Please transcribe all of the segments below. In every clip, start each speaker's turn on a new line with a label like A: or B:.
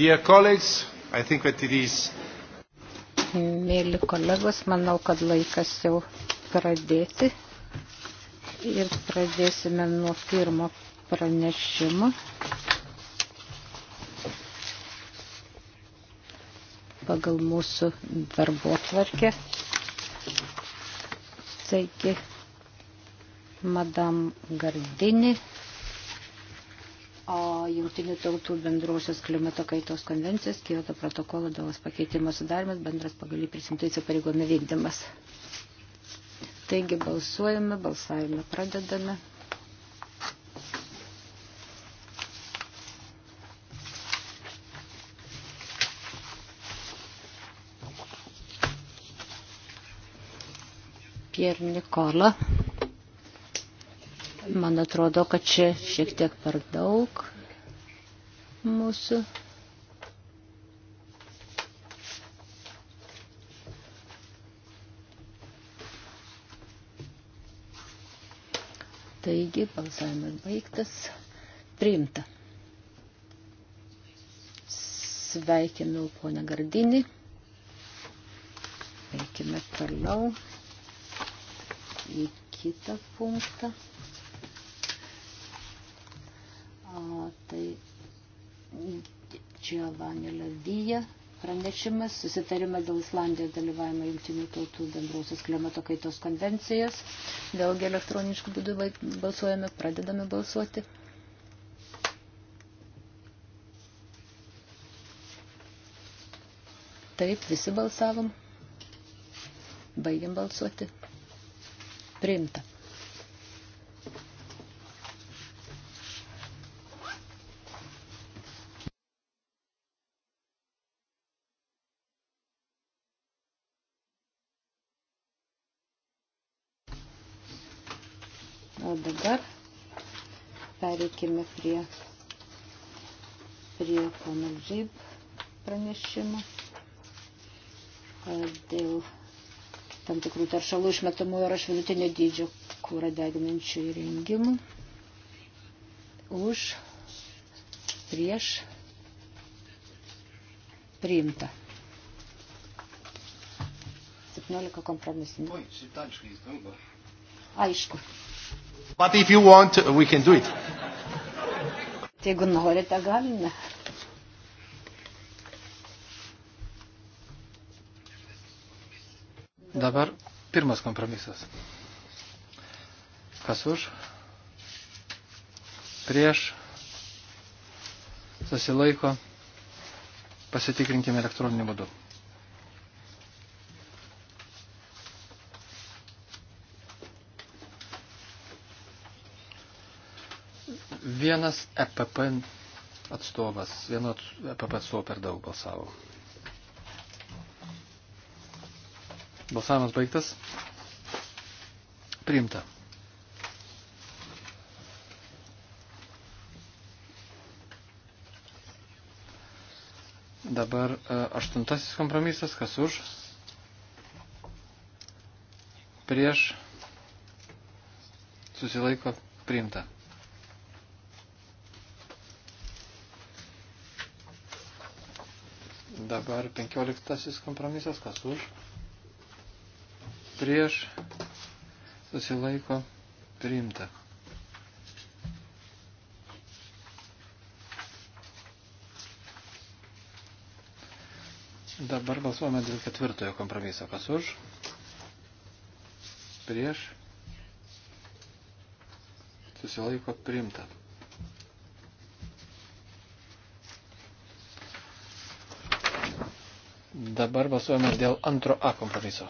A: Mėly kolegos,
B: manau, kad laikas jau pradėti. Ir pradėsime nuo pirmo pranešimo. Pagal mūsų darbo tvarkę. Taigi, Madam Gardini Jungtinių tautų bendrosios klimato kaitos konvencijos, Kyoto protokolo dėl pakeitimo sudarimas, bendras pagal prisimtų įsipareigojimų vykdymas. Taigi balsuojame, balsavimą pradedame. Pierre Nicola. Man atrodo, kad čia šiek tiek per daug mūsų. Taigi, balsavimas baigtas. Priimta. Sveikinu ponę Gardinį. Eikime toliau į kitą punktą. tai Giovanni Lavija pranešimas, susitarimas dėl Islandijos dalyvavimo jungtinių tautų bendrosios klimato kaitos konvencijos. Vėlgi elektroniškų būdų balsuojame, pradedame balsuoti. Taip, visi balsavom. Baigiam balsuoti. Priimta. Grįžkime prie, prie pono Džib pranešimo dėl tam tikrų teršalų išmetamų ir aš vidutinio dydžio kūrą deginančių įrengimų. Už, prieš, priimta. 17 kompromisinių. Aišku.
A: But if you want, we can do it.
B: Jeigu norite, galime.
A: Dabar pirmas kompromisas. Kas už? Prieš. Susilaiko. Pasitikrinkime elektroninį būdu. Vienas EPP atstovas, vieno EPP atstovo per daug balsavo. Balsavimas baigtas. Priimta. Dabar e, aštuntasis kompromisas, kas už, prieš, susilaiko priimta. Dabar penkioliktasis kompromisas, kas už, prieš, susilaiko, priimta. Dabar balsuojame dėl ketvirtojo kompromiso. Kas už? Prieš? Susilaiko primta. Dabar balsuojame dėl antro A kompromiso.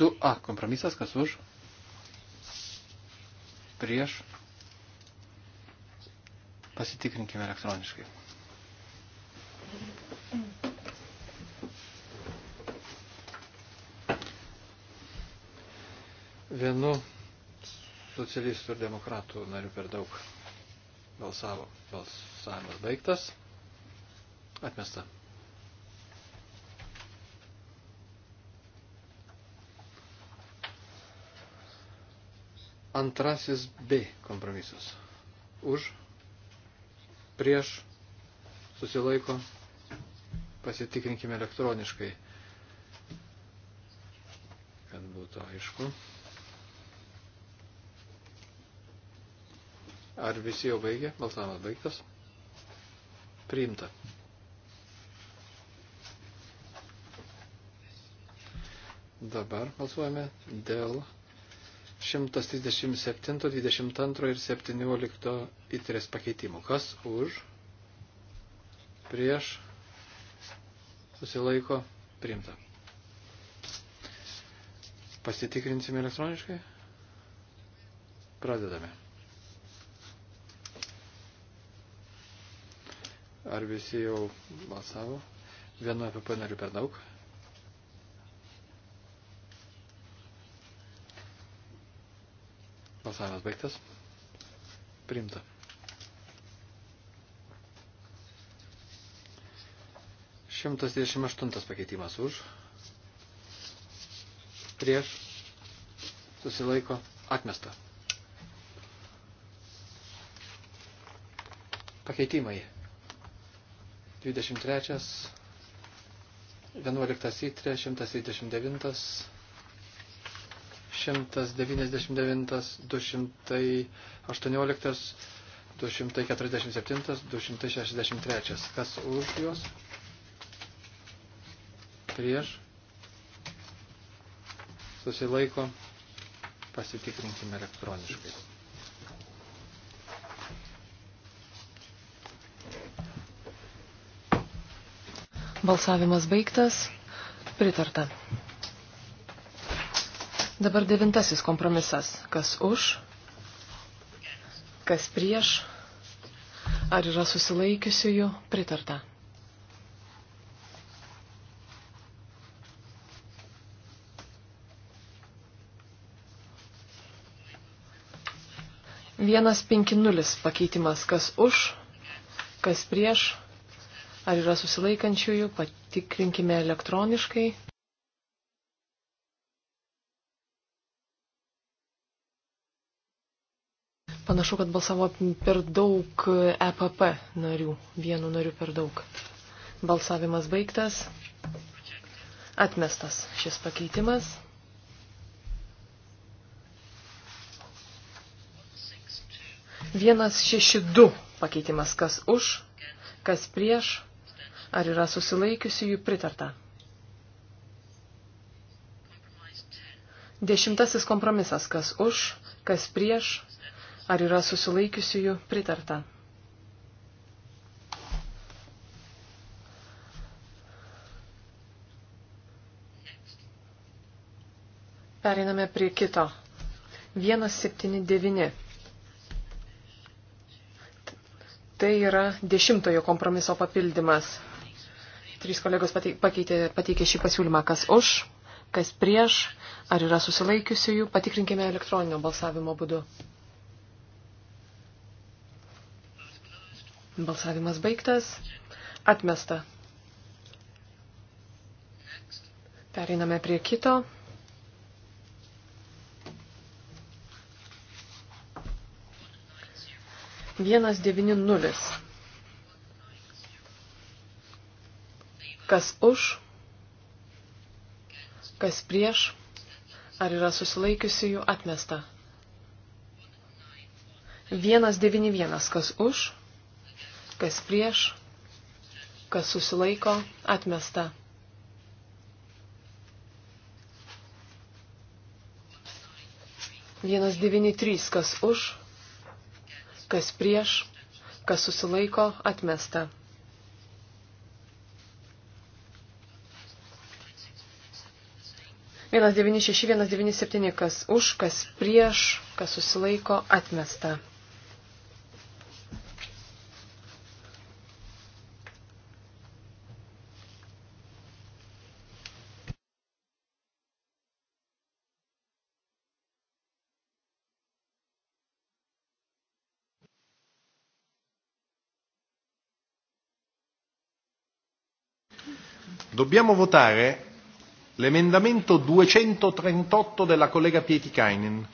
A: Du A kompromisas, kas už? Prieš. Pasitikrinkime elektroniškai. Vienu socialistų ir demokratų nariu per daug balsavo. Balsavimas baigtas. Atmesta. Antrasis B kompromisas. Už, prieš, susilaiko, pasitikrinkime elektroniškai, kad būtų aišku. Ar visi jau baigė? Balsavimas baigtas. Priimta. Dabar balsuojame dėl 137, 22 ir 17 įtrės pakeitimų. Kas už, prieš, susilaiko, priimta. Pasitikrinsime elektroniškai. Pradedame. Ar visi jau balsavo? Vienu EPP nariu per daug. Balsavimas baigtas. Primta. Šimtas dvidešimt aštuntas pakeitimas už. Prieš. Susilaiko. Atmesta. Pakeitimai. 23, 11 įtrė, 129, 199, 218, 247, 263. Kas už juos? Prieš. Susilaiko. Pasitikrinkime elektroniškai.
C: Balsavimas baigtas. Pritarta. Dabar devintasis kompromisas. Kas už, kas prieš, ar yra susilaikiusiųjų pritarta. Vienas penki nulis pakeitimas. Kas už, kas prieš, Ar yra susilaikančiųjų? Patikrinkime elektroniškai. Panašu, kad balsavo per daug EPP narių, vienu nariu per daug. Balsavimas baigtas, atmestas šis pakeitimas. Vienas šeši du pakeitimas, kas už, kas prieš, Ar yra susilaikiusi jų pritarta? Dešimtasis kompromisas, kas už, kas prieš, ar yra susilaikiusi jų pritarta. Pereiname prie kito. 179. Tai yra dešimtojo kompromiso papildymas. Trys kolegos pakeitė, pateikė šį pasiūlymą, kas už, kas prieš, ar yra susilaikiusių jų, patikrinkime elektroninio balsavimo būdu. Balsavimas baigtas, atmesta. Pereiname prie kito. Vienas devyni nulis. Kas už? Kas prieš? Ar yra susilaikiusiųjų atmesta? 191. Kas už? Kas prieš? Kas susilaiko? Atmesta. Vienas devyni trys, kas už, kas prieš, kas susilaiko, atmesta. 196, 197, kas už, kas prieš, kas susilaiko, atmesta.
A: Dobbiamo votare L'emendamento 238 della collega Pietikainen.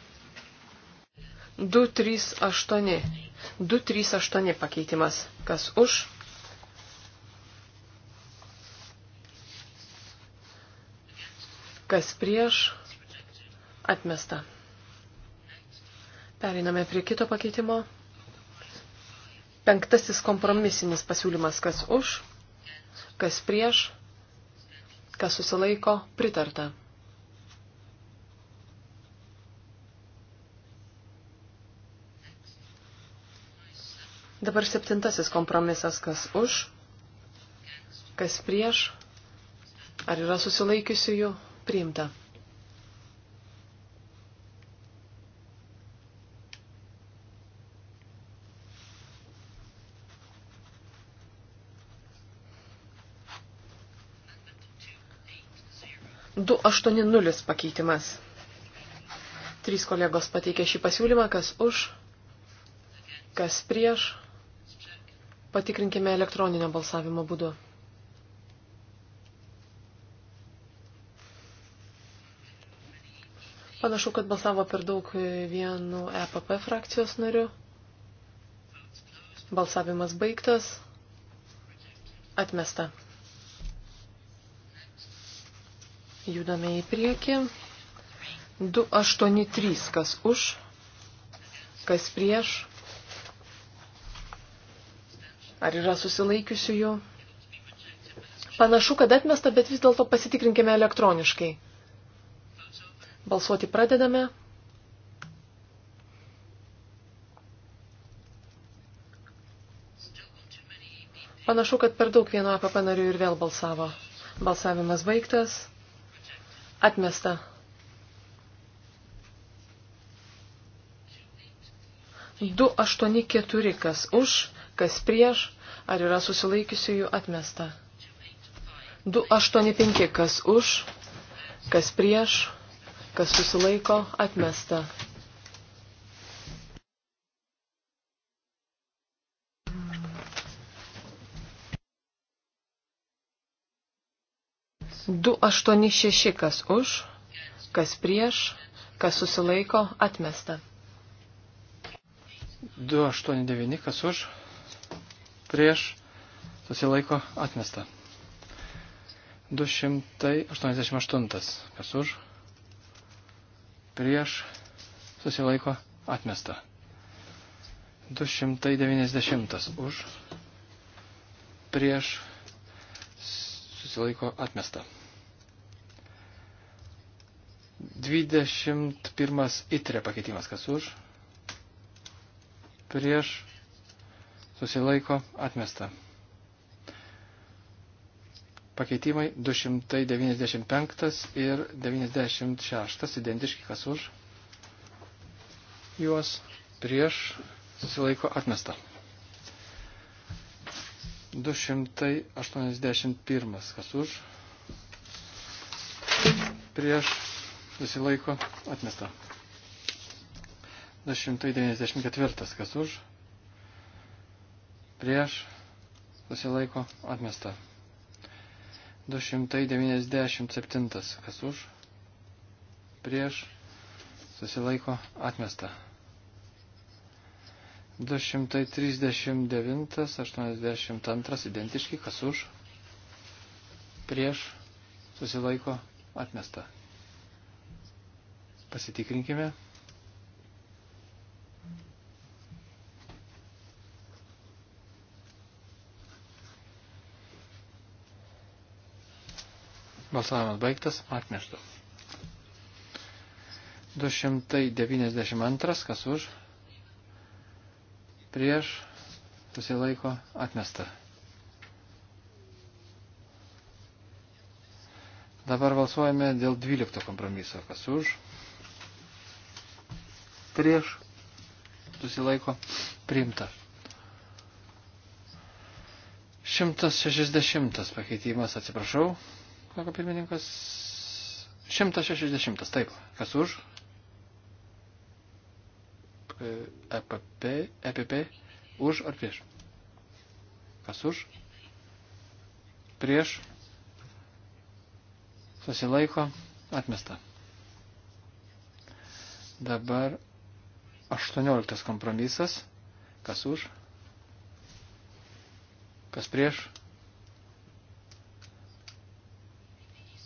C: 238. 238 pakeitimas. Kas už? Kas prieš? Atmesta. Pereiname prie kito pakeitimo. Penktasis kompromisinis pasiūlymas. Kas už? Kas prieš? Kas susilaiko? Pritarta. Dabar septintasis kompromisas, kas už, kas prieš, ar yra susilaikiusiųjų priimta. 280 pakeitimas. Trys kolegos pateikė šį pasiūlymą, kas už, kas prieš. Patikrinkime elektroninio balsavimo būdu. Panašu, kad balsavo per daug vienu EPP frakcijos nariu. Balsavimas baigtas. Atmesta. Judame į priekį. 283, kas už, kas prieš. Ar yra susilaikiusių jų? Panašu, kad atmesta, bet vis dėlto pasitikrinkime elektroniškai. Balsuoti pradedame. Panašu, kad per daug vieno APP narių ir vėl balsavo. Balsavimas baigtas. Atmesta. Du aštuoni keturi, kas už, kas prieš, ar yra susilaikiusiųjų atmesta. Du aštuoni penki, kas už, kas prieš, kas susilaiko, atmesta. 286 kas už, kas prieš, kas susilaiko, atmesta.
A: 289 kas už, prieš, susilaiko, atmesta. 288 kas už, prieš, susilaiko, atmesta. 290 už, prieš, susilaiko, atmesta. 21 itre pakeitimas, kas už, prieš, susilaiko, atmesta. Pakeitimai 295 ir 96 identiški, kas už, juos, prieš, susilaiko, atmesta. 281 kas už, prieš, susilaiko, atmesta. 294, kas už, prieš, susilaiko, atmesta. 297, kas už, prieš, susilaiko, atmesta. 239, 82, identiški, kas už, prieš, susilaiko, atmesta. Pasitikrinkime. Balsavimas baigtas, atmeštų. 292, kas už, prieš, susilaiko, atmesta. Dabar balsuojame dėl 12 kompromiso, kas už, prieš, susilaiko priimta. 160 pakeitimas, atsiprašau, sako pirmininkas. 160, taip, kas už? EPP, EPP, už ar prieš? Kas už? Prieš. Susilaiko, atmesta. Dabar 18 kompromisas. Kas už? Kas prieš?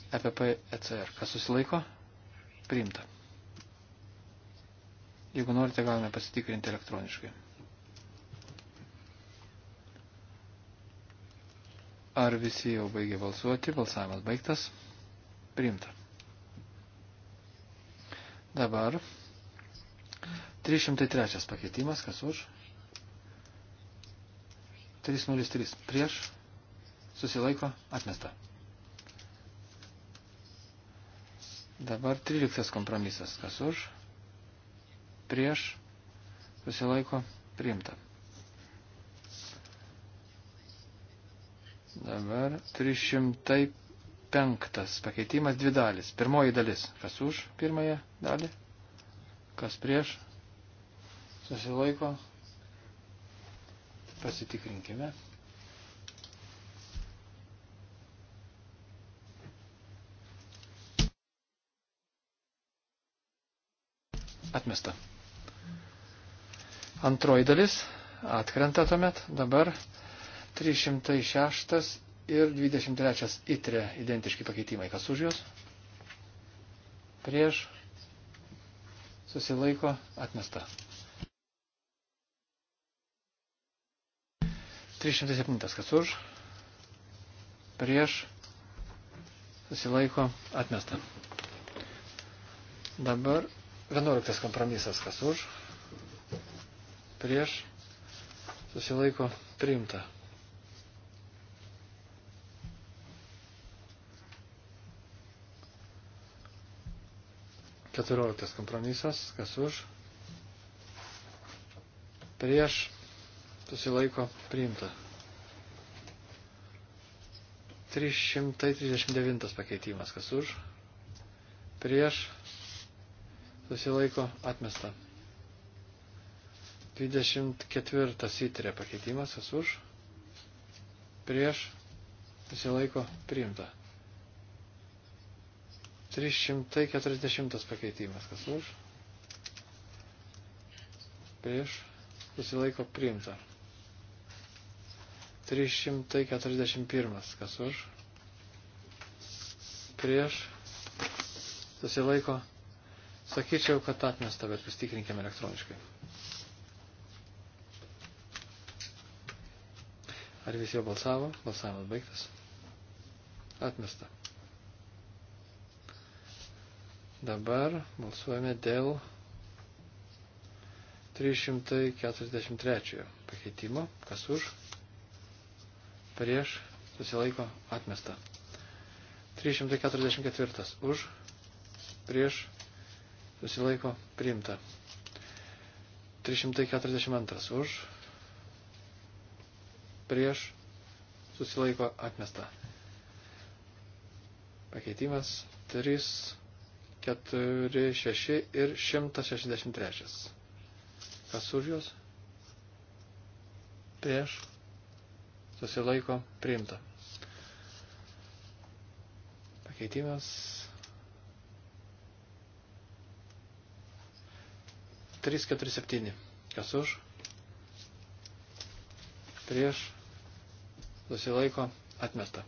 A: EPP ECR. Kas susilaiko? Priimta. Jeigu norite, galime pasitikrinti elektroniškai. Ar visi jau baigė balsuoti? Balsavimas baigtas. Priimta. Dabar 303 pakeitimas, kas už? 303 prieš, susilaiko, atmesta. Dabar 13 kompromisas, kas už? Prieš, susilaiko, priimta. Dabar 305 pakeitimas, dvi dalis. Pirmoji dalis, kas už pirmąją dalį, kas prieš, susilaiko. Pasitikrinkime. Atmesta. Antroji dalis atkrenta tuomet. Dabar 306 ir 23 itre identiški pakeitimai. Kas už juos? Prieš. Susilaiko atmesta. 307 kas už, prieš, susilaiko, atmesta. Dabar 11 kompromisas kas už, prieš, susilaiko, priimta. Keturioliktas kompromisas, kas už, prieš, susilaiko priimta. 339 pakeitimas, kas už, prieš, susilaiko atmesta. 24 įtrė pakeitimas, kas už, prieš, susilaiko priimta. 340 pakeitimas, kas už, prieš, susilaiko priimta. 341. Kas už? Prieš. Susilaiko. Sakyčiau, kad atmesta, bet pasitikrinkime elektroniškai. Ar visi jau balsavo? Balsavimas baigtas. Atmesta. Dabar balsuojame dėl 343 pakeitimo. Kas už? prieš, susilaiko, atmesta. 344 už, prieš, susilaiko, priimta. 342 už, prieš, susilaiko, atmesta. Pakeitimas 3, 4, 6 ir 163. Kas už juos? Prieš susilaiko priimta. Pakeitimas 347. Kas už? Prieš susilaiko atmesta.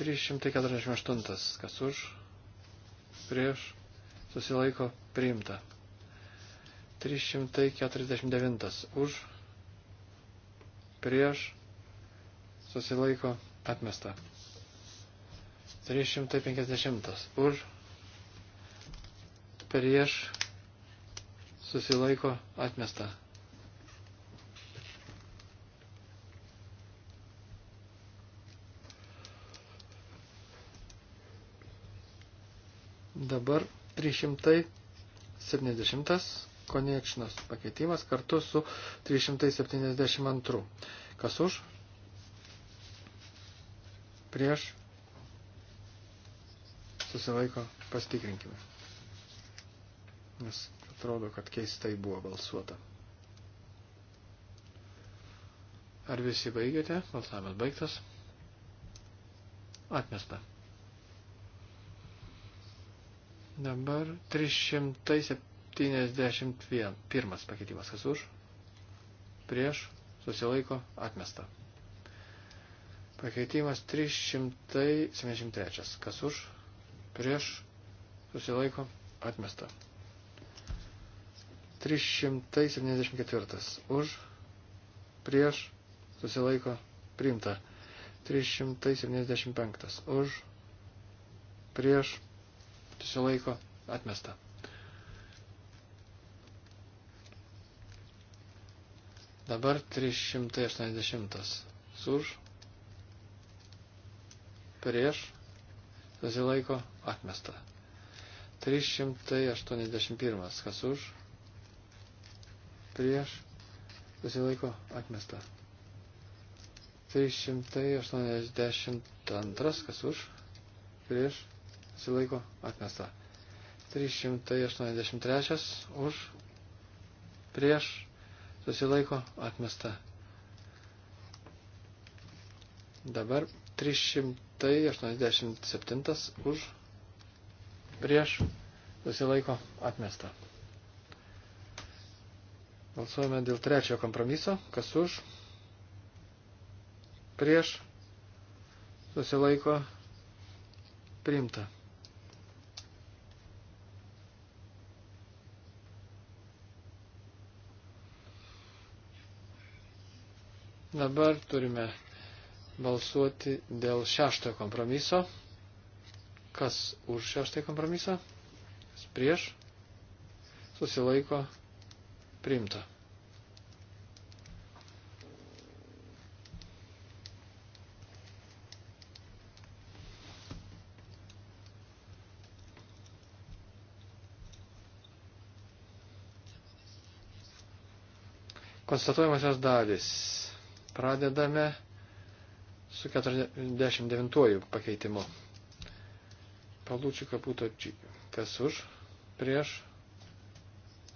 A: 348. Kas už? Prieš susilaiko priimta. 349. Už prieš, susilaiko, atmesta. 350 už, prieš, susilaiko, atmesta. Dabar 370 konečnas pakeitimas kartu su 372. Kas už? Prieš susilaiko pastikrinkime. Nes atrodo, kad keistai buvo balsuota. Ar visi baigėte? Balsavimas baigtas. Atmesta. Dabar 300. 71 pakeitimas, kas už, prieš, susilaiko, atmesta. Pakeitimas 373, kas už, prieš, susilaiko, atmesta. 374, už, prieš, susilaiko, priimta. 375, už, prieš, susilaiko, atmesta. Dabar 380. Už. Prieš. Susilaiko. Atmesta. 381. Kas už? Prieš. Susilaiko. Atmesta. 382. Kas už? Prieš. Susilaiko. Atmesta. 383. Už. Prieš susilaiko atmesta. Dabar 387 už prieš susilaiko atmesta. Balsuojame dėl trečiojo kompromiso. Kas už? Prieš susilaiko priimta. Dabar turime balsuoti dėl šešto kompromiso. Kas už šeštąjį kompromisą? Kas prieš? Susilaiko. Primta. Konstatuojamosios dalys. Pradedame su 49 pakeitimu. Palūčių kaputo kas už, prieš,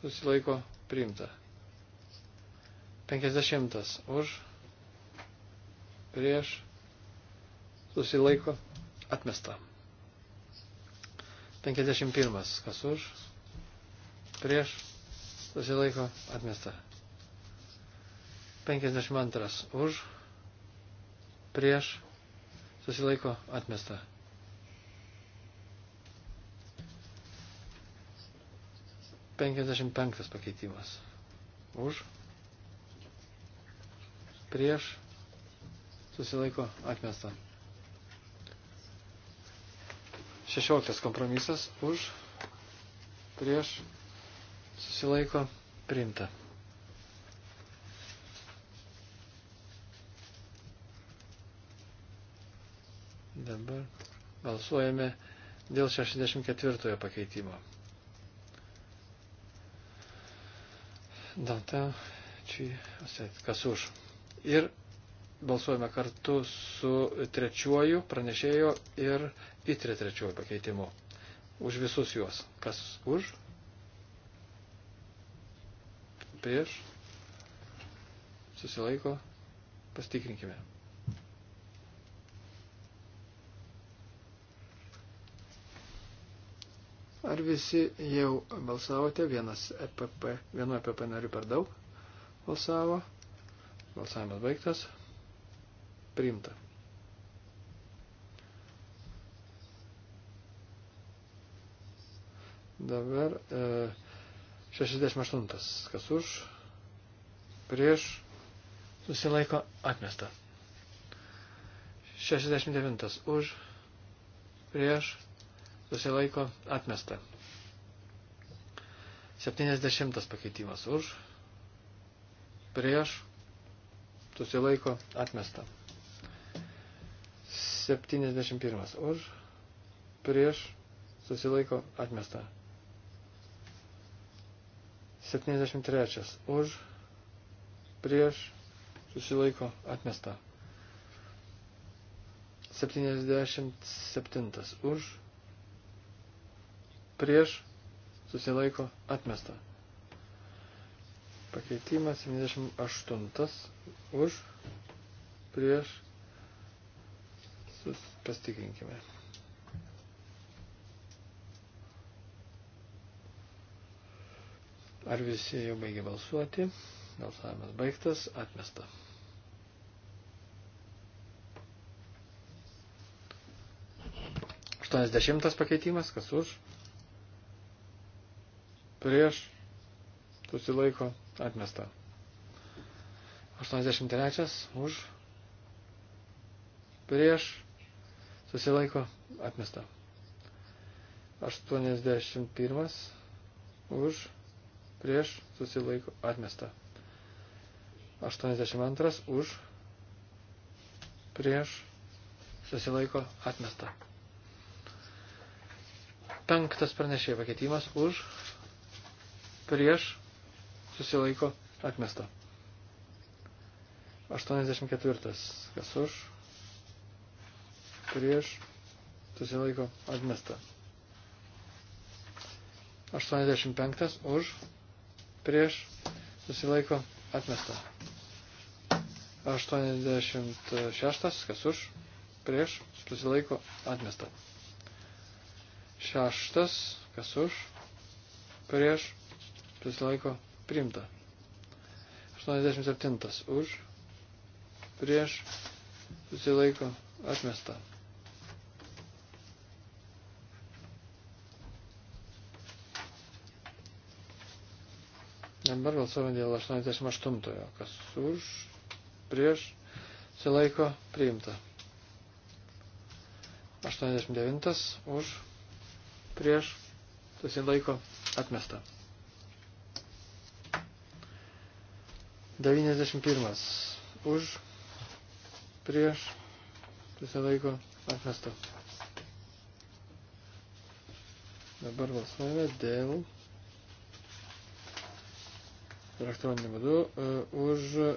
A: susilaiko priimta. 50 už, prieš, susilaiko atmesta. 51 kas už, prieš, susilaiko atmesta. 52 už, prieš, susilaiko atmesta. Penkiasdešimt penktas pakeitimas. Už. Prieš. Susilaiko atmesta. Šešioliktas kompromisas. Už. Prieš. Susilaiko priimta. Dabar balsuojame dėl 64 pakeitimo. Danta, čia, kas už. Ir balsuojame kartu su trečiuoju pranešėjo ir įtre trečiuoju pakeitimu. Už visus juos. Kas už? Prieš? Susilaiko? Pastikrinkime. Ar visi jau balsavote? Vienas EPP, vienu EPP nariu per daug balsavo. Balsavimas baigtas. Priimta. Dabar e, 68. Kas už? Prieš. Susilaiko atmesta. 69. Už. Prieš susilaiko atmesta. 70 pakeitimas už, prieš, susilaiko atmesta. 71 už, prieš, susilaiko atmesta. 73 už, prieš, susilaiko atmesta. 77 už, prieš susilaiko atmesta. Pakeitimas 78 už prieš sus, pastikrinkime. Ar visi jau baigė balsuoti? Balsavimas baigtas, atmesta. Aštuonisdešimtas pakeitimas, kas už? prieš, susilaiko, atmesta. 83 už, prieš, susilaiko, atmesta. 81 už, prieš, susilaiko, atmesta. 82 už, prieš, susilaiko, atmesta. Penktas pranešėjo pakeitimas už, prieš, susilaiko, atmesta. 84. Kas už, prieš, susilaiko, atmesta. 85. Už, prieš, susilaiko, atmesta. 86. Kas už, prieš, susilaiko, atmesta. Šeštas, kas už, prieš, susilaiko priimta. 87 už, prieš, susilaiko atmesta. Dabar balsuojame dėl 88, kas už, prieš, susilaiko priimta. 89 už, prieš, susilaiko atmesta. 91. Už, prieš, susilaiko, atmesta. Dabar balsuojame dėl elektroniniu būdu uh, už uh,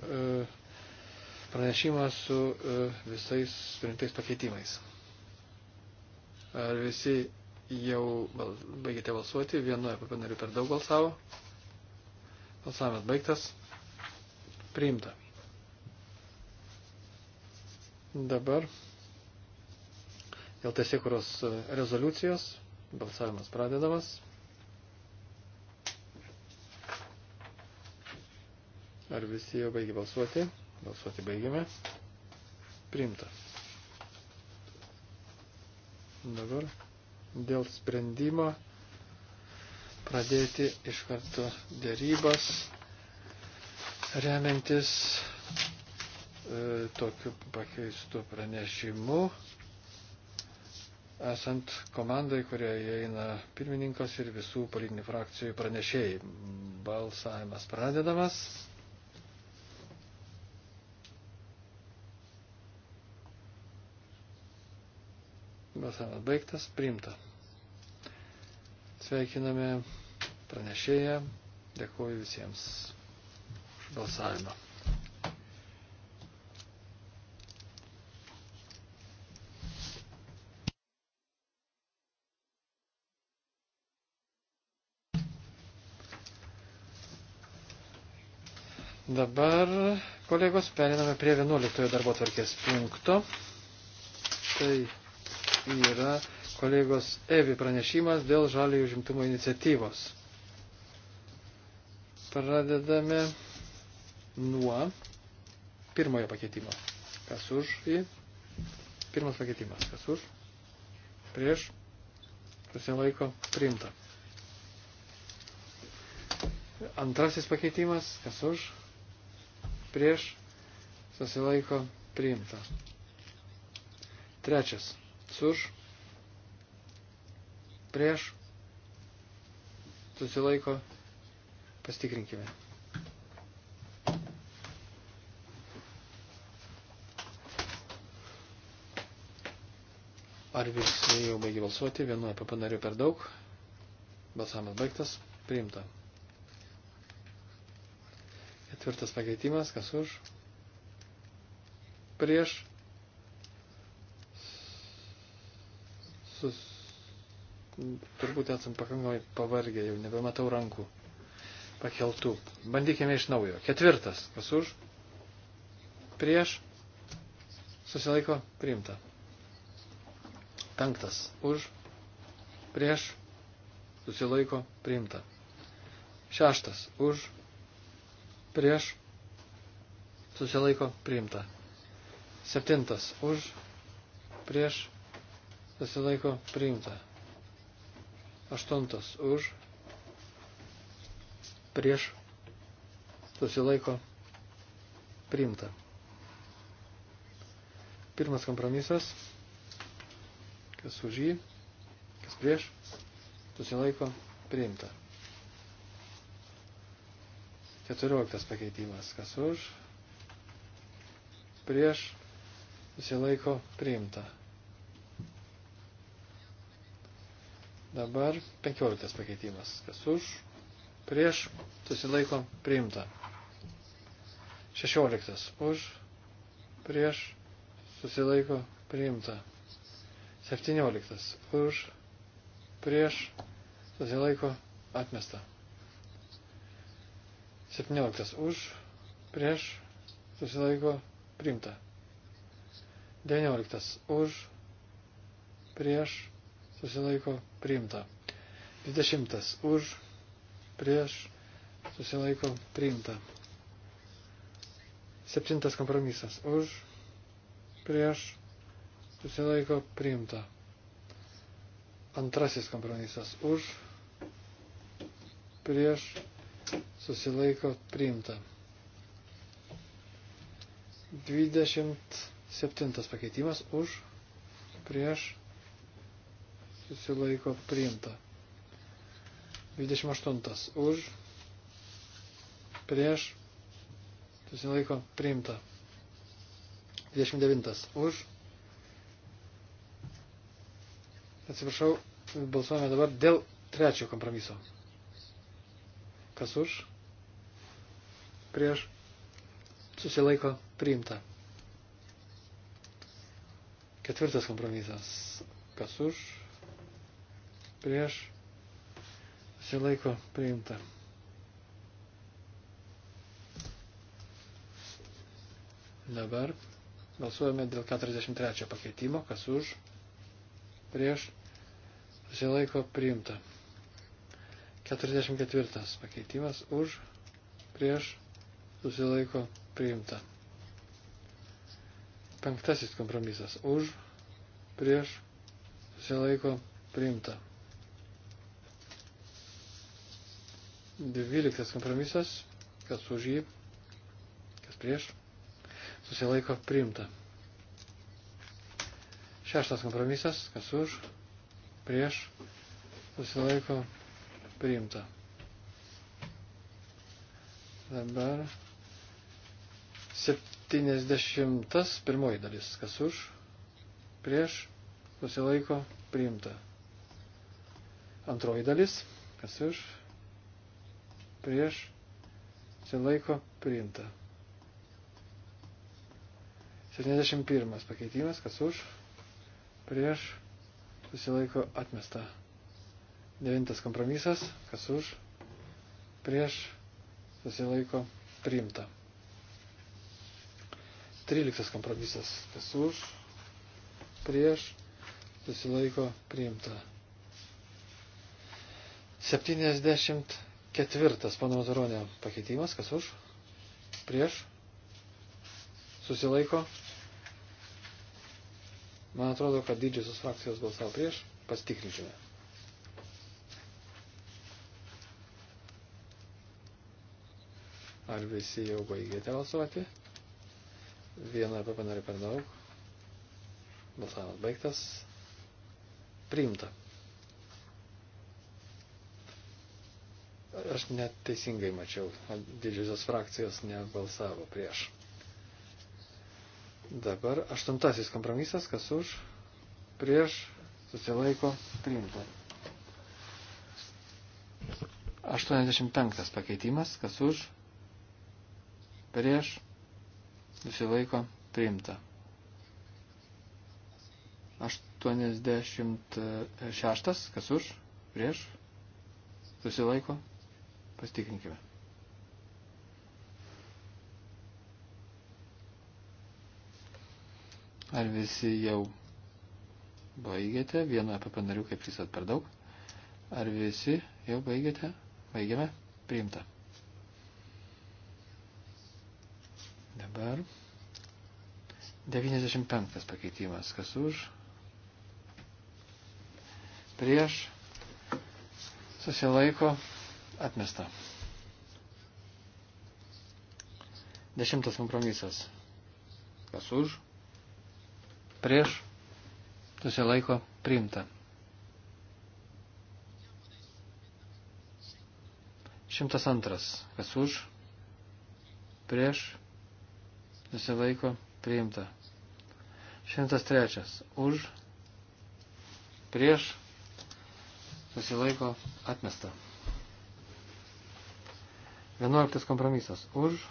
A: pranešimą su uh, visais sprintais pakeitimais. Ar visi jau bal, baigėte balsuoti? Vienu EPP nariu per daug balsavo. Balsavimas baigtas. Priimta. Dabar dėl tiesiekuros rezoliucijos balsavimas pradedamas. Ar visi jau baigė balsuoti? Balsuoti baigėme. Priimta. Dabar dėl sprendimo pradėti iš karto dėrybas Remiantis e, tokiu pakeistu pranešimu, esant komandai, kurie įeina pirmininkas ir visų politinių frakcijų pranešėjai. Balsavimas pradedamas. Balsavimas baigtas, priimta. Sveikiname pranešėją, dėkuoju visiems balsavimą. Dabar, kolegos, periname prie 11 darbo tvarkės punkto. Tai yra kolegos Evi pranešimas dėl žalio užimtumo iniciatyvos. Pradedame nuo pirmojo pakeitimo. Kas už į? Pirmas pakeitimas. Kas už? Prieš? Susilaiko priimta. Antrasis pakeitimas. Kas už? Prieš? Susilaiko priimta. Trečias. Suž? Prieš? Susilaiko. Pastikrinkime. Ar visi jau baigė balsuoti? Vienu EPP nariu per daug. Balsavimas baigtas. Priimta. Ketvirtas pakeitimas. Kas už? Prieš. Sus. Turbūt esam pakankamai pavargę, jau nebematau rankų pakeltų. Bandykime iš naujo. Ketvirtas. Kas už? Prieš. Susilaiko. Priimta. Penktas. Už. Prieš. Susilaiko. Priimta. Šeštas. Už. Prieš. Susilaiko. Priimta. Septintas. Už. Prieš. Susilaiko. Priimta. Aštuntas. Už. Prieš. Susilaiko. Priimta. Pirmas kompromisas kas už jį, kas prieš, susilaiko priimta. 14 pakeitimas, kas už, prieš, susilaiko priimta. Dabar 15 pakeitimas, kas už, prieš, susilaiko priimta. 16 už, prieš, susilaiko priimta. 17 už, prieš, susilaiko, atmesta. 17 už, prieš, susilaiko, primta. 19 už, prieš, susilaiko, primta. 20 už, prieš, susilaiko, primta. 7 kompromisas už, prieš, susilaiko priimta. Antrasis kompromisas už, prieš, susilaiko priimta. 27 pakeitimas už, prieš, susilaiko priimta. 28 už, prieš, susilaiko priimta. 29 už, Atsiprašau, balsuojame dabar dėl trečio kompromiso. Kas už? Prieš? Susilaiko priimta. Ketvirtas kompromisas. Kas už? Prieš? Susilaiko priimta. Dabar balsuojame dėl 43 pakeitimo. Kas už? prieš susilaiko priimta. 44 pakeitimas už prieš susilaiko priimta. Penktasis kompromisas už prieš susilaiko priimta. Dvyliktas kompromisas, kas už jį, kas prieš, susilaiko priimta. Šeštas kompromisas, kas už, prieš, susilaiko, priimta. Dabar 71 pirmoji dalis, kas už, prieš, susilaiko, priimta. Antroji dalis, kas už, prieš, susilaiko, priimta. 71 pakeitimas, kas už, prieš prieš, susilaiko atmesta. Devintas kompromisas, kas už, prieš, susilaiko priimta. Tryliktas kompromisas, kas už, prieš, susilaiko priimta. 74. Pano Mazuronė pakeitimas, kas už, prieš, susilaiko priimta Man atrodo, kad didžiosios frakcijos balsavo prieš, pastikrinčiame. Ar visi jau baigėte balsuoti? Vieną apie panarį per daug. Balsavimas baigtas. Priimta. Aš net teisingai mačiau, didžiosios frakcijos nebalsavo prieš. Dabar aštuntasis kompromisas, kas už, prieš, susilaiko, priimta. 85 pakeitimas, kas už, prieš, susilaiko, priimta. 86, kas už, prieš, susilaiko, pastikrinkime. Ar visi jau baigėte? Vieną apie panarių kaip visat per daug. Ar visi jau baigėte? Baigėme? Priimta. Dabar 95 pakeitimas. Kas už? Prieš susilaiko atmesta. Dešimtas kompromisas. Kas už? prieš, susilaiko priimta. 102. Kas už, prieš, susilaiko priimta. 103. Už, prieš, susilaiko atmesta. 11 kompromisas. Už,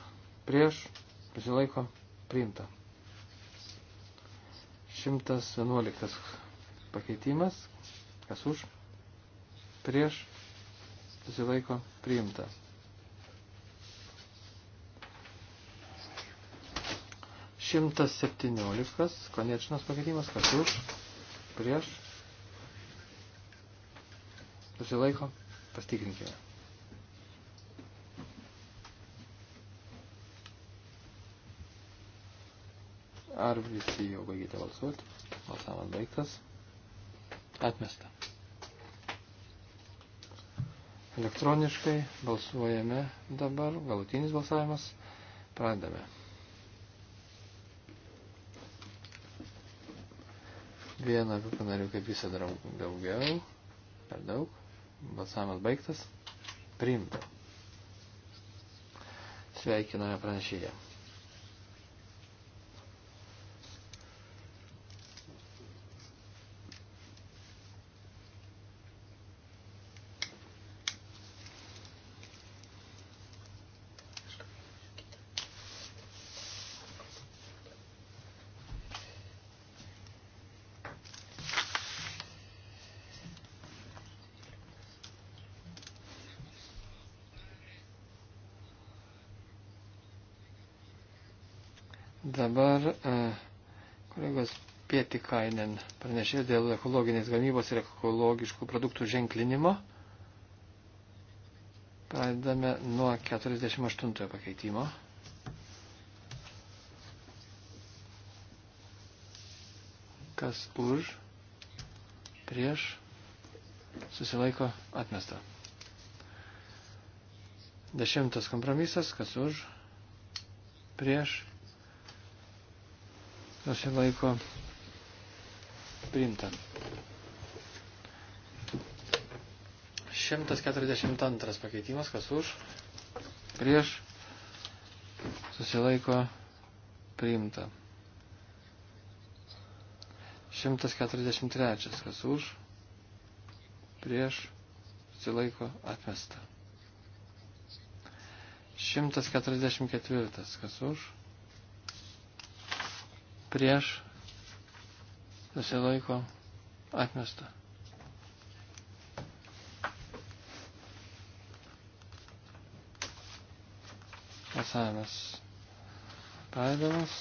A: prieš, susilaiko priimta. 111 pakeitimas, kas už, prieš, susilaiko priimta. Šimtas septynioliktas, konečinas pakeitimas, kas už, prieš, susilaiko, pastikrinkime. Ar visi jau baigėte balsuoti? Balsavimas baigtas. Atmesta. Elektroniškai balsuojame dabar. Galutinis balsavimas. Pradame. Vieną panarių kaip visą daugiau. Per daug. Balsavimas baigtas. Priimta. Sveikiname pranešėją. Dabar e, kolegos Pietikainen pranešė dėl ekologinės gamybos ir ekologiškų produktų ženklinimo. Pradedame nuo 48 pakeitimo. Kas už, prieš, susilaiko atmesta. Dešimtas kompromisas, kas už, prieš, susilaiko priimta. 142 pakeitimas, kas už, prieš, susilaiko priimta. 143, kas už, prieš, susilaiko atmesta. 144, kas už, prieš susilaiko atmesta. Balsavimas pradedamas.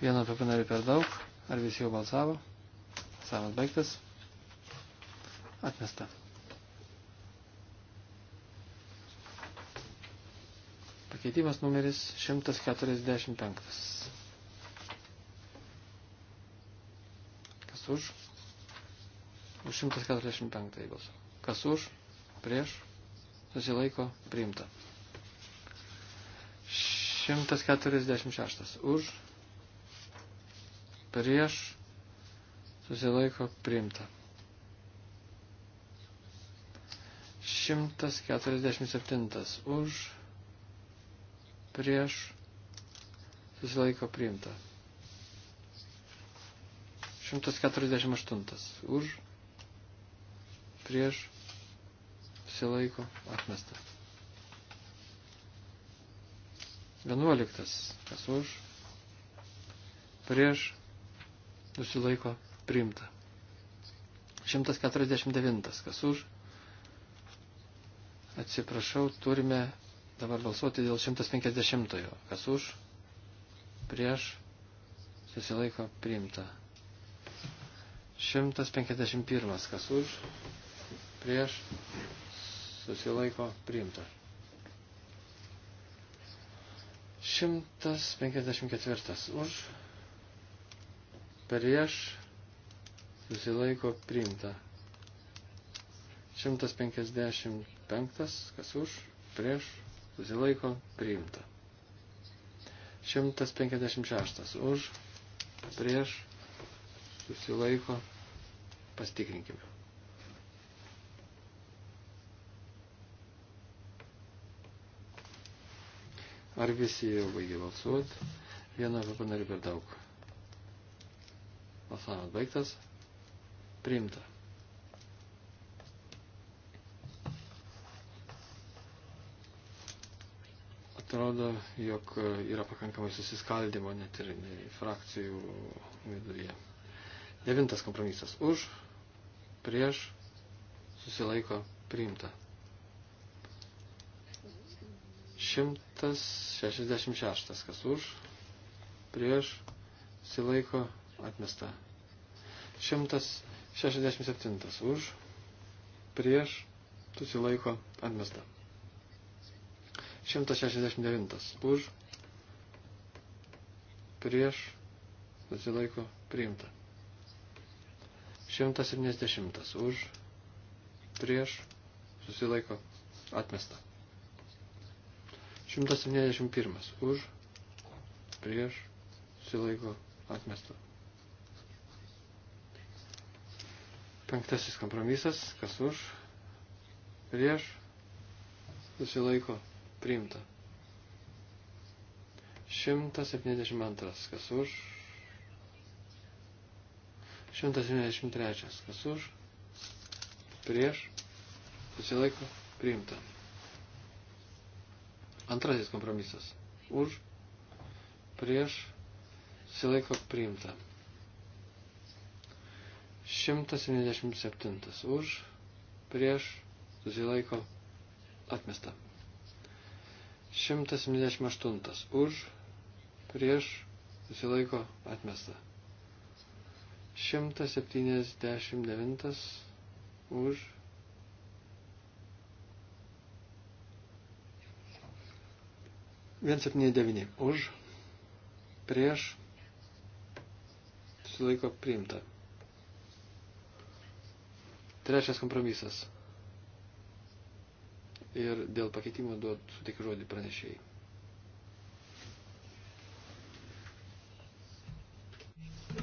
A: Vieno papinarį per daug. Ar visi jau balsavo? Balsavimas baigtas. Atmesta. Pakeitimas numeris 145. už. Už 145 balsavo. Kas už, prieš, susilaiko, priimta. 146 už, prieš, susilaiko, priimta. 147 už, prieš, susilaiko, priimta. 148 už, prieš, silaiko, atmesta. 11 kas už, prieš, nusilaiko, priimta. 149 kas už, atsiprašau, turime dabar balsuoti dėl 150 kas už, prieš, susilaiko, priimta. 151. Kas už, prieš, susilaiko, priimta. 154. Už, prieš, susilaiko, priimta. 155. Kas už, prieš, susilaiko, priimta. 156. Už, prieš, susilaiko, pastikrinkime. Ar visi jau baigė balsuoti? Vieną papanarį per daug. Balsavimas baigtas. Priimta. atrodo, jog yra pakankamai susiskaldimo net ir frakcijų viduje. Devintas kompromisas. Už, prieš, susilaiko, priimta. 166. Kas už, prieš, susilaiko, atmesta. 167. Už, prieš, susilaiko, atmesta. 169. Už, prieš, susilaiko, priimta. 170 už, prieš, susilaiko, atmesta. 171 už, prieš, susilaiko, atmesta. Penktasis kompromisas, kas už, prieš, susilaiko, priimta. 172, kas už, 173. Kas už? Prieš? Susilaiko? Priimta. Antrasis kompromisas. Už? Prieš? Susilaiko? Priimta. 177. Už? Prieš? Susilaiko? Atmesta. 178. Už? Prieš? Susilaiko? Atmesta. 179 už. Vien 79 už, prieš, sulaiko priimta. Trečias kompromisas. Ir dėl pakeitimo duot suteikiu žodį pranešėjai.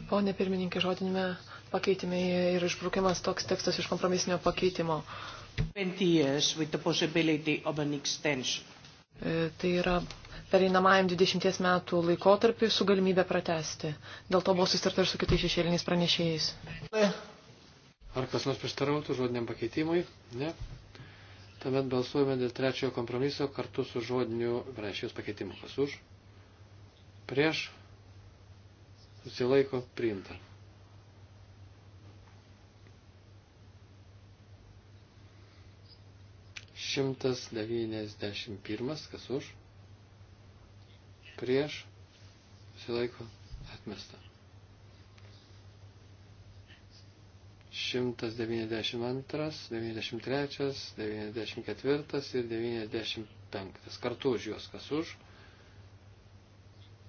C: Pone pirmininkė, žodinime pakeitime ir išbraukiamas toks tekstas iš kompromisinio pakeitimo. E, tai yra pereinamajam 20 metų laikotarpiu su galimybė pratesti. Dėl to buvo susitarta ir su kitais šešėliniais pranešėjais.
A: Ar kas nors prieštarautų žodiniam pakeitimui? Ne. Tuomet balsuojame dėl trečiojo kompromiso kartu su žodiniu pranešėjus pakeitimu. Kas už? Prieš susilaiko priimta. Šimtas devyniasdešimt pirmas, kas už, prieš, susilaiko atmesta. 192, 93, 94 ir 95. Kartu už juos, kas už,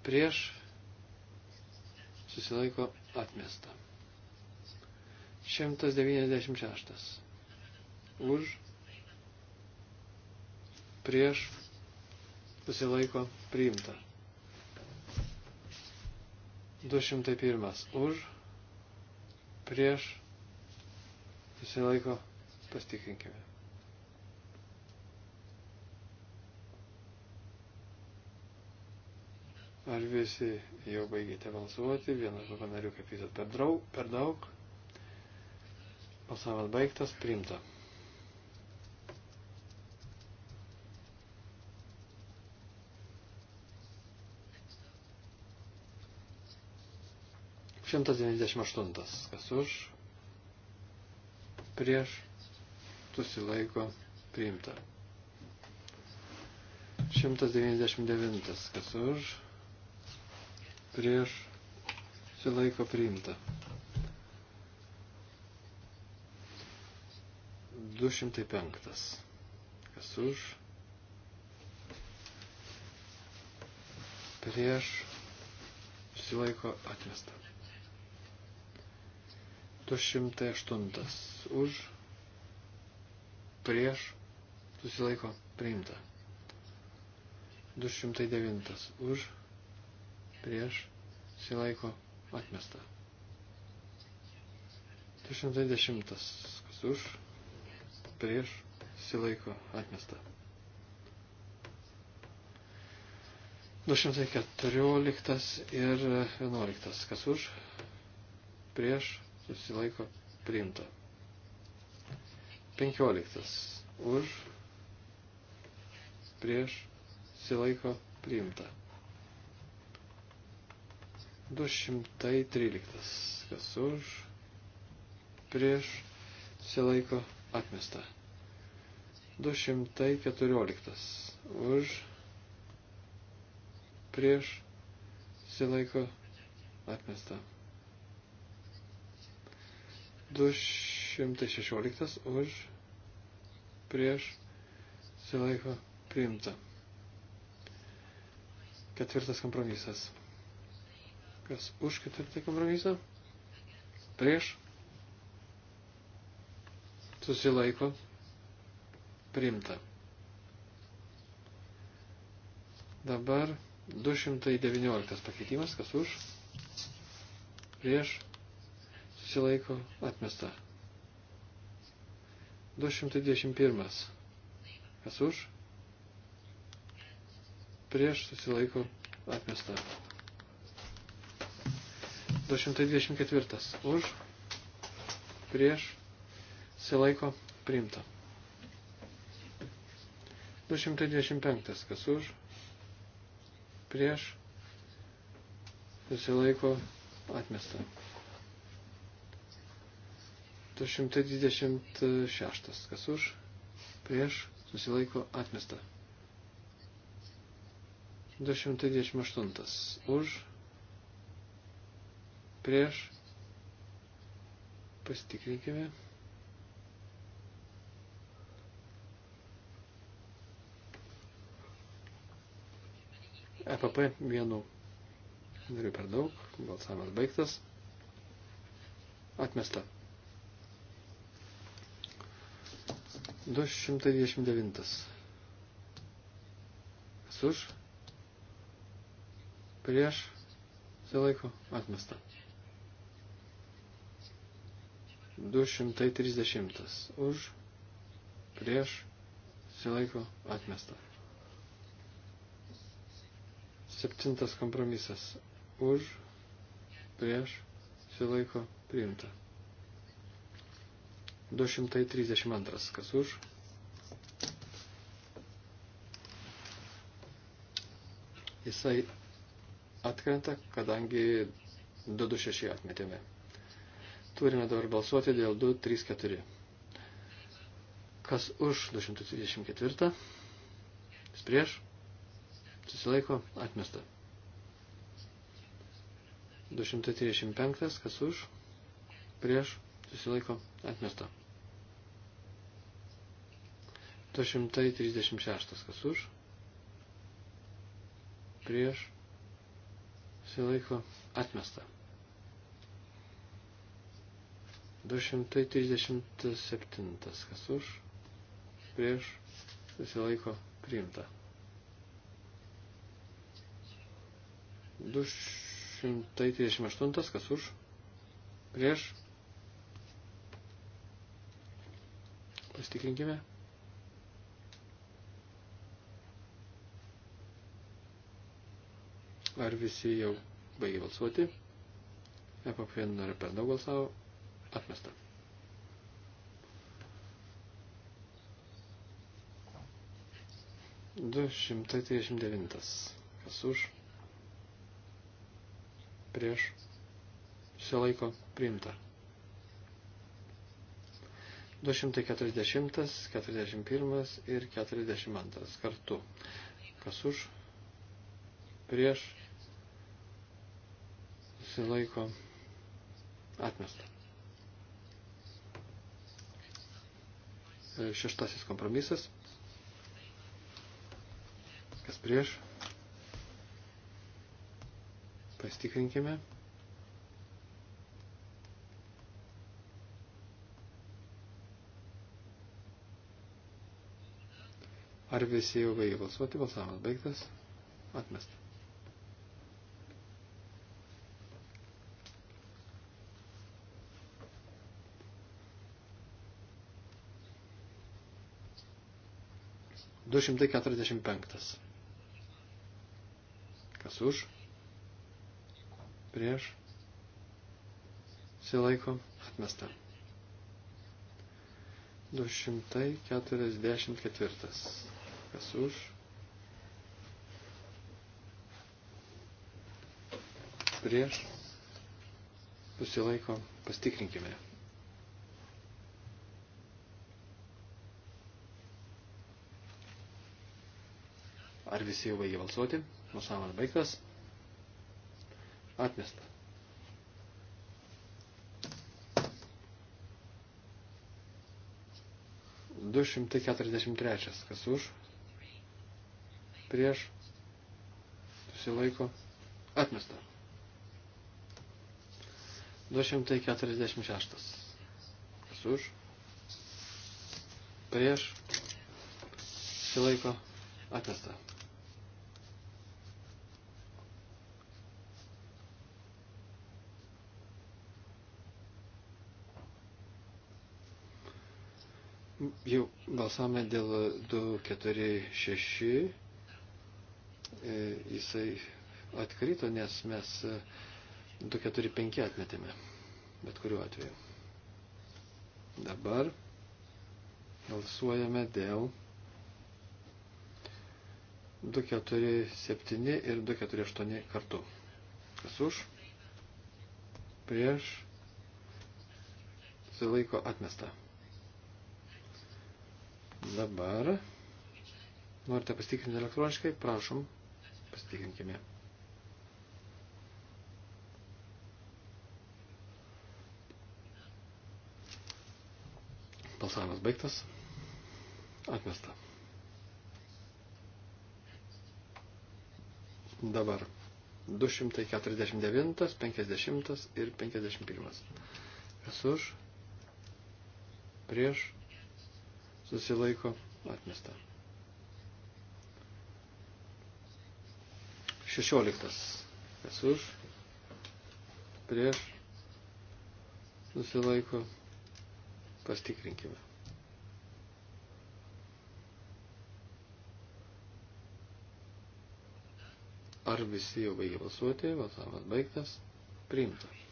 A: prieš susilaiko atmesta. 196. Už, prieš, susilaiko priimta. 201. Už, prieš, susilaiko pastikrinkime. Ar visi jau baigėte balsuoti? Vienas buvo narių kaip visat per, draug, per daug. Balsavimas baigtas, priimta. Šimtas devyniasdešimt aštuntas. Kas už? Prieš? Susilaiko? Priimta. Šimtas devyniasdešimt devintas. Kas už? prieš susilaiko priimta. 205. Kas už? Prieš susilaiko atmesta. 208. Už prieš susilaiko priimta. 209. Už prieš silaiko atmesta. 220. Kas už, prieš silaiko atmesta. 214 ir 11. Kas už, prieš susilaiko priimta. 15. Už, prieš, silaiko priimta. 213. Kas už, prieš, silaiko atmesta. 214. Už, prieš, silaiko atmesta. 216. Už, prieš, silaiko priimta. Ketvirtas kompromisas Kas už ketvirtą kompromisą? Prieš. Susilaiko. Primta. Dabar 219 pakeitimas. Kas už? Prieš. Susilaiko. Atmesta. 221. Kas už? Prieš susilaiko atmestą. 224 už, prieš, silaiko, priimta. 225 kas už, prieš, susilaiko, atmesta. 226 kas už, prieš, susilaiko, atmesta. 228 už, prieš, pasitikrinkime. EPP vienu nariu per daug, balsavimas baigtas, atmesta. 229. Kas už? Prieš? Silaiko? Atmesta. 230 už, prieš, silaiko atmesta. Septintas kompromisas už, prieš, silaiko priimta. 232 kas už. Jisai atkrenta, kadangi 226 atmetėme. Turime dabar balsuoti dėl 2, 3, 4. Kas už 224? Jis prieš? Susilaiko? Atmesta. 235. Kas už? Prieš? Susilaiko? Atmesta. 236. Kas už? Prieš? Susilaiko? Atmesta. 237. Kas už? Prieš? Susilaiko priimta. 238. Kas už? Prieš? Pasitikrinkime. Ar visi jau baigė balsuoti? EPP nori per daug balsavo. Atmesta. Du šimtai trisdešimt devintas. Kas už? Prieš. Susilaiko priimta. 240, 41 ir 42 kartu. Kas už, prieš, susilaiko, atmesta. Šeštasis kompromisas. Kas prieš? Pastikrinkime. Ar visi jau baigė balsuoti? Balsavimas baigtas. Atmestas. 245. Kas už? Prieš? Silaiko? Atmesta. 244. Kas už? Prieš? Susilaiko? Pastikrinkime. Ar visi jau baigė balsuoti? Balsavimas baigtas. Atmesta. Du šimtai keturiasdešimt trečias. Kas už? Prieš. Susilaiko. Atmesta. 246. Kas už? Prieš? Silaiko? Atmesta. Jau balsavome dėl 246. E, jisai atkrito, nes mes 245 atmetėme. Bet kuriuo atveju. Dabar balsuojame dėl 247 ir 248 kartu. Kas už? Prieš. Sulaiko atmestą. Dabar norite pasitikrinti elektroniškai, prašom, pasitikrinkime. Balsavimas baigtas. Atmesta. Dabar 249, 50 ir 51. Kas už? Prieš susilaiko atmesta. 16. Kas už, prieš, susilaiko, pastikrinkime. Ar visi jau baigė balsuoti, balsavimas baigtas, priimtas.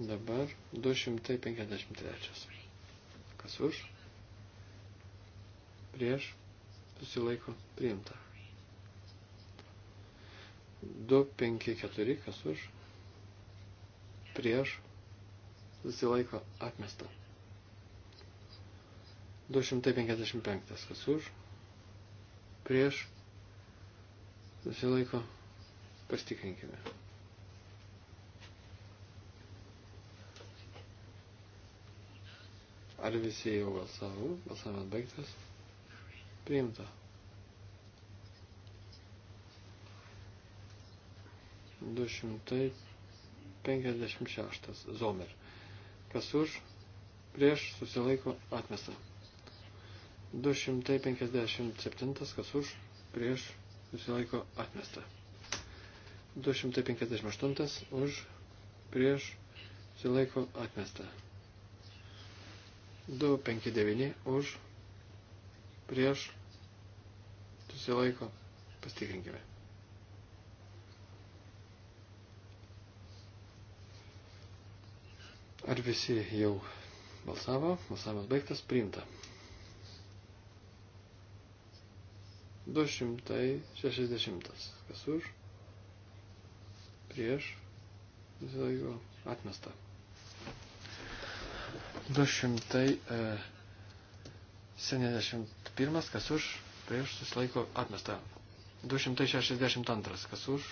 A: Dabar 253. Kas už? Prieš susilaiko priimta. 254. Kas už? Prieš susilaiko atmesta. 255. Kas už? Prieš susilaiko pastikrinkime. Ar visi jau balsavo? Balsavimas baigtas. Priimta. Du šimtai penkiasdešimt šeštas. Zomer. Kas už? Prieš susilaiko atmesta. 257. Kas už? Prieš susilaiko atmesta. 258. Už? Prieš susilaiko atmesta. 259 už, prieš, susilaiko, pastikrinkime. Ar visi jau balsavo? Balsavimas baigtas, priimta. 260. Kas už? Prieš. Visą jo atmestą. 271, e, kas už, prieš susilaiko atmesta. 262, kas už,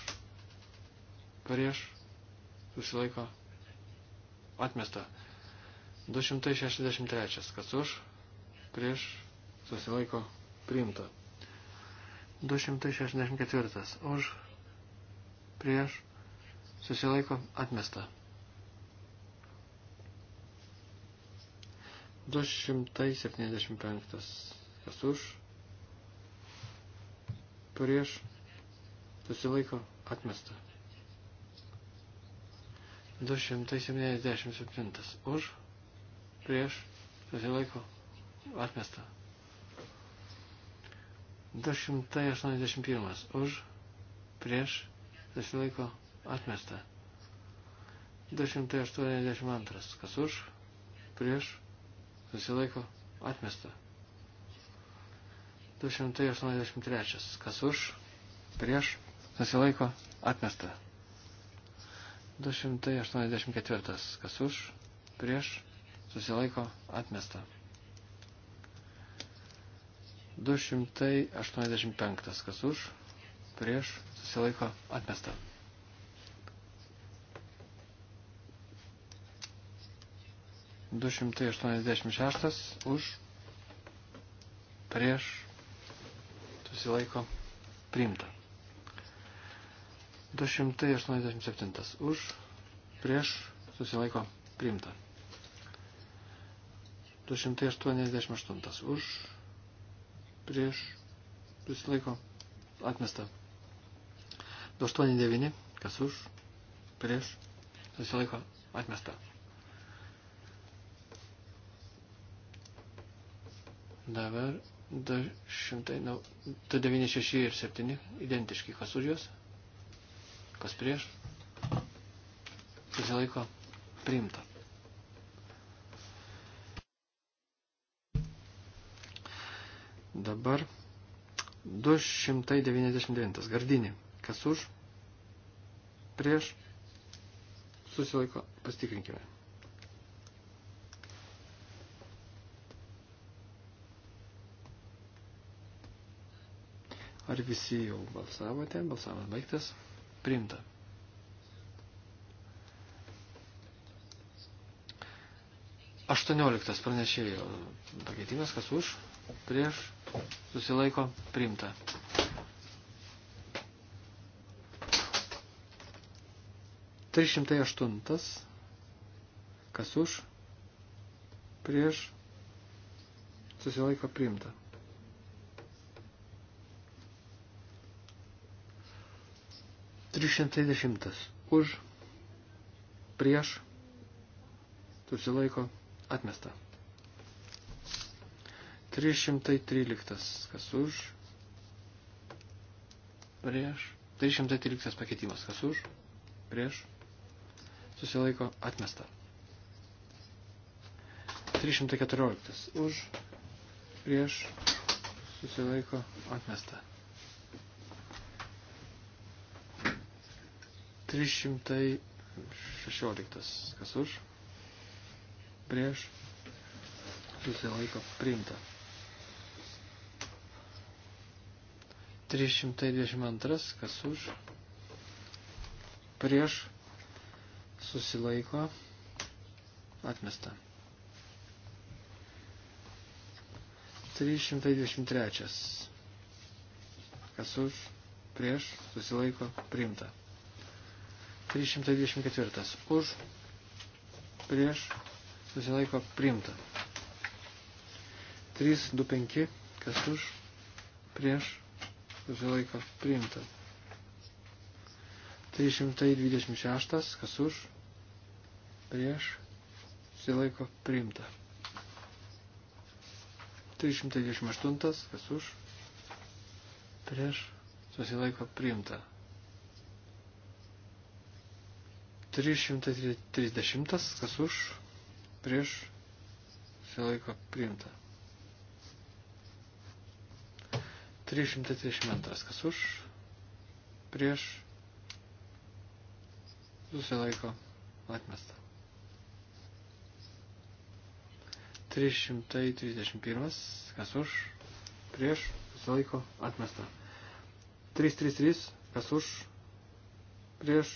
A: prieš susilaiko atmesta. 263, kas už, prieš susilaiko priimta. 264, už, prieš susilaiko atmesta. 275. Kas už? Prieš? Susilaiko? Atmesta. 277. Už? Prieš? Susilaiko? Atmesta. 281. Už? Prieš? Susilaiko? Atmesta. 282. Kas už? Prieš? susilaiko atmesta. 283. Kas už, prieš, susilaiko atmesta. 284. Kas už, prieš, susilaiko atmesta. 285. Kas už, prieš, susilaiko atmesta. 286 už, prieš, susilaiko, priimta. 287 už, prieš, susilaiko, priimta. 288 už, prieš, susilaiko, atmesta. 289, kas už, prieš, susilaiko, atmesta. Dabar 296 ir 7 identiški. Kas už juos? Kas prieš? Susilaiko priimta. Dabar 299. Gardinė. Kas už? Prieš? Susilaiko. Pastikrinkime. Ar visi jau balsavote? Balsavimas baigtas. Primta. Aštuonioliktas pranešėjo pakeitimas, kas už, prieš, susilaiko, primta. Trišimtai aštuntas, kas už, prieš, susilaiko, primta. 310. Už, prieš, susilaiko, atmesta. 313. Kas už, prieš, 313 pakeitimas. Kas už, prieš, susilaiko, atmesta. 314. Už, prieš, susilaiko, atmesta. 316. Kas už? Prieš. Susilaiko priimta. 322. Kas už? Prieš. Susilaiko. Atmesta. 323. Kas už? Prieš. Susilaiko. Priimta. 324. Už, prieš, susilaiko priimta. 325. Kas už, prieš, susilaiko priimta. 326. Kas už, prieš, susilaiko priimta. 328. Kas už, prieš, susilaiko priimta. 330, kas už, prieš, susilaiko priimta. 332, kas už, prieš, susilaiko atmesta. 331, kas už, prieš, susilaiko atmesta. 333, kas už, prieš,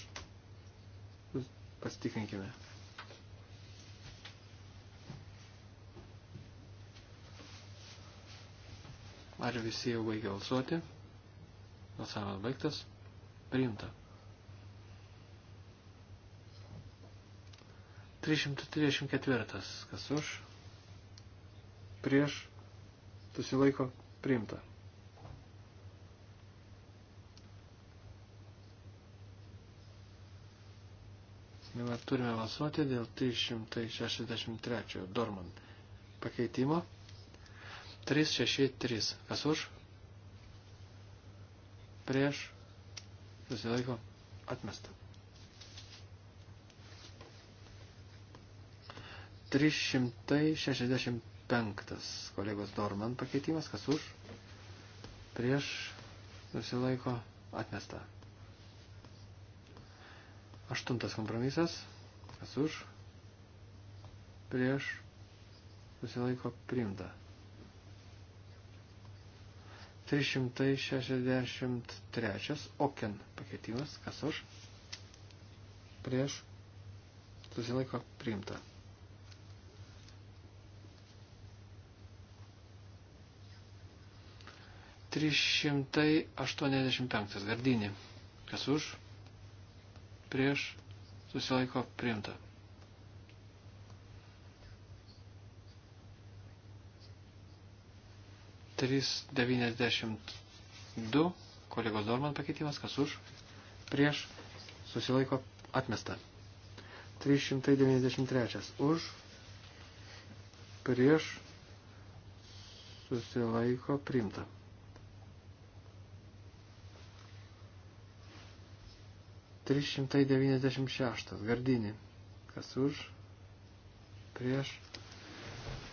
A: Pasitikrinkime. Ar visi jau baigė balsuoti? Balsavimas baigtas. Priimta. 334. Kas už? Prieš. Susilaiko. Priimta. Dabar turime balsuoti dėl 363 Dorman pakeitimo. 363. Kas už? Prieš. Susilaiko. Atmesta. 365 kolegos Dorman pakeitimas. Kas už? Prieš. Susilaiko. Atmesta. Aštuntas kompromisas. Kas už? Prieš. Susilaiko priimta. 363. Oken pakeitimas. Kas už? Prieš. Susilaiko priimta. Trys šimtai aštuoniasdešimt penktas gardinė. Kas už? prieš susilaiko priimta. Trys devyniasdešimt du kolegos Dorman pakeitimas, kas už, prieš susilaiko atmesta. 393 už, prieš susilaiko priimta. 396. Gardinį. Kas už? Prieš.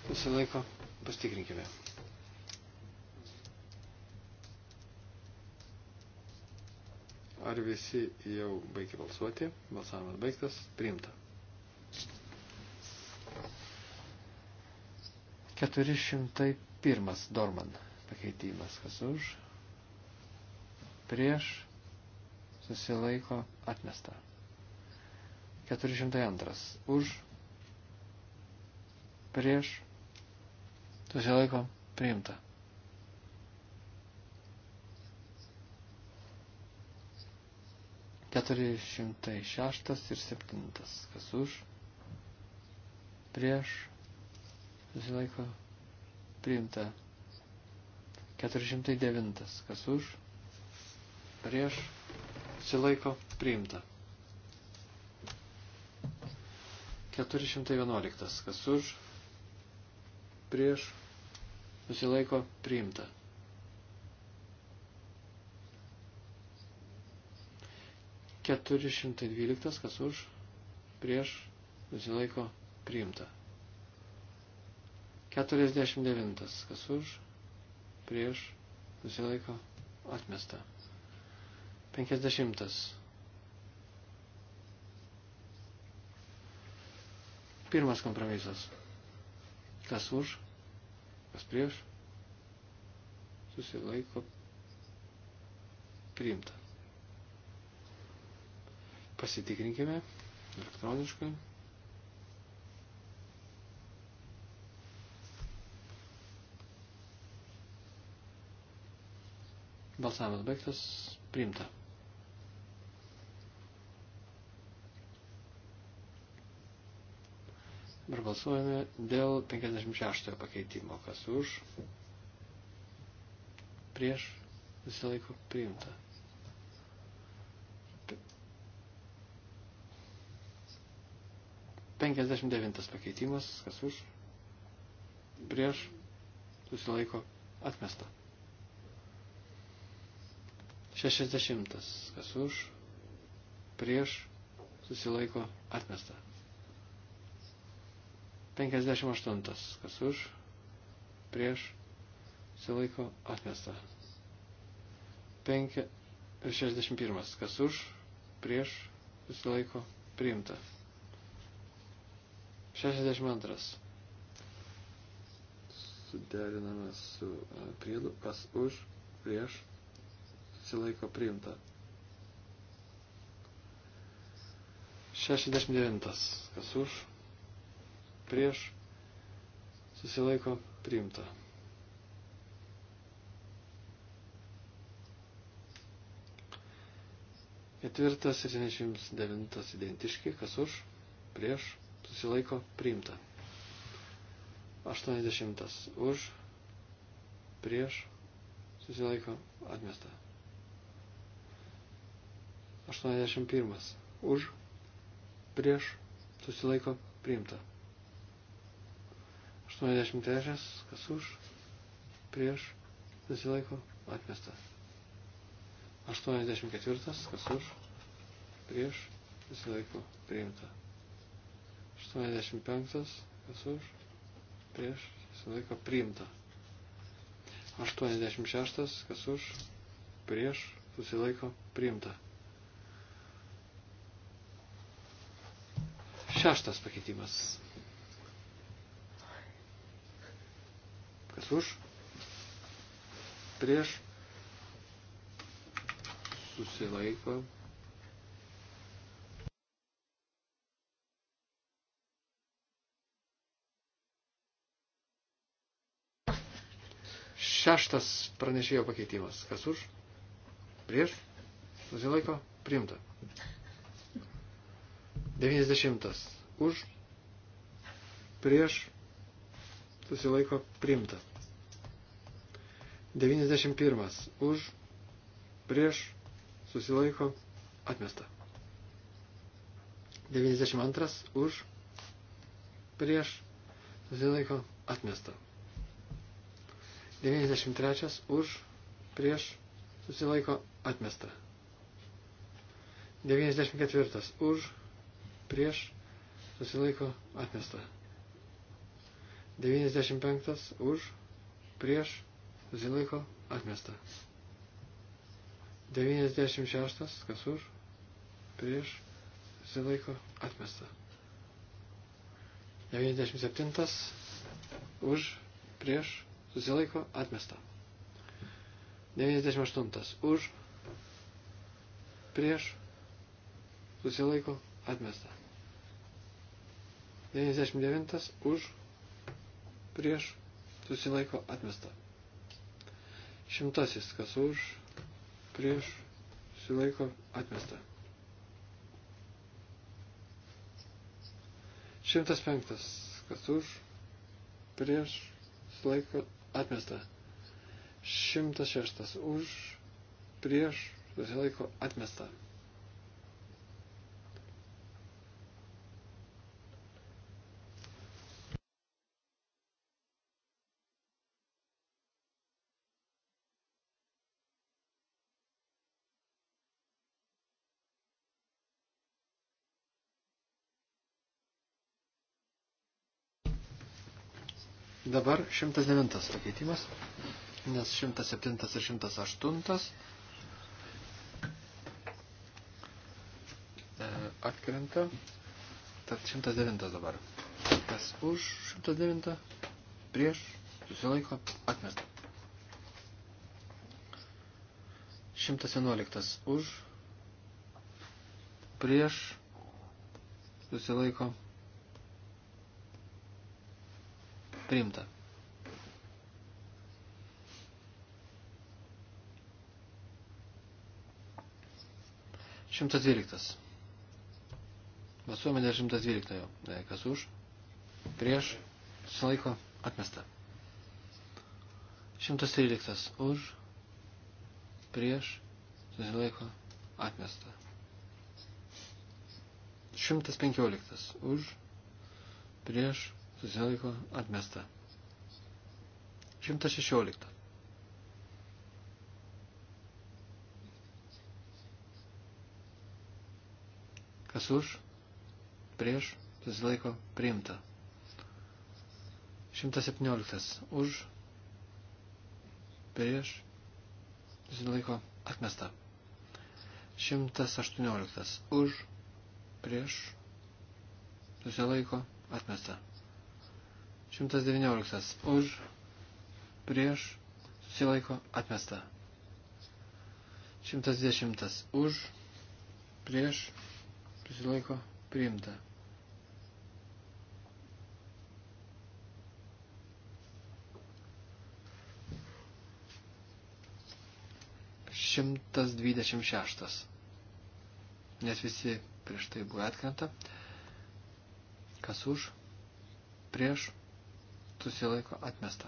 A: Susilaiko. Pastikrinkime. Ar visi jau baigė balsuoti? Balsavimas baigtas. Priimta. 401. Dorman pakeitimas. Kas už? Prieš susilaiko atmesta. 402. Už, prieš, susilaiko priimta. Keturi šimtai šeštas ir septintas. Kas už? Prieš. Susilaiko. Priimta. Keturi šimtai devintas. Kas už? Prieš Silaiko priimta. 411. Kas už, prieš, susilaiko priimta. 412. Kas už, prieš, susilaiko priimta. 49. Kas už, prieš, susilaiko atmesta. 50. Pirmas kompromisas. Kas už, kas prieš, susilaiko priimta. Pasitikrinkime elektroniškai. Balsavimas baigtas, priimta. Dabar balsuojame dėl 56 pakeitimo. Kas už? Prieš visą laiką priimta. P 59 pakeitimas. Kas už? Prieš susilaiko atmesta. 60. Kas už? Prieš susilaiko atmesta. 58. Kas už, prieš, silaiko atmesta. 5, 61. Kas už, prieš, susilaiko priimta. 62. Suderiname su e, priedu, kas už, prieš, susilaiko priimta. 69. Kas už, prieš susilaiko priimta. Ketvirtas 79 identiški, kas už, prieš, susilaiko, priimta. 80 už, prieš, susilaiko, atmesta. 81 už, prieš, susilaiko, priimta. 83. Kas už? Prieš. Susilaiko. Atmesta. 84. Kas už? Prieš. Susilaiko. Priimta. 85. Kas už? Prieš. Susilaiko. Priimta. 86. Kas už? Prieš. Susilaiko. Priimta. Šeštas pakeitimas. už, prieš, susilaiko. Šeštas pranešėjo pakeitimas. Kas už? Prieš? Susilaiko? Primta. 90. Už? Prieš? Susilaiko? Primta. 91. Už, prieš, susilaiko, atmesta. 92. Už, prieš, susilaiko, atmesta. 93. Už, prieš, susilaiko, atmesta. 94. Už, prieš, susilaiko, atmesta. 95. Už, prieš, susilaiko atmesta. 96 kas už prieš susilaiko atmesta. 97 už prieš susilaiko atmesta. 98 už prieš susilaiko atmesta. 99 už prieš susilaiko atmesta. Šimtasis, kas už, prieš, susilaiko, atmesta. Šimtas penktas, kas už, prieš, susilaiko, atmesta. Šimtas šeštas, už, prieš, susilaiko, atmesta. Dabar 109 pakeitimas, nes 107 ir 108 e, atkrenta. Tad 109 dabar. Kas už 109, prieš, susilaiko, atmesta. 111 už, prieš, susilaiko, atmesta Priimta. Šimtas dvyliktas. Visuomenė 112 jau. E, kas už? Prieš? Susilaiko? Atmesta. 113. Už? Prieš? Susilaiko? Atmesta. 115. Už? Prieš? susilaiko atmesta. 116. Kas už, prieš, susilaiko priimta. 117. Už, prieš, susilaiko atmesta. 118. Už, prieš, susilaiko atmesta. 119. Už, prieš, susilaiko, atmesta. 110. Už, prieš, susilaiko, priimta. Šimtas dvidešimt šeštas. Nes visi prieš tai buvo atkrenta. Kas už? Prieš susilaiko atmesta.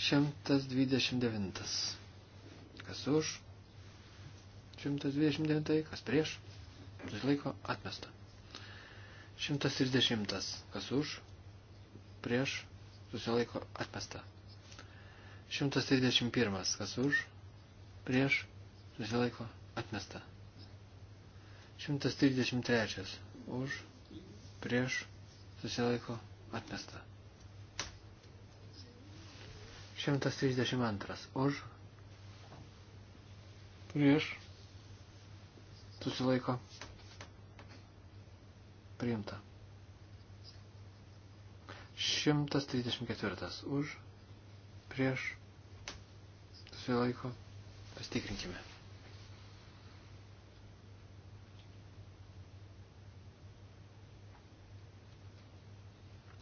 A: Šimtas dvidešimt devintas. Kas už? Šimtas dvidešimt devintai. Kas prieš? Susilaiko atmesta. Šimtas trisdešimtas. Kas už? Prieš? Susilaiko atmesta. Šimtas trisdešimt pirmas. Kas už? Prieš? Susilaiko atmesta. 133 už, prieš, susilaiko, atmesta. 132 už, prieš, susilaiko, priimta. 134 už, prieš, susilaiko, pastikrinkime.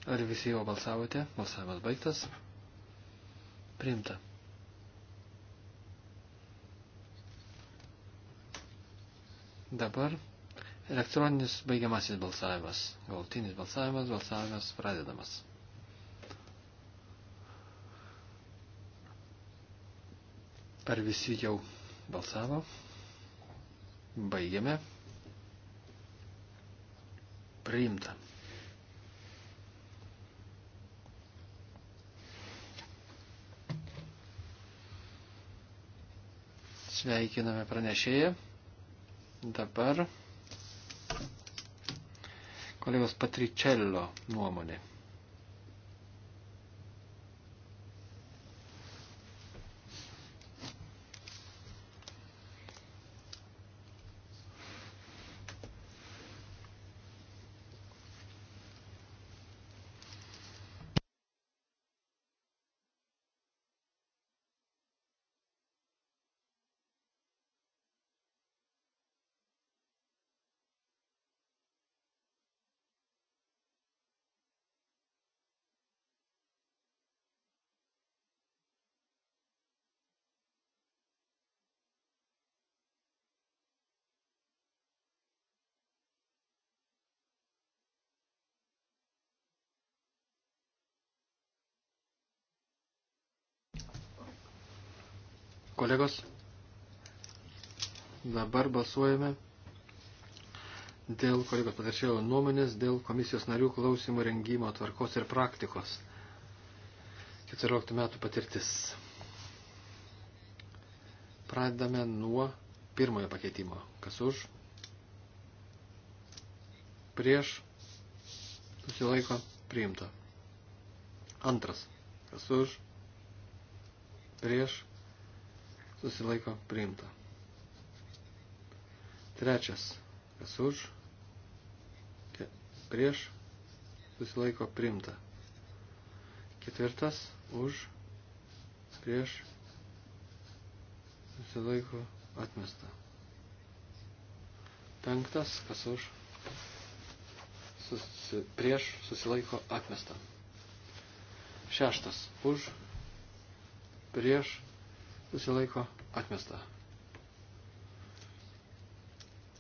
A: Ar visi jau balsavote? Balsavimas baigtas. Priimta. Dabar elektroninis baigiamasis balsavimas. Galutinis balsavimas, balsavimas pradedamas. Ar visi jau balsavo? Baigiame. Priimta. Sveikiname pranešėją. Dabar kolegos Patričello nuomonė. Kolegos, dabar balsuojame dėl kolegos patarčiojo nuomonės, dėl komisijos narių klausimų rengimo tvarkos ir praktikos. 14 metų patirtis. Pradedame nuo pirmojo pakeitimo. Kas už? Prieš. Susilaiko. Priimta. Antras. Kas už? Prieš susilaiko priimta. Trečias, kas už, prieš, susilaiko priimta. Ketvirtas, už, prieš, susilaiko atmesta. Penktas, kas už, susi, prieš, susilaiko atmesta. Šeštas, už, prieš, susilaiko atmesta.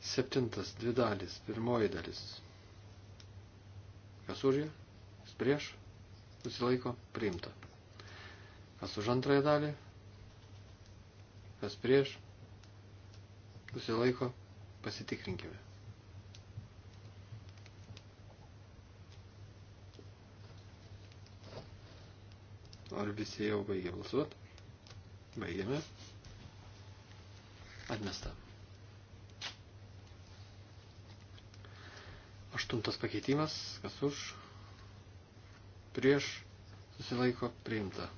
A: Septintas, dvi dalis, pirmoji dalis. Kas už jį, kas prieš, susilaiko priimta. Kas už antrąją dalį, kas prieš, susilaiko pasitikrinkime. Ar visi jau baigė balsuoti? Baigiame. Atmesta. Aštuntas pakeitimas, kas už, prieš, susilaiko, priimta.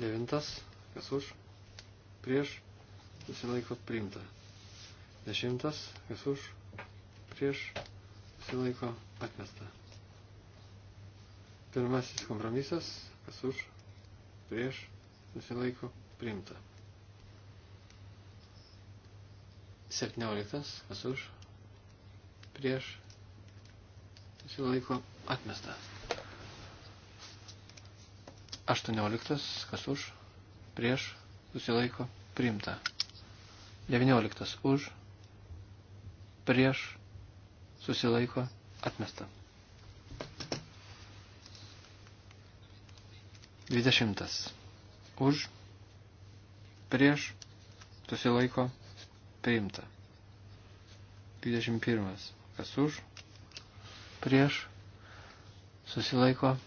A: Devintas, kas už, prieš, susilaiko, priimta. Dešimtas, kas už, prieš, susilaiko, atmesta. Pirmasis kompromisas, kas už, prieš, susilaiko, priimta. 17. Kas už? Prieš. Susilaiko atmesta. 18. Kas už? Prieš. Susilaiko priimta. 19. Už. Prieš. Susilaiko atmesta. 20. Už prieš, susilaiko, priimta. 21. Kas už, prieš, susilaiko, priimta.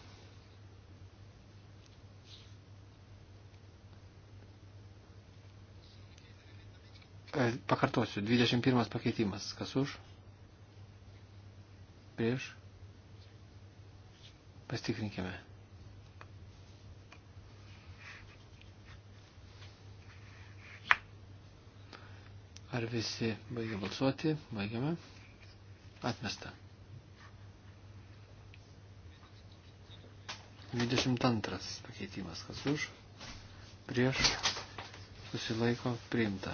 A: E, pakartosiu, 21 pakeitimas. Kas už? Prieš? Pastikrinkime. Ar visi baigė balsuoti? Baigiame. Atmesta. 22 pakeitimas. Kas už? Prieš. Susilaiko. Priimta.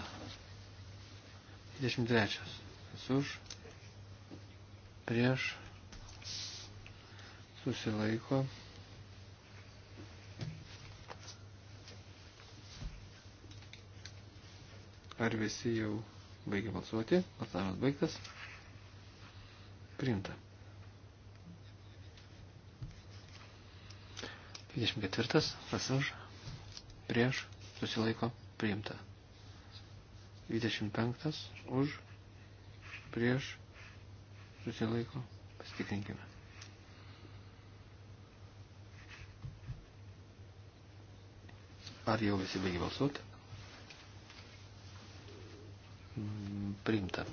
A: 23. Kas už? Prieš. Susilaiko. Priimta Ar visi jau baigė balsuoti? Balsavimas baigtas. Priimta. 24. Kas už? Prieš. Susilaiko. Priimta. 25. Už. Prieš. Susilaiko. Pasitikrinkime. Ar jau visi baigė balsuoti? Priimta.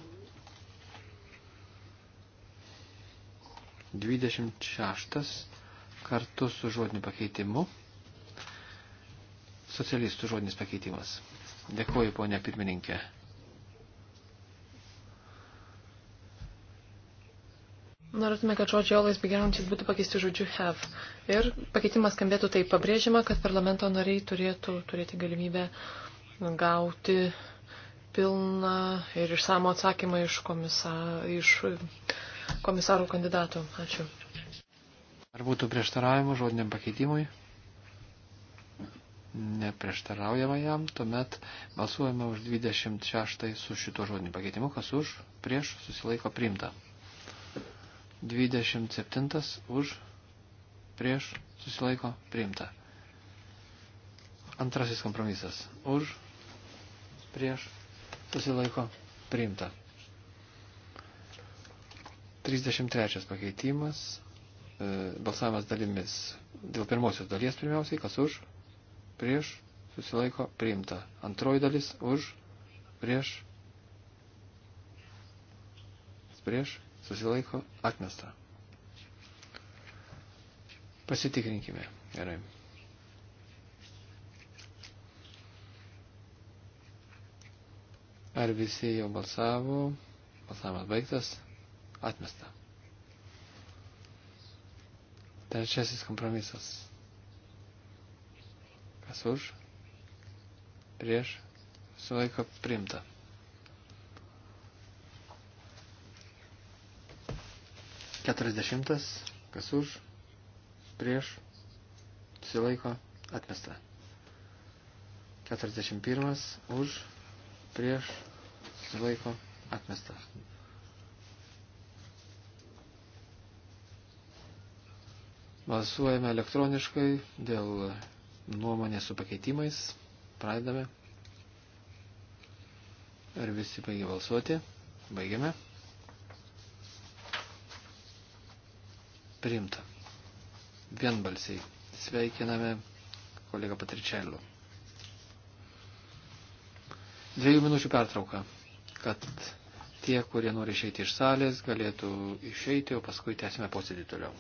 A: 26 kartu su žodiniu pakeitimu. Socialistų žodinis pakeitimas. Dėkuoju, ponia pirmininkė.
C: Norėtume, kad žodžiai always begins būtų pakeisti žodžiu have. Ir pakeitimas skambėtų taip pabrėžima, kad parlamento nariai turėtų turėti galimybę gauti uh, pilną ir išsamų atsakymą iš, komisa, iš komisarų kandidatų. Ačiū.
A: Ar būtų prieštaravimų žodiniam pakeitimui? Neprieštaraujama jam, tuomet balsuojame už 26 su šito žodiniu pakeitimu, kas už, prieš, susilaiko priimta. 27 už, prieš, susilaiko priimta. Antrasis kompromisas. Už, prieš, susilaiko priimta. 33 pakeitimas, e, balsavimas dalimis. Dėl pirmosios dalies pirmiausiai, kas už, prieš, susilaiko priimta. Antroji dalis už, prieš, prieš, susilaiko atmesta. Pasitikrinkime. Gerai. Ar visi jau balsavo? Balsavimas baigtas. Atmesta. Trečiasis kompromisas. Kas už? Prieš sulaiko primta. Keturiasdešimtas. Kas už? Prieš sulaiko atmesta. Keturiasdešimt pirmas. Už prieš laiko atmesta. Balsuojame elektroniškai dėl nuomonės su pakeitimais. Pradedame. Ar visi baigė balsuoti? Baigiame. Priimta. Vienbalsiai. Sveikiname kolegą Patričelų. Dviejų minučių pertrauka, kad tie, kurie nori išeiti iš salės, galėtų išeiti, o paskui tęsime posėdį toliau.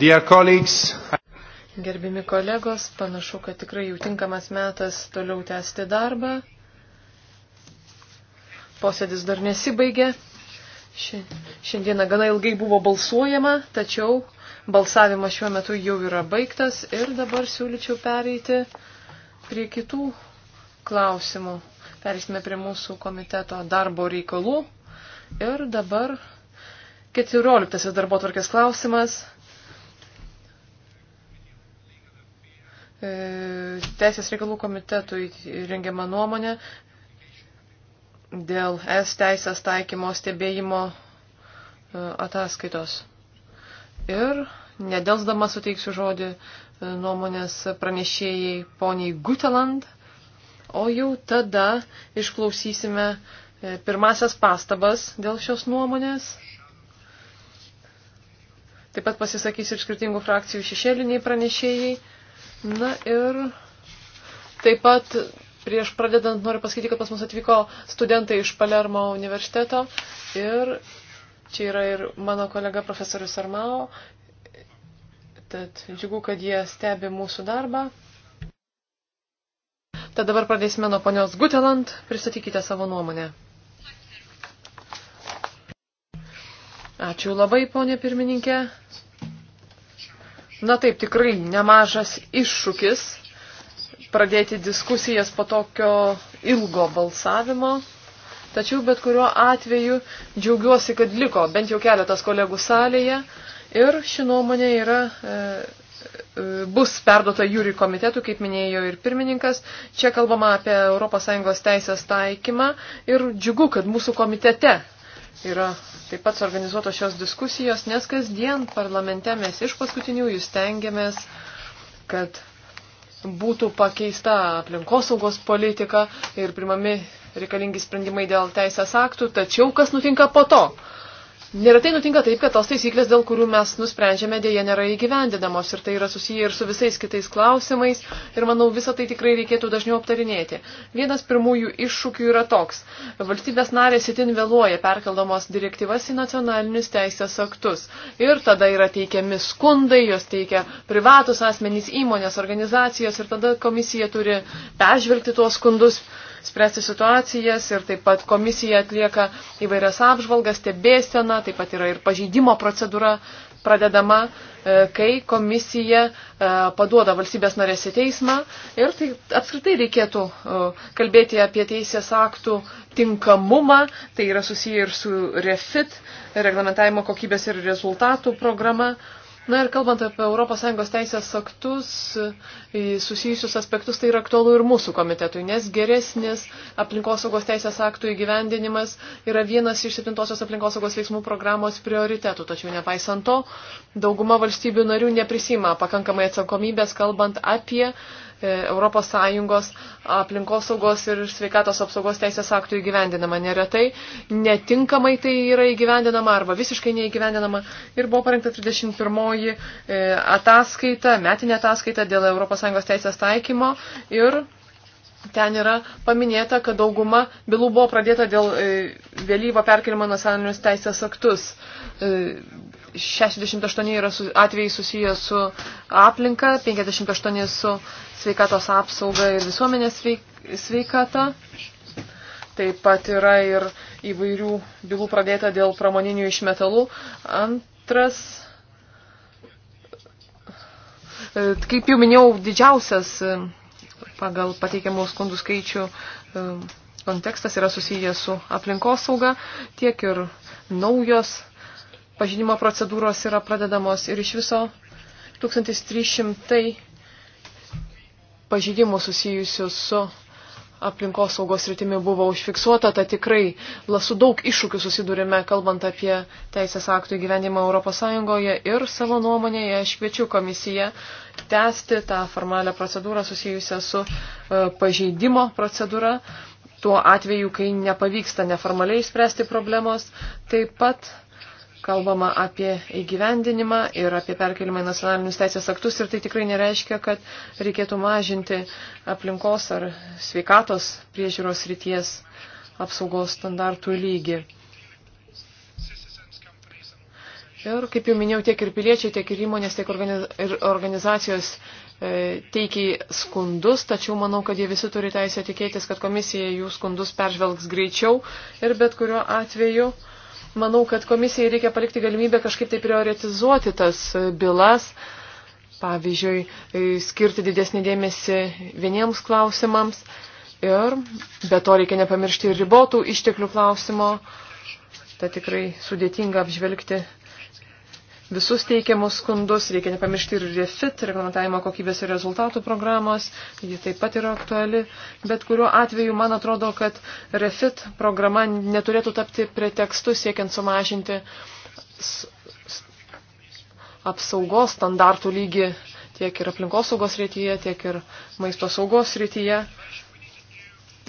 A: Gerbimi
C: kolegos, panašu, kad tikrai jau tinkamas metas toliau tęsti darbą. Posėdis dar nesibaigė. Šiandieną gana ilgai buvo balsuojama, tačiau balsavimas šiuo metu jau yra baigtas ir dabar siūlyčiau pereiti prie kitų klausimų. Perėsime prie mūsų komiteto darbo reikalų. Ir dabar 14 darbo tvarkės klausimas E, teisės reikalų komitetui rengiama nuomonė dėl S teisės taikymo stebėjimo e, ataskaitos. Ir nedelsdama suteiksiu žodį e, nuomonės pranešėjai poniai Guteland, o jau tada išklausysime pirmasias pastabas dėl šios nuomonės. Taip pat pasisakys ir skirtingų frakcijų šešėliniai pranešėjai. Na ir taip pat prieš pradedant noriu pasakyti, kad pas mus atvyko studentai iš Palermo universiteto ir čia yra ir mano kolega profesorius Armao. Tad džiugu, kad jie stebi mūsų darbą. Tad dabar pradėsime nuo ponios Guteland. Pristatykite savo nuomonę. Ačiū labai, ponė pirmininkė. Na taip, tikrai nemažas iššūkis pradėti diskusijas po tokio ilgo balsavimo. Tačiau bet kuriuo atveju džiaugiuosi, kad liko bent jau keletas kolegų salėje ir ši nuomonė yra, e, e, bus perduota jūrių komitetų, kaip minėjo ir pirmininkas. Čia kalbama apie ES teisės taikymą ir džiugu, kad mūsų komitete yra taip pat suorganizuotos šios diskusijos, nes kasdien parlamente mes iš paskutinių jūs tengiamės, kad būtų pakeista aplinkosaugos politika ir primami reikalingi sprendimai dėl teisės aktų, tačiau kas nutinka po to? Neretai nutinka taip, kad tos taisyklės, dėl kurių mes nusprendžiame, dėje nėra įgyvendinamos ir tai yra susiję ir su visais kitais klausimais ir manau visą tai tikrai reikėtų dažniau aptarinėti. Vienas pirmųjų iššūkių yra toks. Valstybės narės itin vėluoja perkeldamos direktyvas į nacionalinius teisės aktus ir tada yra teikiami skundai, jos teikia privatus asmenys, įmonės, organizacijos ir tada komisija turi peržvelgti tuos skundus spręsti situacijas ir taip pat komisija atlieka įvairias apžvalgas, stebėseną, taip pat yra ir pažeidimo procedūra pradedama, e, kai komisija e, paduoda valstybės narės į teismą ir tai apskritai reikėtų e, kalbėti apie teisės aktų tinkamumą, tai yra susiję ir su REFIT, reglamentavimo kokybės ir rezultatų programa, Na ir kalbant apie ES teisės aktus, susijusius aspektus, tai yra aktualu ir mūsų komitetui, nes geresnis aplinkosaugos teisės aktų įgyvendinimas yra vienas iš septintosios aplinkosaugos veiksmų programos prioritetų. Tačiau nepaisant to, dauguma valstybių narių neprisima pakankamai atsakomybės, kalbant apie uh, ES aplinkosaugos ir sveikatos apsaugos teisės aktų įgyvendinama. Neretai netinkamai tai yra įgyvendinama arba visiškai neįgyvendinama. Ir buvo parengta 31 e, ataskaita, metinė ataskaita dėl ES teisės taikymo ir Ten yra paminėta, kad dauguma bylų buvo pradėta dėl e, vėlyvo perkelimo nacionalinius teisės aktus. 68 e, yra atvejai susiję su aplinka, 58 su sveikatos apsaugą ir visuomenės sveikatą. Taip pat yra ir įvairių bylų pradėta dėl pramoninių išmetalų. Antras, e, kaip jau minėjau, didžiausias e, pagal pateikiamų skundų skaičių e, kontekstas yra susijęs su aplinkosauga, tiek ir naujos pažinimo procedūros yra pradedamos ir iš viso 1300 pažydimų susijusių su aplinkos saugos rytimi buvo užfiksuota, tai tikrai su daug iššūkių susidurime, kalbant apie teisės aktų įgyvenimą ES ir savo nuomonėje aš kviečiu komisiją tęsti tą formalią procedūrą susijusią su e, pažeidimo procedūra, tuo atveju, kai nepavyksta neformaliai spręsti problemos. Taip pat kalbama apie įgyvendinimą ir apie perkelimą į nacionalinius teisės aktus ir tai tikrai nereiškia, kad reikėtų mažinti aplinkos ar sveikatos priežiūros ryties apsaugos standartų lygį. Ir kaip jau minėjau, tiek ir piliečiai, tiek ir įmonės, tiek ir organizacijos e, teikia skundus, tačiau manau, kad jie visi turi teisę tikėtis, kad komisija jų skundus peržvelgs greičiau ir bet kuriuo atveju uh, manau, kad komisijai reikia palikti galimybę kažkaip tai prioritizuoti tas bylas, pavyzdžiui, skirti didesnį dėmesį vieniems klausimams ir be to reikia nepamiršti ir ribotų išteklių klausimo. Tai tikrai sudėtinga apžvelgti visus teikiamus skundus, reikia nepamiršti ir REFIT, reglamentavimo kokybės ir rezultatų programos, ji taip pat yra aktuali, bet kuriuo atveju man atrodo, kad REFIT programa neturėtų tapti pretekstu siekiant sumažinti apsaugos standartų lygį tiek ir aplinkosaugos rytyje, tiek ir maisto saugos rytyje.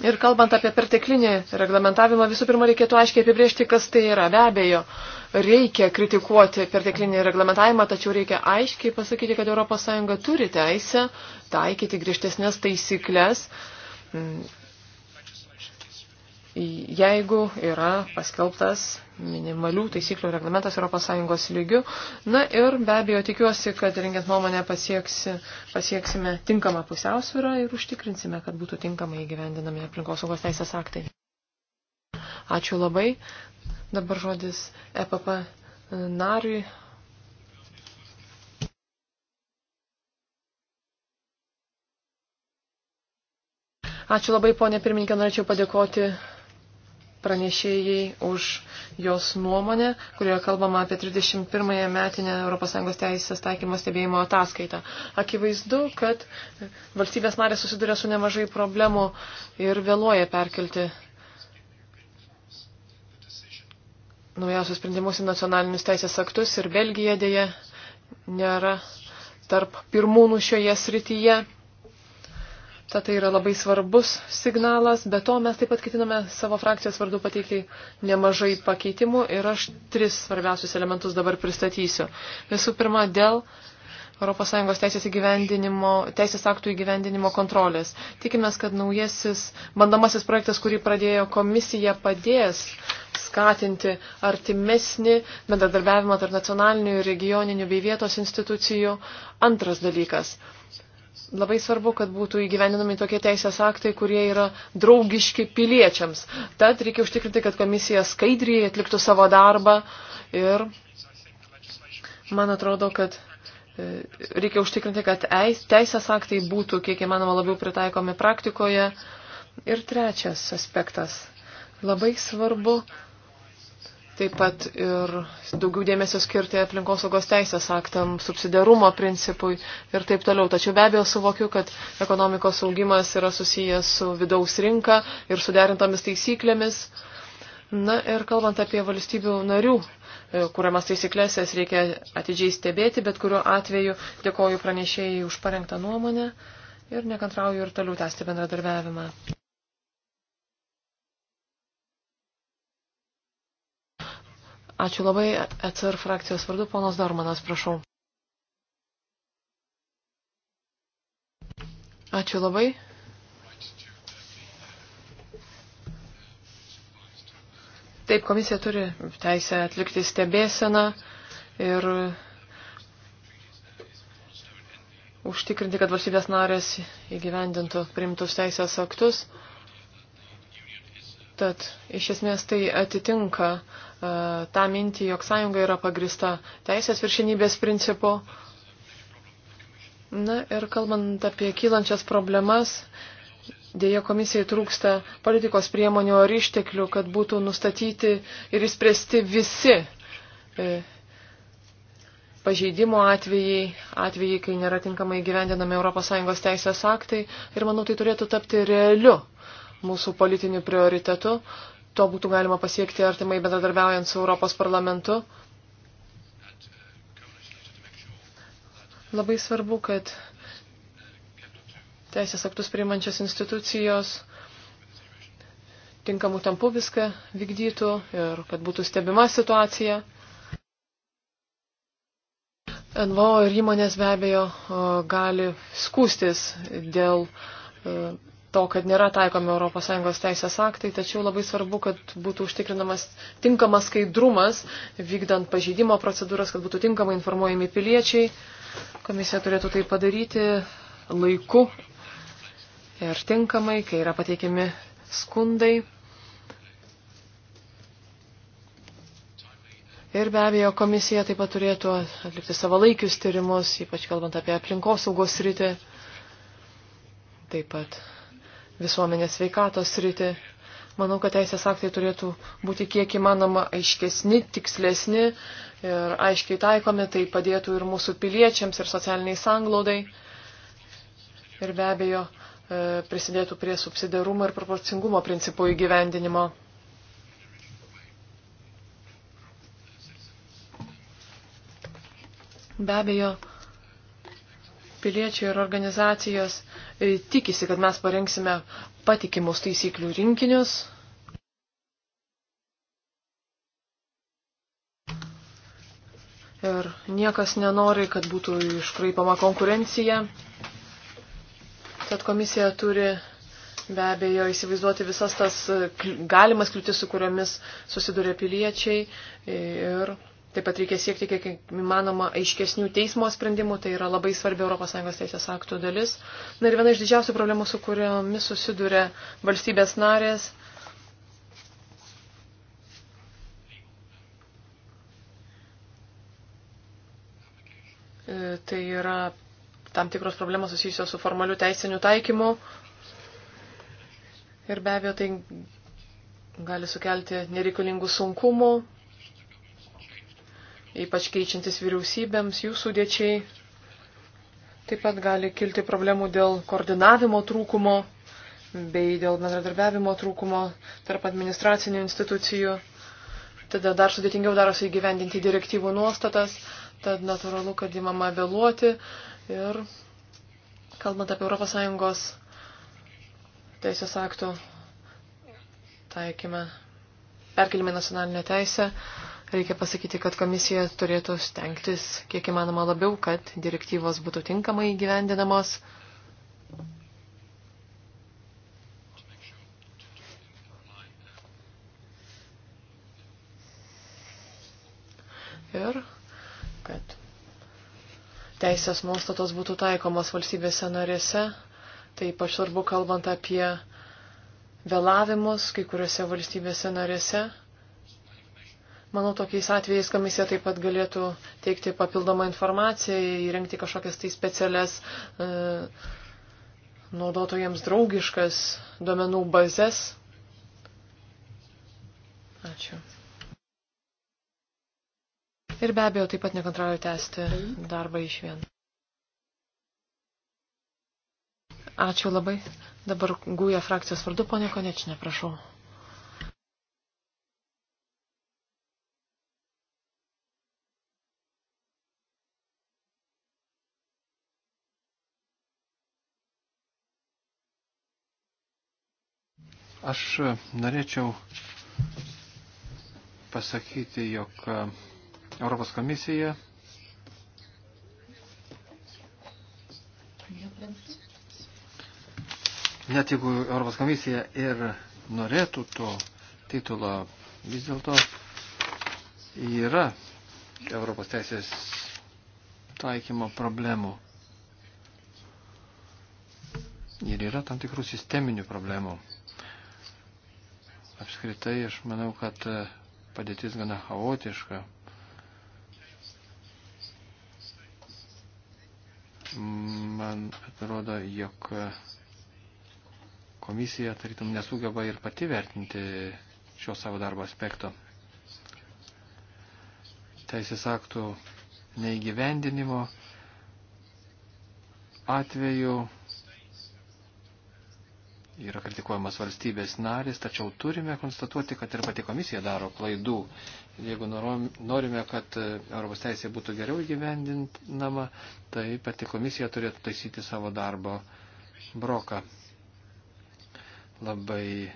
C: Ir kalbant apie perteklinį reglamentavimą, visų pirma reikėtų aiškiai apibriežti, kas tai yra. Be abejo, uh, reikia kritikuoti perteklinį reglamentavimą, tačiau reikia aiškiai pasakyti, kad ES turi teisę taikyti griežtesnės taisyklės, jeigu yra paskelbtas minimalių taisyklių reglamentas ES lygių. Na ir be abejo tikiuosi, kad rengiant nuomonę pasieksi, pasieksime tinkamą pusiausvyrą ir užtikrinsime, kad būtų tinkamai įgyvendinami aplinkosaugos teisės aktai. Ačiū labai. Dabar žodis EPP e, nariui. Ačiū labai, ponė pirmininkė, norėčiau padėkoti pranešėjai už jos nuomonę, kurioje kalbama apie 31-ąją metinę ES teisės taikymo stebėjimo ataskaitą. Akivaizdu, kad valstybės narės susiduria su nemažai problemų ir vėluoja perkelti naujausius sprendimus į nacionalinius teisės aktus ir Belgija dėja nėra tarp pirmūnų šioje srityje. Tad tai yra labai svarbus signalas, be to mes taip pat ketiname savo frakcijos vardu pateikti nemažai pakeitimų ir aš tris svarbiausius elementus dabar pristatysiu. Visų pirma, dėl uh, ES teisės, teisės aktų įgyvendinimo kontrolės. Tikimės, kad naujasis bandomasis projektas, kurį pradėjo komisija, padės skatinti artimesnį bendradarbiavimą tarp nacionalinių, regioninių bei vietos institucijų. Antras dalykas. Labai svarbu, kad būtų įgyvendinami tokie teisės aktai, kurie yra draugiški piliečiams. Tad reikia užtikrinti, kad komisija skaidriai atliktų savo darbą ir man atrodo, kad reikia užtikrinti, kad teisės aktai būtų kiek įmanoma labiau pritaikomi praktikoje. Ir trečias aspektas. Labai svarbu taip pat ir daugiau dėmesio skirti aplinkosaugos teisės aktam, subsidiarumo principui ir taip toliau. Tačiau be abejo suvokiu, kad ekonomikos augimas yra susijęs su vidaus rinka ir suderintomis taisyklėmis. Na ir kalbant apie valstybių narių E, kuriamas taisyklės, jas reikia atidžiai stebėti, bet kuriuo atveju dėkoju pranešėjai už parengtą nuomonę ir nekantrauju ir toliau tęsti bendradarbiavimą. Ačiū labai, ECR frakcijos vardu, ponas Dormanas, prašau. Ačiū labai. Taip, komisija turi teisę atlikti stebėseną ir užtikrinti, kad valstybės narės įgyvendintų primtus teisės aktus. Tad iš esmės tai atitinka uh, tą mintį, jog sąjunga yra pagrista teisės viršinybės principu. Na ir kalbant apie kylančias problemas, Dėja komisijai trūksta politikos priemonių ar išteklių, kad būtų nustatyti ir įspręsti visi e, pažeidimo atvejai, atvejai, kai nėra tinkamai gyvendinami ES teisės aktai ir manau tai turėtų tapti realiu mūsų politiniu prioritetu. To būtų galima pasiekti artimai bendradarbiaujant su Europos parlamentu. Labai svarbu, kad teisės aktus priimančios institucijos tinkamų tampų viską vykdytų ir kad būtų stebima situacija. NVO ir įmonės be abejo gali skūstis dėl e, to, kad nėra taikomi ES teisės aktai, tačiau labai svarbu, kad būtų užtikrinamas tinkamas skaidrumas, vykdant pažeidimo procedūras, kad būtų tinkamai informuojami piliečiai. Komisija turėtų tai padaryti laiku ir tinkamai, kai yra pateikiami skundai. Ir be abejo, komisija taip pat turėtų atlikti savalaikius tyrimus, ypač kalbant apie aplinkosaugos rytį, taip pat visuomenės veikatos rytį. Manau, kad teisės aktai turėtų būti kiek įmanoma aiškesni, tikslesni ir aiškiai taikomi, tai padėtų ir mūsų piliečiams, ir socialiniai sanglaudai. Ir be abejo, E, prisidėtų prie subsidiarumo ir proporcingumo principų įgyvendinimo. Be abejo, piliečiai ir organizacijos e, tikisi, kad mes parengsime patikimus taisyklių rinkinius. Ir niekas nenori, kad būtų iškraipama konkurencija. Tad komisija turi be abejo įsivaizduoti visas tas e, galimas kliūtis, su kuriomis susiduria piliečiai. Ir taip pat reikia siekti kiek įmanoma aiškesnių teismo sprendimų, tai yra labai svarbi ES teisės aktų dalis. Na ir viena iš didžiausių problemų, su kuriomis susiduria valstybės narės. E, tai yra tam tikros problemos susijusios su formaliu teisiniu taikymu. Ir be abejo, tai gali sukelti nereikalingų sunkumų, ypač keičiantis vyriausybėms, jų sudėčiai. Taip pat gali kilti problemų dėl koordinavimo trūkumo bei dėl bendradarbiavimo trūkumo tarp administracinių institucijų. Tada dar sudėtingiau darosi įgyvendinti direktyvų nuostatas, tad natūralu, kad įmama vėluoti. Uh, Ir kalbant apie ES teisės aktų taikymą, perkelimą į nacionalinę teisę, reikia pasakyti, kad komisija turėtų stengtis kiek įmanoma labiau, kad direktyvos būtų tinkamai įgyvendinamos. Ir teisės nuostatos būtų taikomos valstybėse narėse. Tai ypač svarbu kalbant apie vėlavimus kai kuriuose valstybėse narėse. Manau, tokiais atvejais komisija taip pat galėtų teikti papildomą informaciją, įrengti kažkokias tai specialias e, naudotojams draugiškas duomenų bazės. Ačiū. Ir be abejo, taip pat nekantrauju tęsti mhm. darbą iš vien. Ačiū labai. Dabar gūja frakcijos vardu, ponė Konečinė, prašau.
A: Aš norėčiau pasakyti, jog Europos komisija net jeigu Europos komisija ir norėtų to titulo, vis dėlto yra Europos teisės taikymo problemų. Ir yra tam tikrų sisteminių problemų. Apskritai, aš manau, kad padėtis gana chaotiška. Man atrodo, jog komisija tarytum nesugeba ir pati vertinti šio savo darbo aspekto. Teisės aktų neįgyvendinimo atveju yra kritikuojamas valstybės narės, tačiau turime konstatuoti, kad ir pati komisija daro klaidų. Jeigu norime, kad e, Europos teisė būtų geriau įgyvendinama, tai pati komisija turėtų taisyti savo darbo broką. Labai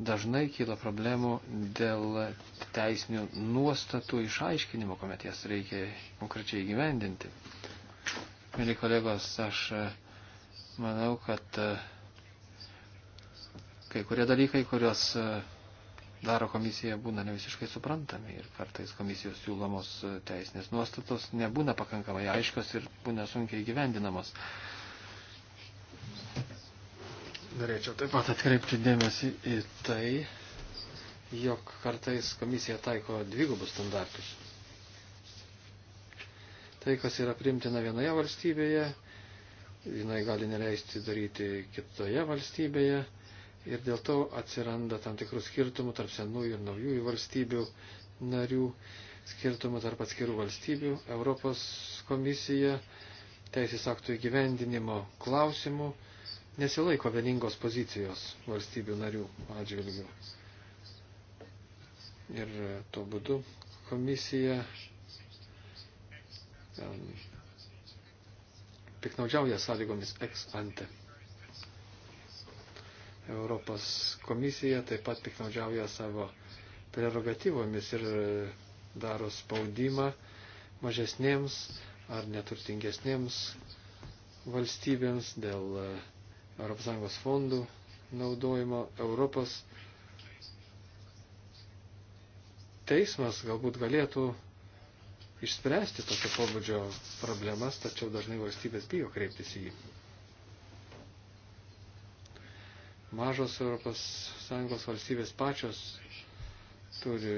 A: dažnai kyla problemų dėl teisinių nuostatų išaiškinimo, kuomet jas reikia konkrečiai įgyvendinti. Mėly kolegos, aš e, manau, kad uh, kai kurie dalykai, kuriuos e, daro komisija, būna ne visiškai suprantami ir kartais komisijos siūlomos e, teisinės nuostatos nebūna pakankamai aiškios ir būna sunkiai gyvendinamos. Norėčiau taip pat atkreipti dėmesį į tai, jog kartais komisija taiko dvigubus standartus. Tai, kas yra primtina vienoje valstybėje, jinai gali neleisti daryti kitoje valstybėje ir dėl to atsiranda tam tikrų skirtumų tarp senųjų ir naujųjų valstybių narių, skirtumų tarp atskirų valstybių, Europos komisija teisės aktų įgyvendinimo klausimų nesilaiko vieningos pozicijos valstybių narių atžvilgių. Ir tuo būdu komisija piknaudžiauja sąlygomis ex ante. Europos komisija taip pat piknaudžiauja savo prerogatyvomis ir daro spaudimą mažesnėms ar neturtingesnėms valstybėms dėl ES fondų naudojimo. Europos teismas galbūt galėtų išspręsti tokio pobūdžio problemas, tačiau dažnai valstybės bijo kreiptis į jį. mažos ES valstybės pačios turi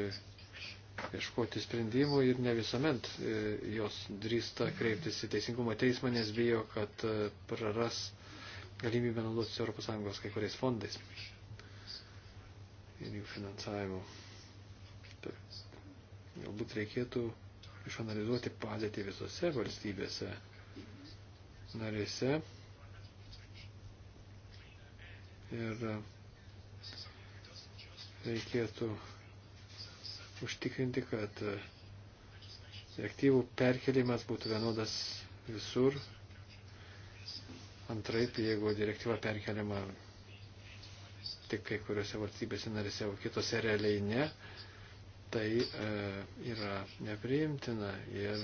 A: ieškoti sprendimų ir ne visuomet e, jos drįsta kreiptis į Teisingumo teismą, nes bijo, kad e, praras galimybę naudotis ES kai kuriais fondais ir jų finansavimu. Taip. Galbūt reikėtų išanalizuoti padėtį visose valstybėse narėse ir e, reikėtų užtikrinti, kad direktyvų perkelimas būtų vienodas visur. Antraip, jeigu direktyva perkeliama tik kai kuriuose valstybėse narėse, o kitose realiai ne, tai e, yra nepriimtina ir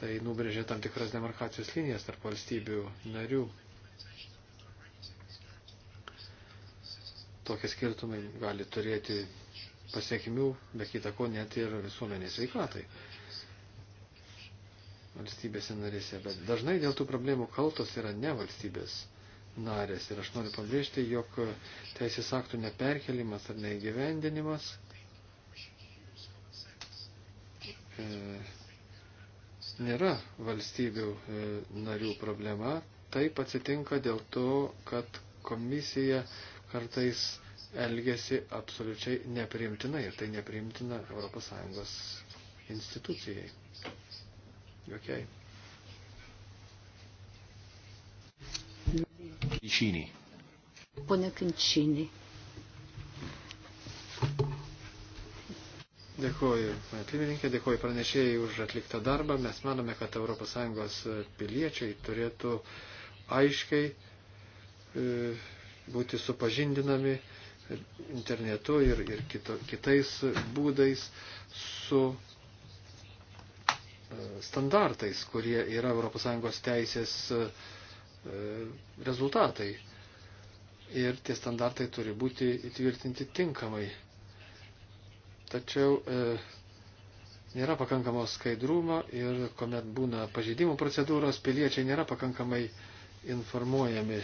A: tai nubrėžia tam tikras demarkacijos linijas tarp valstybių narių. tokie skirtumai gali turėti pasiekimių, be kita ko, net ir visuomenės veikatai valstybėse narėse. Bet dažnai dėl tų problemų kaltos yra ne valstybės narės. Ir aš noriu pabrėžti, jog teisės aktų neperkelimas ar neįgyvendinimas e, nėra valstybių e, narių problema. Taip atsitinka dėl to, kad komisija e, kartais elgesi absoliučiai nepriimtinai ir tai nepriimtina ES institucijai. Jokiai.
B: Kinčinį. Pone Kinčinį.
A: Dėkuoju, pirmininkė, dėkuoju pranešėjai už atliktą darbą. Mes manome, kad ES piliečiai turėtų aiškiai e, būti supažindinami internetu ir, ir kito, kitais būdais su e, standartais, kurie yra ES teisės e, rezultatai. Ir tie standartai turi būti įtvirtinti tinkamai. Tačiau e, nėra pakankamo skaidrumo ir kuomet būna pažeidimų procedūros, piliečiai nėra pakankamai informuojami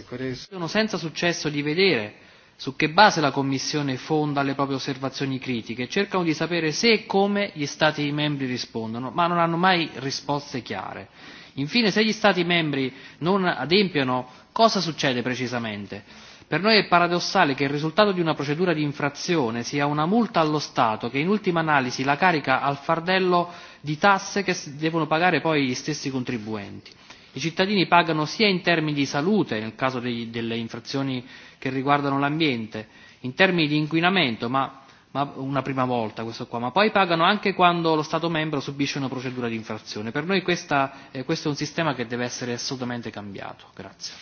A: kai kuriais. Senza successo di vedere su che base la Commissione fonda le proprie osservazioni critiche, cercano di sapere se e come gli Stati membri rispondono, ma non hanno mai risposte chiare. Infine, se gli Stati membri non adempiono, cosa succede precisamente? Per noi è paradossale che il risultato di una procedura di infrazione sia una multa allo Stato che in ultima analisi la carica al fardello di tasse che devono pagare poi gli stessi contribuenti I cittadini pagano sia in termini di salute, nel caso dei, delle infrazioni che riguardano l'ambiente, in termini di inquinamento, ma, ma una prima volta questo qua, ma poi pagano anche quando lo Stato membro subisce una procedura di infrazione. Per noi questa, eh, questo è un sistema che deve essere assolutamente cambiato. Grazie.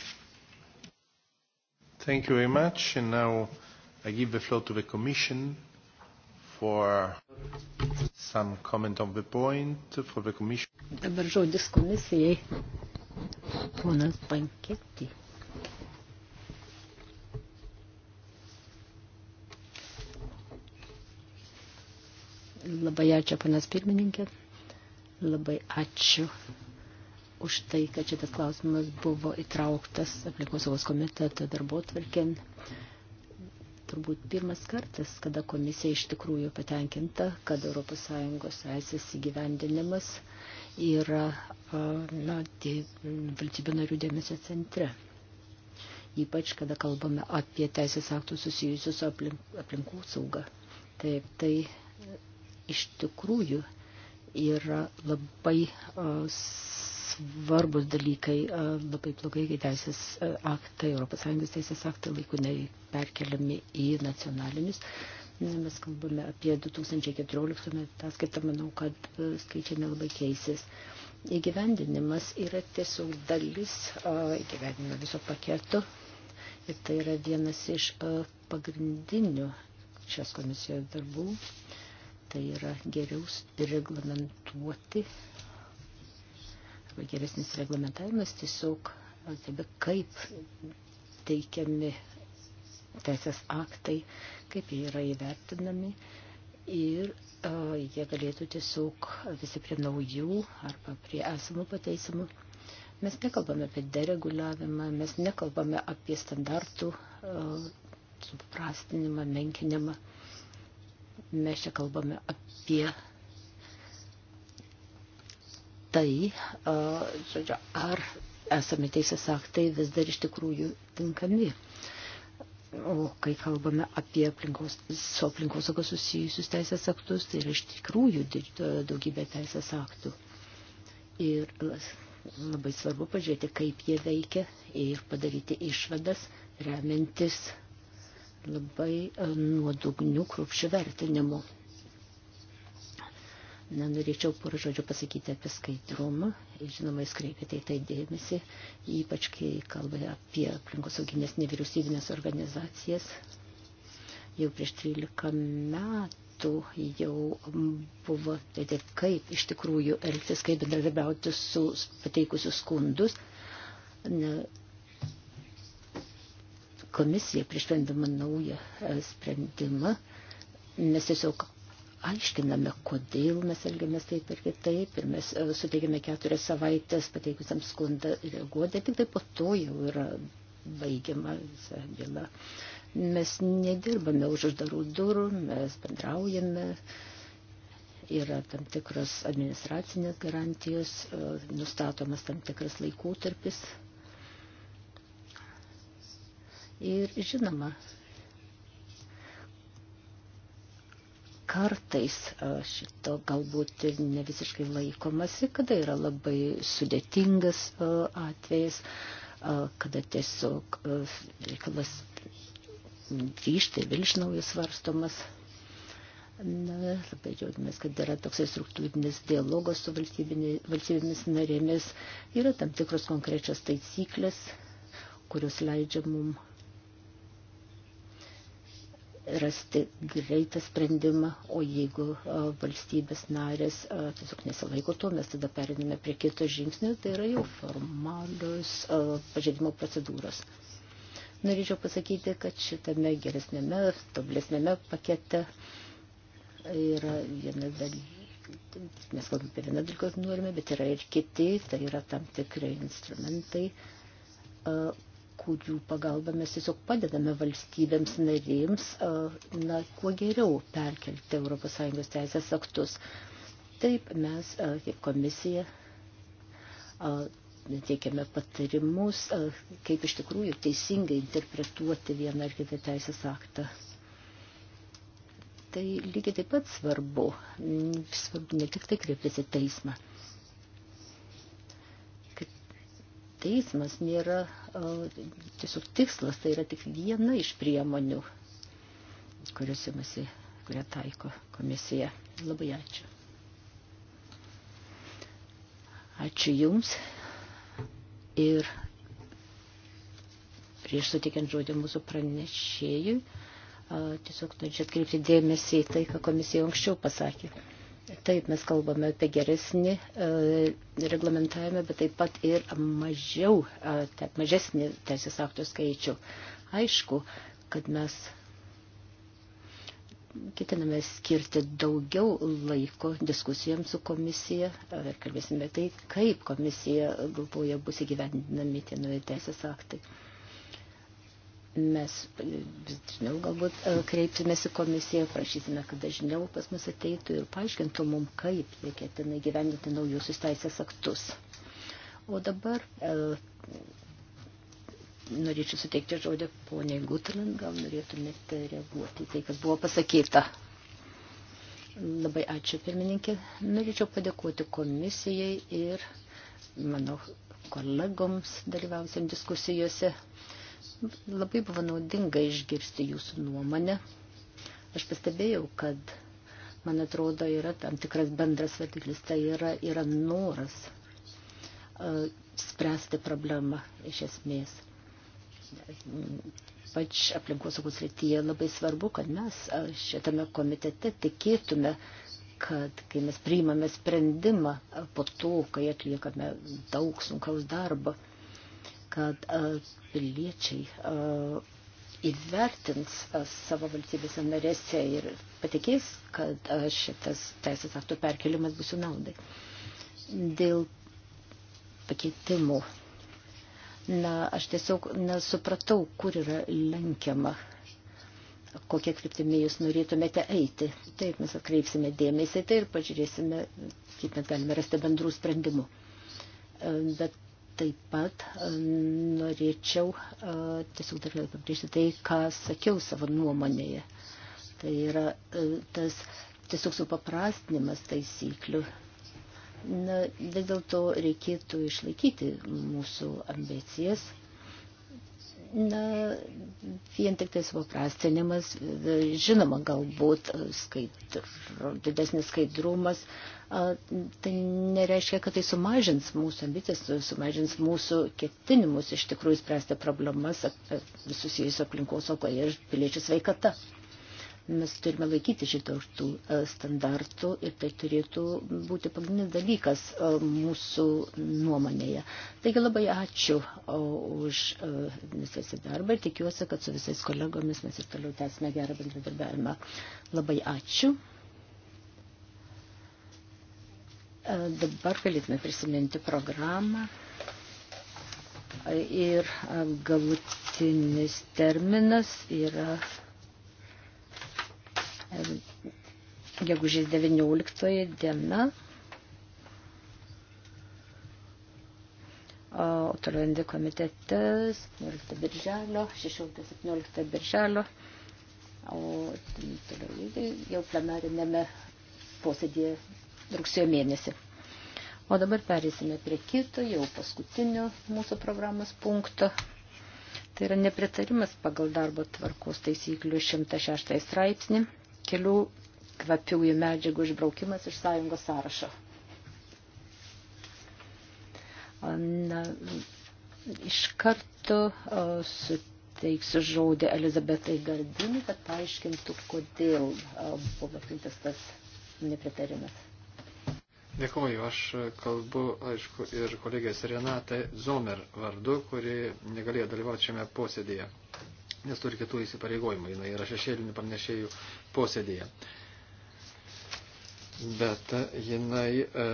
A: Thank you very much. And now
C: I give the floor to the Commission for some comment on the point for the Commission.
B: Dabar žodis komisijai. Ponas Panketį. Labai ačiū, panas pirmininkė. Labai ačiū už tai, kad šitas klausimas buvo įtrauktas aplinkosaugos komiteto darbo tvarkėn. Turbūt pirmas kartas, kada komisija iš tikrųjų patenkinta, kad ES teisės įgyvendinimas yra na, valstybių narių dėmesio centre. Ypač, kada kalbame apie teisės aktų susijusius su aplink, aplinkų sauga. Taip, tai e, iš tikrųjų yra labai uh, svarbus dalykai, uh, labai blogai, kai teisės uh, aktai, ES teisės aktai laiku neperkeliami į nacionalinius. Uh, Mes kalbame apie 2014 ataskaitą, manau, kad e, skaičiai nelabai keisis. Įgyvendinimas yra tiesiog dalis e, įgyvendinimo viso paketo ir tai yra vienas iš e, pagrindinių šios komisijos darbų. Tai yra geriau reglamentuoti arba geresnis reglamentavimas tiesiog tebe kaip teikiami teisės aktai kaip jie yra įvertinami ir uh, jie galėtų tiesiog visi prie naujų arba prie esamų pateisimų. Mes nekalbame apie dereguliavimą, mes nekalbame apie standartų uh, suprastinimą, menkinimą. Mes čia kalbame apie tai, uh, žodžiu, ar esame teisės aktai vis dar iš tikrųjų tinkami. Uh, O kai kalbame apie aplinkos, su aplinkosaugos susijusius teisės aktus, tai yra iš tikrųjų daugybė teisės aktų. Ir labai svarbu pažiūrėti, kaip jie veikia ir padaryti išvadas, remiantis labai e, nuodugnių krupšių vertinimu. Nenorėčiau porą žodžių pasakyti apie skaidrumą. Žinoma, jūs kreipiate į tai dėmesį, ypač kai kalbate apie aplinkosauginės nevyriausybinės organizacijas. Jau prieš 13 metų jau buvo tai, tai kaip iš tikrųjų elgtis, kaip bendradarbiauti su pateikusiu skundus. Ne, komisija prieš sprendimą naują e, sprendimą mes tiesiog aiškiname, kodėl mes elgiamės taip ir kitaip, ir mes e, suteikiame keturias savaitės pateikusiam skundą reaguoti, tik tai po to jau yra baigiama visa byla. Mes nedirbame už uždarų durų, mes bendraujame, yra tam tikros administracinės garantijos, e, nustatomas tam tikras laikotarpis. Ir žinoma, kartais e, šito galbūt ir ne visiškai laikomasi, kada yra labai sudėtingas e, atvejas, e, kada tiesiog reikalas grįžta ir vėl iš naujo svarstomas. Na, labai džiaugiamės, kad yra toksai struktūrinis dialogas su valstybėmis narėmis. Yra tam tikros konkrečios taisyklės, kurios leidžia mums rasti greitą sprendimą, o jeigu valstybės narės tiesiog nesilaiko to, mes tada periname prie kito žingsnio, tai yra jau formalios pažeidimo procedūros. Norėčiau pasakyti, kad šitame geresnėme, toblesnėme pakete yra viena dalyka. Mes kalbame apie vieną dalyką, norime, bet yra ir kiti, tai yra tam tikrai instrumentai, kurių pagalba mes tiesiog padedame valstybėms narėms, na, kuo geriau perkelti ES teisės aktus. Taip mes, kaip komisija, teikiame patarimus, kaip iš tikrųjų teisingai interpretuoti vieną ar kitą teisės aktą. Tai lygiai taip pat svarbu, svarbu ne tik tai kreiptis į teismą. teismas nėra tiesiog tikslas, tai yra tik viena iš priemonių, kurios imasi, kurią taiko komisija. Labai ačiū. Ačiū Jums ir prieš sutikiant žodį mūsų pranešėjui, tiesiog norėčiau atkreipti dėmesį į tai, ką komisija anksčiau pasakė. Taip, mes kalbame apie geresnį e, reglamentavimą, bet taip pat ir mažiau, e, taip, mažesnį teisės aktų skaičių. Aišku, kad mes ketiname skirti daugiau laiko diskusijoms su komisija e, ir kalbėsime tai, kaip komisija galvoja bus įgyvendinami tie nauji teisės aktai. E, mes dažniau galbūt e, kreipsimės į komisiją, prašysime, kad dažniau pas mus ateitų ir paaiškintų mum, kaip jie ketina gyvendinti naujusius teisės aktus. O dabar e, norėčiau suteikti žodį poniai Gutlin, gal norėtumėte reaguoti į tai, kas buvo pasakyta. Labai ačiū, pirmininkė. Norėčiau padėkoti komisijai ir mano kolegoms dalyvausiam diskusijose. E, Labai buvo naudinga išgirsti jūsų nuomonę. Aš pastebėjau, kad, man atrodo, yra tam tikras bendras vadiklis, tai yra, yra noras uh, spręsti problemą iš esmės. Pač aplinkosaugos rytyje labai svarbu, kad mes e, šitame komitete tikėtume, kad kai mes priimame sprendimą e, po to, kai atliekame daug sunkaus darbo, uh, kad e, piliečiai e, įvertins e, savo valstybėse narėse ir patikės, kad šitas teisės aktų perkelimas bus jų naudai. Dėl pakeitimų. Na, aš tiesiog nesupratau, kur yra lenkiama kokie kryptimi jūs norėtumėte eiti. Taip, mes atkreipsime dėmesį tai ir pažiūrėsime, kaip mes galime rasti bendrų sprendimų. Bet Taip pat e, norėčiau e, tiesiog dar pabrėžti tai, ką sakiau savo nuomonėje. Tai yra e, tas tiesiog supaprastinimas taisyklių. Na, vis dėlto reikėtų išlaikyti mūsų ambicijas Na, vien tik tai supaprastinimas, e, žinoma, galbūt e, skaidr, didesnis skaidrumas, tai nereiškia, kad tai sumažins mūsų ambicijas, sumažins mūsų ketinimus iš tikrųjų spręsti problemas susijusiu aplinkos saugoje ir piliečių sveikata. Mes turime laikyti šito tų e, standartų ir tai turėtų būti pagrindinis dalykas e, mūsų nuomonėje. Taigi labai ačiū už e, visą darbą ir tikiuosi, kad su visais kolegomis mes ir toliau tęsime gerą bendradarbiavimą. Labai ačiū. Dabar galėtume prisiminti programą ir galutinis terminas yra gegužės 19 diena. O toliau komitetas 17 birželio, 16-17 birželio. O toliau jau plenarinėme posėdėje rugsėjo mėnesį. O dabar perėsime prie kito, jau paskutinio mūsų programos punkto. Tai yra nepritarimas pagal darbo tvarkos taisyklių 106 straipsnį kelių kvapiųjų medžiagų išbraukimas iš sąjungos sąrašo. Na, iš karto o, suteiksiu žodį Elizabetai Gardinį, kad paaiškintų, kodėl o, buvo priimtas tas nepritarimas.
A: Dėkuoju, aš kalbu, aišku, ir kolegės Renate Zomer vardu, kuri negalėjo dalyvauti šiame posėdėje nes turi kitų įsipareigojimų. Jis yra šešėlinių pranešėjų posėdėje. Bet e, jinai e,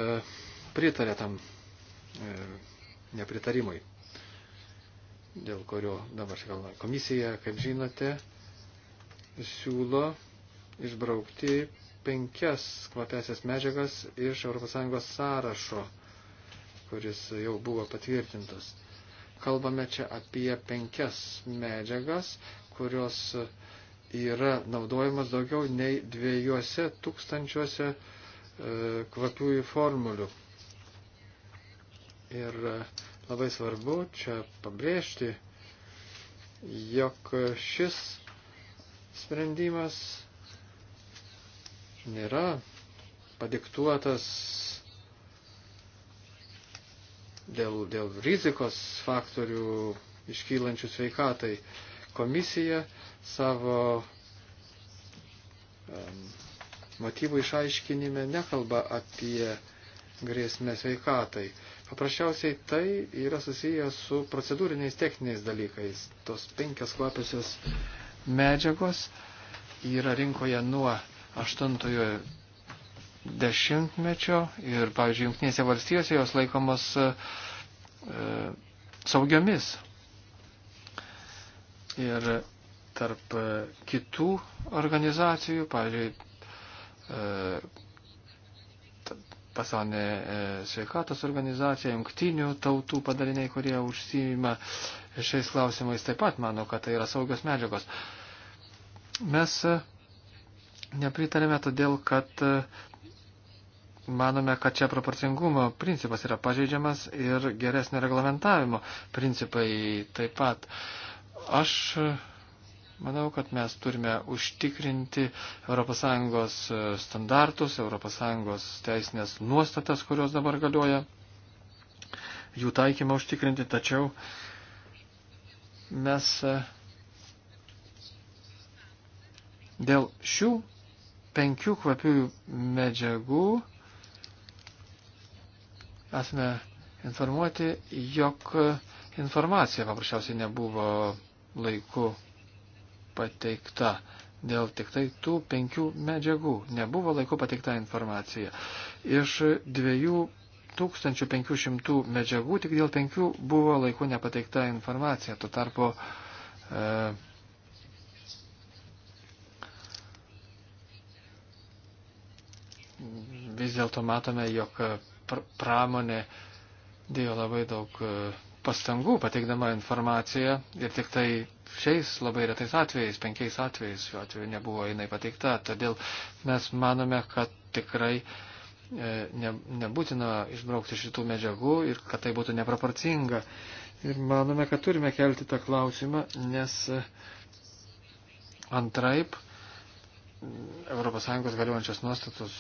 A: pritarė tam e, nepritarimui, dėl kurio dabar kalba. Komisija, kaip žinote, siūlo išbraukti penkias kvapiasias medžiagas iš ES sąrašo, kuris jau buvo patvirtintas. Kalbame čia apie penkias medžiagas, kurios yra naudojamas daugiau nei dviejose tūkstančiuose e, kvapiųjų formulių. Ir e, labai svarbu čia pabrėžti, jog šis sprendimas nėra padiktuotas dėl, dėl rizikos faktorių iškylančių sveikatai. Komisija savo um, motyvų išaiškinime nekalba apie grėsmę sveikatai. Paprasčiausiai tai yra susijęs su procedūriniais techniniais dalykais. Tos penkias kvapiosios medžiagos yra rinkoje nuo 8 dešimtmečio ir, pavyzdžiui, Junktinėse valstijose jos laikomos e, e saugiomis. Ir tarp e, kitų organizacijų, pavyzdžiui, e, pasaulinė e, sveikatos organizacija, jungtinių tautų padaliniai, kurie užsijima šiais klausimais, taip pat mano, kad tai yra saugios medžiagos. Mes e, nepritarėme todėl, kad manome, kad čia proporcingumo principas yra pažeidžiamas ir geresnio reglamentavimo principai taip pat. Aš manau, kad mes turime užtikrinti ES standartus, ES teisinės nuostatas, kurios dabar galioja, jų taikymą užtikrinti, tačiau mes dėl šių penkių kvapiųjų medžiagų esame informuoti, jog informacija paprasčiausiai nebuvo laiku pateikta. Dėl tik tai tų penkių medžiagų nebuvo laiku pateikta informacija. Iš dviejų 1500 medžiagų, tik dėl penkių buvo laiku nepateikta informacija. Tuo tarpu e, vis dėlto matome, jog pramonė dėjo labai daug e, pastangų pateikdama informaciją ir tik tai šiais labai retais atvejais, penkiais atvejais šiuo atveju nebuvo jinai pateikta. Todėl mes manome, kad tikrai e, ne, nebūtina išbraukti šitų medžiagų ir kad tai būtų neproporcinga. Ir manome, kad turime kelti tą klausimą, nes e, antraip ES galiuojančios nuostatos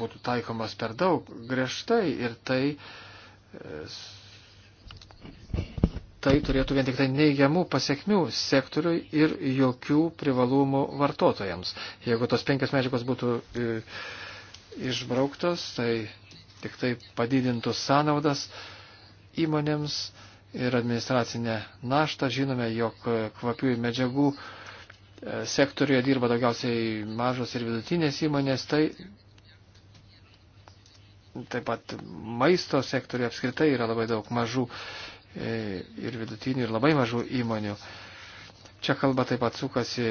A: būtų taikomas per daug griežtai ir tai, tai turėtų vien tik tai neigiamų pasiekmių sektoriui ir jokių privalumų vartotojams. Jeigu tos penkios medžiagos būtų e, išbrauktos, tai tik tai padidintų sąnaudas įmonėms ir administracinę naštą. Žinome, jog kvapiųjų medžiagų e, sektoriuje dirba daugiausiai mažos ir vidutinės įmonės, tai Taip pat maisto sektoriuje apskritai yra labai daug mažų e, ir vidutinių, ir labai mažų įmonių. Čia kalba taip pat sukasi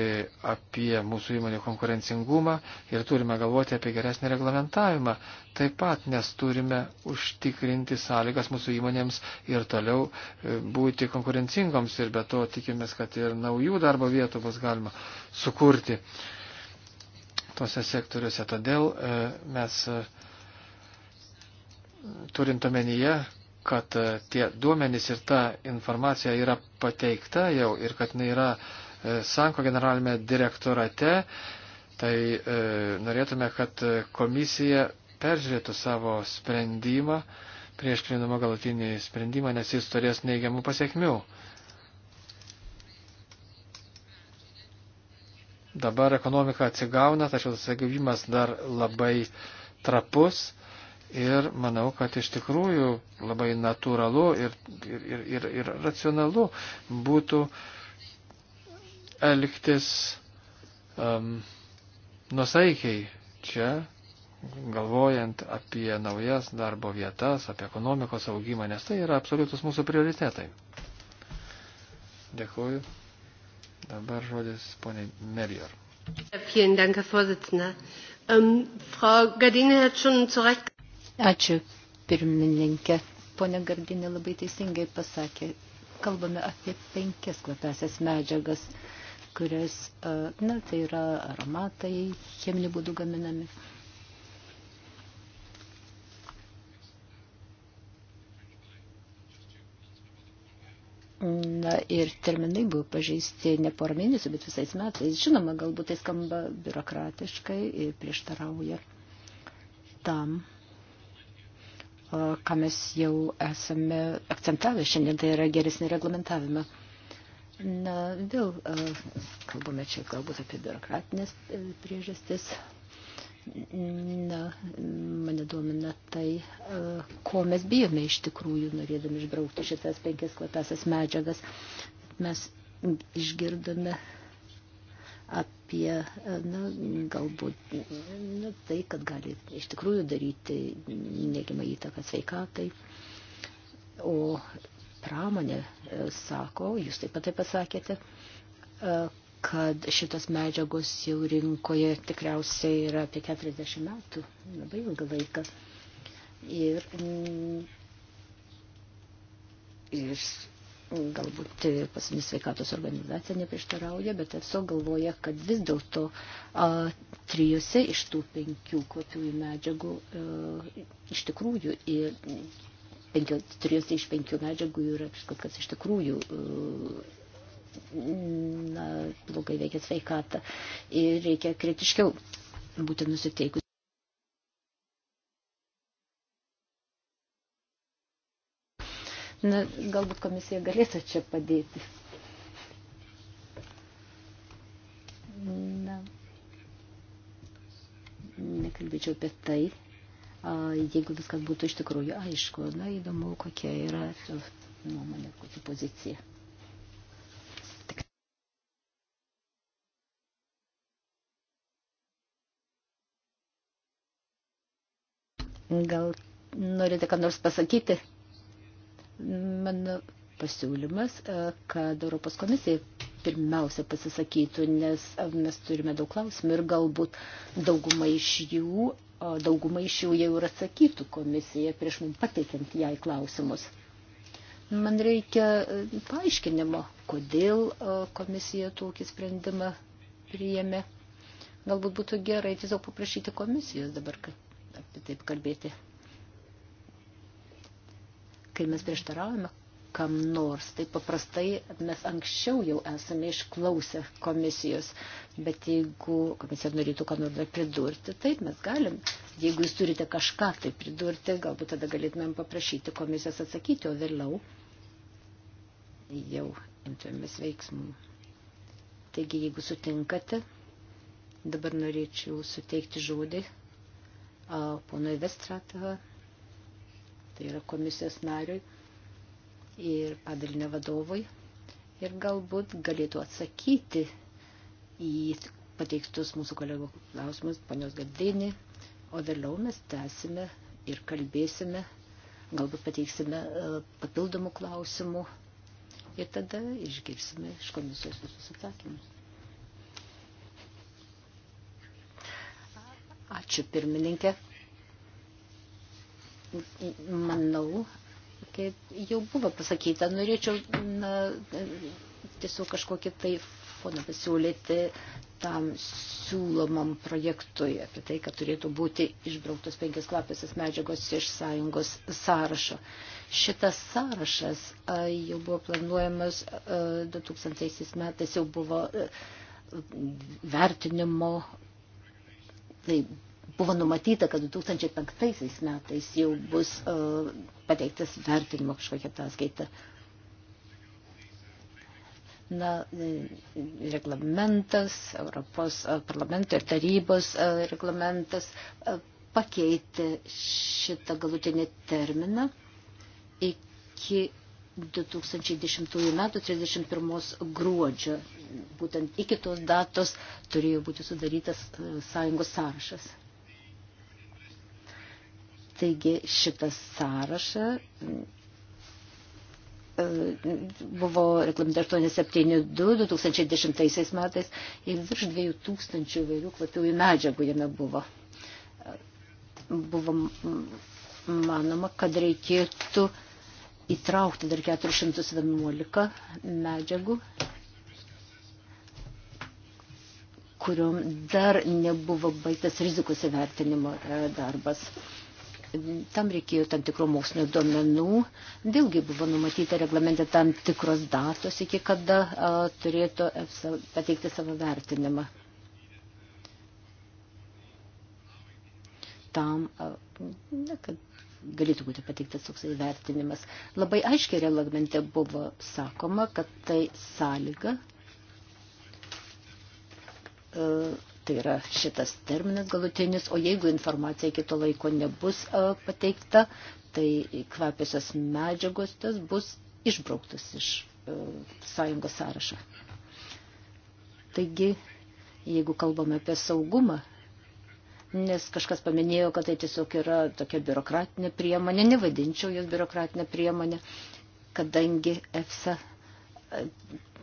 A: apie mūsų įmonių konkurencingumą ir turime galvoti apie geresnį reglamentavimą, taip pat, nes turime užtikrinti sąlygas mūsų įmonėms ir toliau e, būti konkurencingoms ir be to tikimės, kad ir naujų darbo vietų bus galima sukurti tose sektoriuose. Todėl e, mes turint omenyje, kad e, tie duomenys ir ta informacija yra pateikta jau ir kad jinai yra e, Sanko generalinėme direktorate, tai e, norėtume, kad e, komisija peržiūrėtų savo sprendimą prieš priimdama galutinį sprendimą, nes jis turės neigiamų pasiekmių. Dabar ekonomika atsigauna, tačiau tas atsigavimas dar labai trapus Ir manau, kad iš tikrųjų labai natūralu ir, ir, ir, ir racionalu būtų elgtis um, nusaikiai čia, galvojant apie naujas darbo vietas, apie ekonomikos augimą, nes tai yra absoliutus mūsų prioritetai. Dėkuoju. Dabar žodis poniai Merjor.
B: Vielen Dank, Herr Vorsitzender. Ähm, Frau Gardine hat schon zu Recht Ačiū, pirmininkė. Pone Gardinė labai teisingai pasakė. Kalbame apie penkias kvapiasias medžiagas, kurias, na, tai yra aromatai, cheminių būdų gaminami. Na ir terminai buvo pažeisti ne porą mėnesių, bet visais metais. Žinoma, galbūt tai skamba biurokratiškai ir prieštarauja tam, ką mes jau esame akcentavę šiandien, tai yra geresnį reglamentavimą. Na, vėl kalbame čia galbūt apie biurokratinės e, priežastis. Na, mane domina tai, ko mes bijome iš tikrųjų, norėdami išbraukti šitas penkias kvatasias medžiagas. Mes išgirdome apie, na, galbūt na, tai, kad gali iš tikrųjų daryti negimą įtaką sveikatai. O pramonė e, sako, jūs taip pat tai pasakėte, e, kad šitas medžiagos jau rinkoje tikriausiai yra apie 40 metų, labai ilgą laiką. Ir, mm, ir galbūt e, pasaulinė sveikatos organizacija neprieštarauja, bet EFSO galvoja, kad vis dėlto trijose iš tų penkių kvapiųjų medžiagų a, e, iš tikrųjų į, penkio, trijose iš penkių medžiagų yra kažkas iš tikrųjų a, e, na, blogai veikia sveikatą ir reikia kritiškiau būti nusiteikus. Na, galbūt komisija galėtų čia padėti. Na, nekalbėčiau apie tai, jeigu viskas būtų iš tikrųjų aišku. Na, įdomu, kokia yra nuomonė, kokia pozicija. Gal norite ką nors pasakyti? mano pasiūlymas, e, kad Europos komisija pirmiausia pasisakytų, nes e, mes turime daug klausimų ir galbūt dauguma iš jų, dauguma iš jų jau ir atsakytų komisija prieš mums pateikiant jai klausimus. Man reikia e, paaiškinimo, kodėl komisija tokį sprendimą priėmė. Galbūt būtų gerai tiesiog paprašyti komisijos dabar apie taip kalbėti kai mes prieštaraujame kam nors, tai paprastai mes anksčiau jau esame išklausę komisijos, bet jeigu komisija norėtų ką nors dar pridurti, taip mes galim. Jeigu jūs turite kažką tai pridurti, galbūt tada galėtumėm paprašyti komisijos atsakyti, o vėliau jau imtumės veiksmų. Taigi, jeigu sutinkate, dabar norėčiau suteikti žodį ponui Vestratavą tai yra komisijos nariui ir padalinio vadovui ir galbūt galėtų atsakyti į pateiktus mūsų kolegų klausimus, ponios Gardinį, o vėliau mes tęsime ir kalbėsime, galbūt pateiksime e, papildomų klausimų ir tada išgirsime iš komisijos visus atsakymus. Ačiū pirmininkė manau, kaip jau buvo pasakyta, norėčiau na, tiesiog kažkokį tai foną pasiūlyti tam siūlomam projektui apie tai, kad turėtų būti išbrauktos penkias kvapiosios medžiagos iš sąjungos sąrašo. Šitas sąrašas a, jau buvo planuojamas a, 2000 metais, jau buvo a, vertinimo tai buvo numatyta, kad 2005 metais jau bus uh, pateiktas vertinimo kažkokia ataskaita. Na, e, reglamentas, Europos e, parlamento ir tarybos reglamentas pakeitė šitą galutinį terminą iki 2010 metų 31 gruodžio. Būtent iki tos datos turėjo būti sudarytas sąjungos sąrašas. Taigi šitas sąrašą e, buvo reklaminta 872 2010 metais ir virš 2000 vairių kvapiųjų medžiagų jame buvo. Buvo manoma, kad reikėtų įtraukti dar 411 medžiagų, kuriuom dar nebuvo baigtas rizikos įvertinimo e, darbas. Tam reikėjo tam tikrų mokslinio duomenų. Vėlgi buvo numatyta reglamente tam tikros datos, iki kada a, turėtų EFSA pateikti savo vertinimą. Tam, a, na, kad galėtų būti pateiktas toksai vertinimas. Labai aiškiai reglamente buvo sakoma, kad tai sąlyga. A, Tai yra šitas terminas galutinis, o jeigu informacija kito laiko nebus e, pateikta, tai kvapiosios medžiagos tas bus išbrauktas iš e, sąjungos sąrašą. Taigi, jeigu kalbame apie saugumą, nes kažkas paminėjo, kad tai tiesiog yra tokia biurokratinė priemonė, nevadinčiau jos biurokratinė priemonė, kadangi EFSA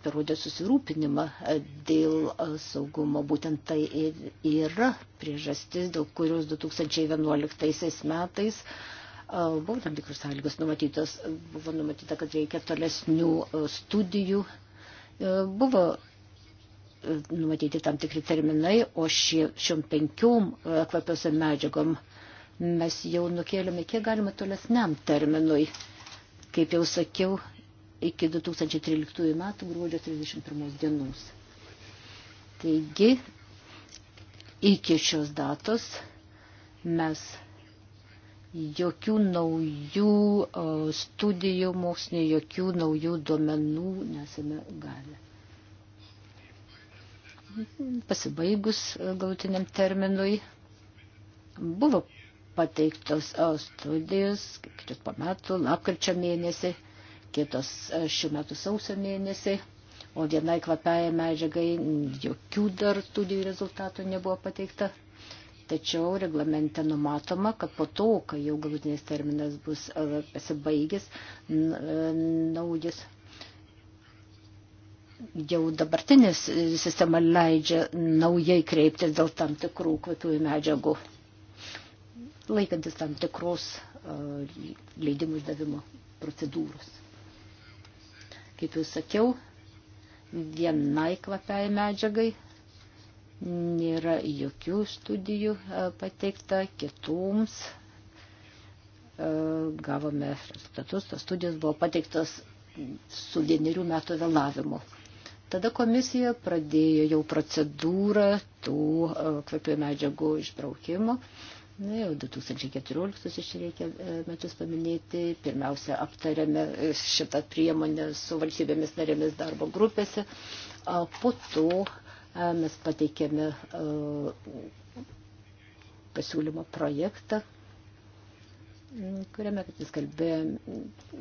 B: parodė susirūpinimą e, dėl e, saugumo. Būtent tai ir yra priežastis, dėl kurios 2011 metais e, buvo tam tikrus sąlygos numatytos. Buvo numatyta, kad reikia tolesnių studijų. Buvo numatyti tam tikri terminai, o šie, šiom penkiom kvapiosiam medžiagom mes jau nukėlėme kiek galima tolesniam terminui. Kaip jau sakiau, iki 2013 metų gruodžio 31 dienos. Taigi, iki šios datos mes jokių naujų studijų mokslinio, jokių naujų duomenų nesame gavę. Pasibaigus e, galutiniam terminui buvo pateiktos studijos, kitus po metų, lapkričio mėnesį kitos e, šių metų sausio mėnesį, o vienai kvapiai medžiagai jokių dar studijų rezultatų nebuvo pateikta. Tačiau reglamente numatoma, kad po to, kai jau galutinis terminas bus e, pasibaigęs, e, naujas jau dabartinis sistema leidžia naujai kreiptis dėl tam tikrų kvapiųjų medžiagų, laikantis tam tikros leidimų išdavimo procedūros kaip jau sakiau, vienai kvapiai medžiagai nėra jokių studijų e, pateikta kitoms. E, gavome rezultatus, tos studijos buvo pateiktos su vienerių metų vėlavimu. Tada komisija pradėjo jau procedūrą tų e, kvapių medžiagų išbraukimo. Na, jau 2014 reikia e, metus paminėti. Pirmiausia, aptarėme e, šitą priemonę su valstybėmis narėmis darbo grupėse. Po to e, mes pateikėme pasiūlymo projektą, kuriame, kaip jis kalbėjo,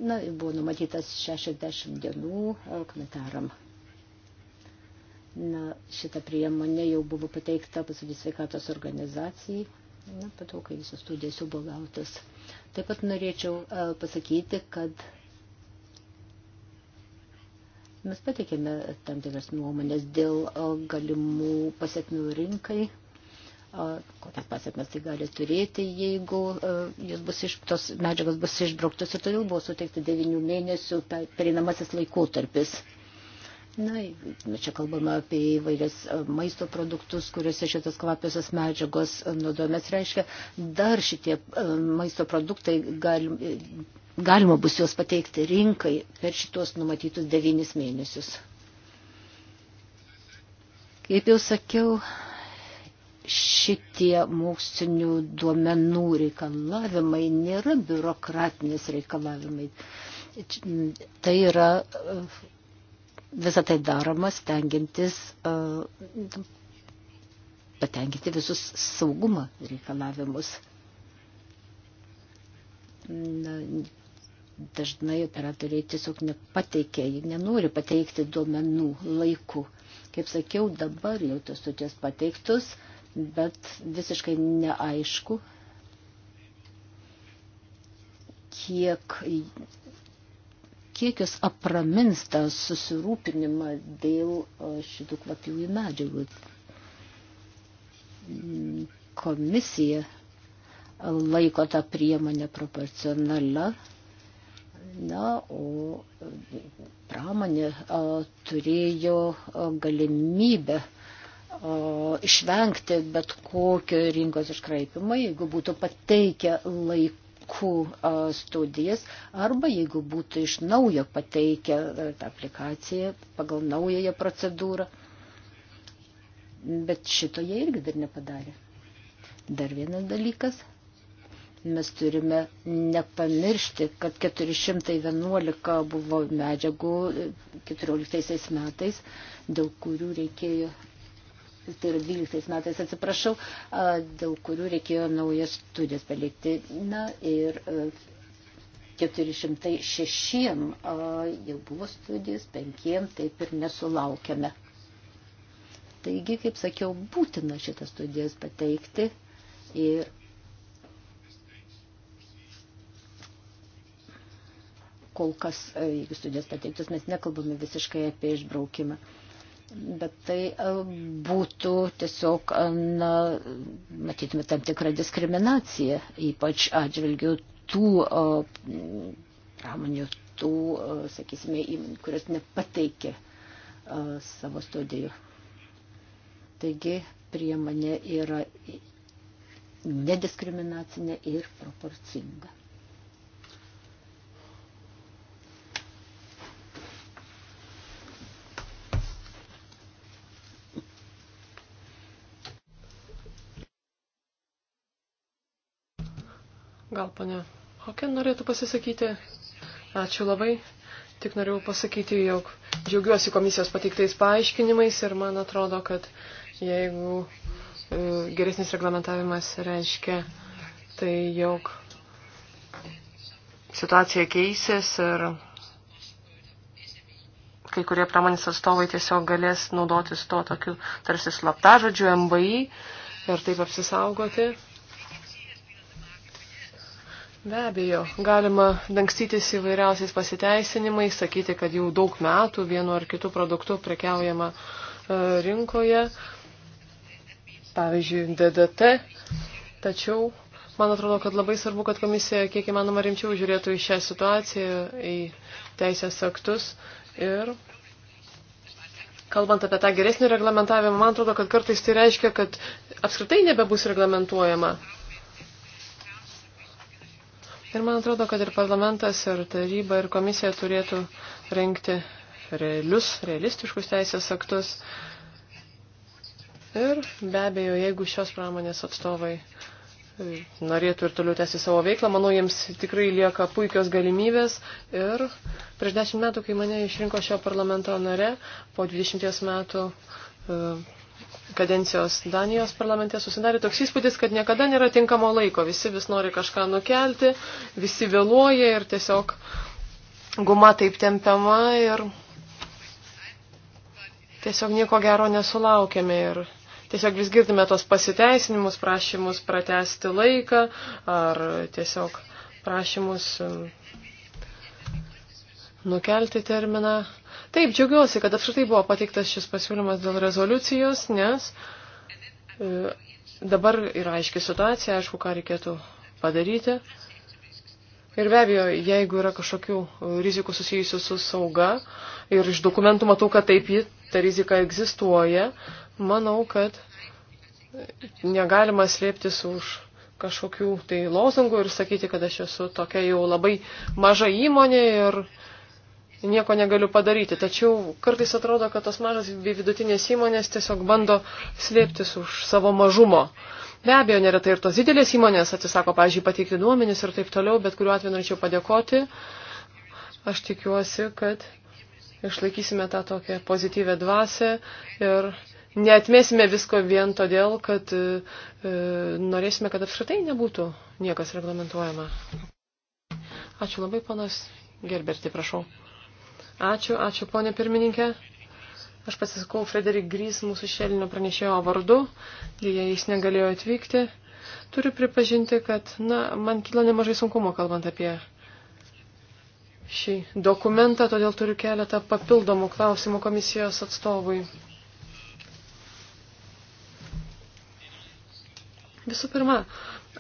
B: na, buvo numatytas 60 dienų komentaram Na, šita priemonė jau buvo pateikta pasaulyje sveikatos organizacijai Na, patau, kai visos studijos jau buvo gautas. Taip pat norėčiau e, pasakyti, kad mes patikėme tam tikras nuomonės dėl e, galimų pasiekmių rinkai, e, kokias pasiekmes tai gali turėti, jeigu jos bus iš, tos medžiagos bus išbrauktos ir todėl buvo suteikta 9 mėnesių pereinamasis laikotarpis. Na, čia kalbama apie įvairias e, maisto produktus, kuriuose šitas kvapiosios medžiagos e, naudojamės reiškia. Dar šitie e, maisto produktai gali, galima bus juos pateikti rinkai per šitos numatytus devynis mėnesius. Kaip jau sakiau, šitie mokslinių duomenų reikalavimai nėra biurokratinės reikalavimai. Tai yra visą tai daroma stengiantis e, patenkinti visus saugumo reikalavimus. Na, dažnai operatoriai tiesiog nepateikia, jie nenori pateikti duomenų laiku. Kaip sakiau, dabar jau tos stoties pateiktus, bet visiškai neaišku, kiek kiek jos apramins tą susirūpinimą dėl šitų kvapiųjų medžiagų. Mm, komisija laiko tą priemonę proporcionalia, na, o pramonė a, turėjo a, galimybę išvengti bet kokio rinkos iškraipimo, jeigu būtų pateikę laiku vaikų studijas arba jeigu būtų iš naujo pateikę tą aplikaciją pagal naująją procedūrą. Bet šito jie irgi dar nepadarė. Dar vienas dalykas. Mes turime nepamiršti, kad 411 buvo medžiagų 14 e, metais, dėl kurių reikėjo tai yra 12 metais, atsiprašau, dėl kurių reikėjo naujas studijas palikti. Na ir 406 jau buvo studijas, 5 taip ir nesulaukėme. Taigi, kaip sakiau, būtina šitas studijas pateikti ir kol kas, jeigu studijas pateiktus, mes nekalbame visiškai apie išbraukimą. Uh, Bet tai e, būtų tiesiog, e, na, matytume, tam tikrą diskriminaciją, ypač atžvilgių tų e, pramonių, tų, sakysime, įmonių, kurios nepateikė savo studijų. Taigi priemonė yra nediskriminacinė ir proporcinga.
C: Gal pane Hoken norėtų pasisakyti? Ačiū labai. Tik norėjau pasakyti, jog džiaugiuosi komisijos pateiktais paaiškinimais ir man atrodo, kad jeigu e, geresnis reglamentavimas reiškia tai, jog situacija keisės ir kai kurie pramonės atstovai tiesiog galės naudotis to tokiu tarsi slaptažodžiu MBI ir taip apsisaugoti. Be abejo, galima dangstytis įvairiausiais pasiteisinimais, sakyti, kad jau daug metų vienu ar kitu produktu prekiaujama e, rinkoje, pavyzdžiui, DDT. Tačiau man atrodo, kad labai svarbu, kad komisija kiek įmanoma rimčiau žiūrėtų į šią situaciją, į teisės aktus. Ir kalbant apie tą geresnį reglamentavimą, man atrodo, kad kartais tai reiškia, kad apskritai nebebus reglamentuojama. Ir man atrodo, kad ir parlamentas, ir taryba, ir komisija turėtų renkti realius, realistiškus teisės aktus. Ir be abejo, jeigu šios pramonės atstovai norėtų ir toliau tęsti savo veiklą, manau, jiems tikrai lieka puikios galimybės. Ir prieš dešimt metų, kai mane išrinko šio parlamento nare, po dvidešimties metų e, kadencijos Danijos parlamente susidarė toks įspūdis, kad niekada nėra tinkamo laiko. Visi vis nori kažką nukelti, visi vėluoja ir tiesiog guma taip tempiama ir tiesiog nieko gero nesulaukėme. Ir tiesiog vis girdime tos pasiteisinimus, prašymus pratesti laiką ar tiesiog prašymus mm, nukelti terminą. Taip, džiaugiuosi, kad apskritai buvo pateiktas šis pasiūlymas dėl rezoliucijos, nes e, dabar yra aiški situacija, aišku, ką reikėtų padaryti. Ir be abejo, jeigu yra kažkokių rizikų susijusių su sauga ir iš dokumentų matau, kad taip ji, ta rizika egzistuoja, manau, kad negalima slėptis už kažkokių tai lozungų ir sakyti, kad aš esu tokia jau labai maža įmonė ir nieko negaliu padaryti. Tačiau kartais atrodo, kad tos mažas bei vidutinės įmonės tiesiog bando slėptis už savo mažumo. Be abejo, neretai ir tos didelės įmonės atsisako, pažiūrėjau, pateikti duomenis ir taip toliau, bet kuriuo atveju norėčiau padėkoti. Aš tikiuosi, kad išlaikysime tą tokią pozityvę dvasę ir neatmėsime visko vien todėl, kad e, e norėsime, kad apskritai nebūtų niekas reglamentuojama. Ačiū labai, panas Gerberti, prašau. Ačiū, ačiū ponė pirmininkė. Aš pasisakau Frederik Grys, mūsų šelinio pranešėjo vardu, dėja jis negalėjo atvykti. Turiu pripažinti, kad na, man kilo nemažai sunkumo kalbant apie šį dokumentą, todėl turiu keletą papildomų klausimų komisijos atstovui. Visų pirma,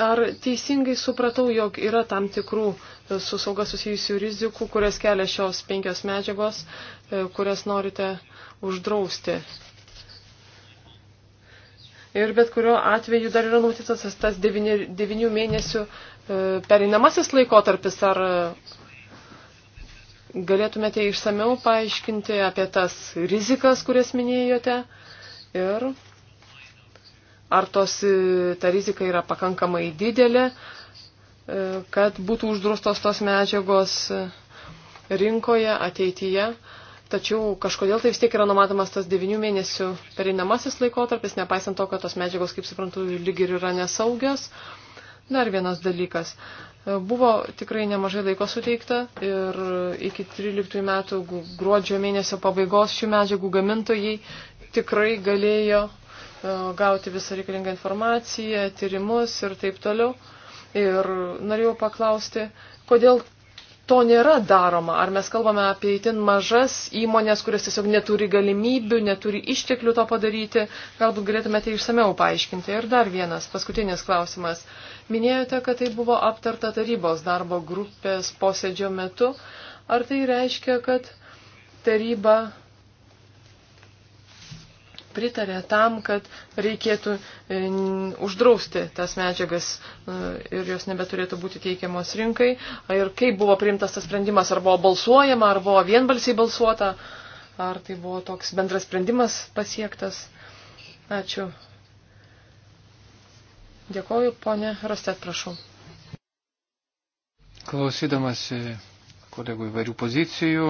C: ar teisingai supratau, jog yra tam tikrų e, su sauga susijusių rizikų, kurias kelia šios penkios medžiagos, e, kurias norite uždrausti? Ir bet kuriuo atveju dar yra numatytas tas devini, devinių mėnesių e, perinamasis laikotarpis. Ar galėtumėte išsameu paaiškinti apie tas rizikas, kurias minėjote? Ir ar tos, e, ta rizika yra pakankamai didelė, e, kad būtų uždraustos tos medžiagos e, rinkoje ateityje. Tačiau kažkodėl tai vis tiek yra numatomas tas devinių mėnesių pereinamasis laikotarpis, nepaisant to, kad tos medžiagos, kaip suprantu, lyg ir yra nesaugios. Dar vienas dalykas. Buvo tikrai nemažai laiko suteikta ir iki 13 metų gruodžio mėnesio pabaigos šių medžiagų gamintojai tikrai galėjo E, gauti visą reikalingą informaciją, tyrimus ir taip toliau. Ir norėjau paklausti, kodėl to nėra daroma. Ar mes kalbame apie itin mažas įmonės, kurios tiesiog neturi galimybių, neturi išteklių to padaryti. Galbūt galėtumėte išsameu paaiškinti. Ir dar vienas, paskutinis klausimas. Minėjote, kad tai buvo aptarta tarybos darbo grupės posėdžio metu. Ar tai reiškia, kad taryba pritarė tam, kad reikėtų e, uždrausti tas medžiagas e, ir jos nebeturėtų būti teikiamos rinkai. Ir kaip buvo priimtas tas sprendimas, ar buvo balsuojama, ar buvo vienbalsiai balsuota, ar tai buvo toks bendras sprendimas pasiektas. Ačiū. Dėkoju, ponė Rostet, prašau.
A: Klausydamasi kolegų įvairių pozicijų,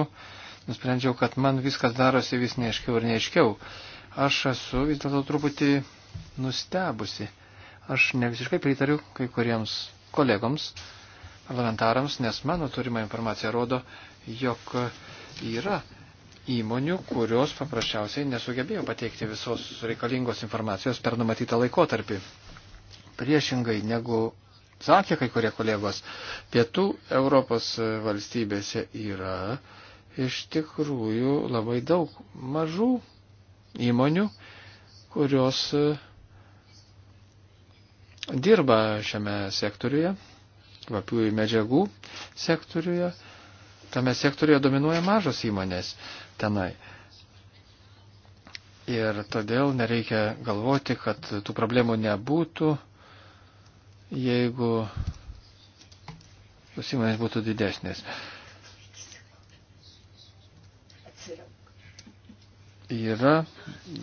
A: nusprendžiau, kad man viskas darosi vis neaiškiau ir neaiškiau aš esu vis dėlto truputį nustebusi. Aš ne visiškai pritariu kai kuriems kolegoms, parlamentarams, nes mano turima informacija rodo, jog yra įmonių, kurios paprasčiausiai nesugebėjo pateikti visos reikalingos informacijos per numatytą laikotarpį. Priešingai negu sakė kai kurie kolegos, pietų Europos valstybėse yra iš tikrųjų labai daug mažų įmonių, kurios e, dirba šiame sektoriuje, kvapiųjų medžiagų sektoriuje. Tame sektoriuje dominuoja mažos įmonės tenai. Ir todėl nereikia galvoti, kad tų problemų nebūtų, jeigu tos įmonės būtų didesnės. yra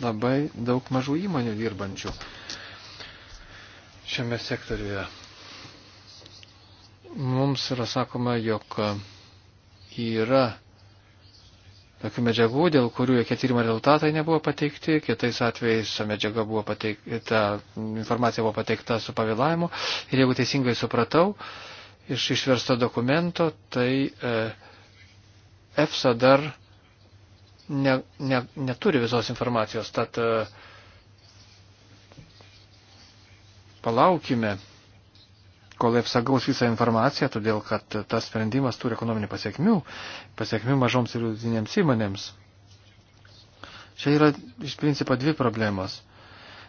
A: labai daug mažų įmonių dirbančių šiame sektoriuje. Mums yra sakoma, jog yra tokių medžiagų, dėl kurių jokie tyrimo rezultatai nebuvo pateikti, kitais atvejais medžiaga buvo pateikta, informacija buvo pateikta su pavėlavimu ir jeigu teisingai supratau iš išversto dokumento, tai e, EFSA dar ne, ne, neturi visos informacijos, tad e, palaukime, kol EFSA gaus visą informaciją, todėl kad tas sprendimas turi ekonominių pasiekmių, pasiekmių mažoms ir vidutinėms įmonėms. Čia yra iš principo dvi problemos.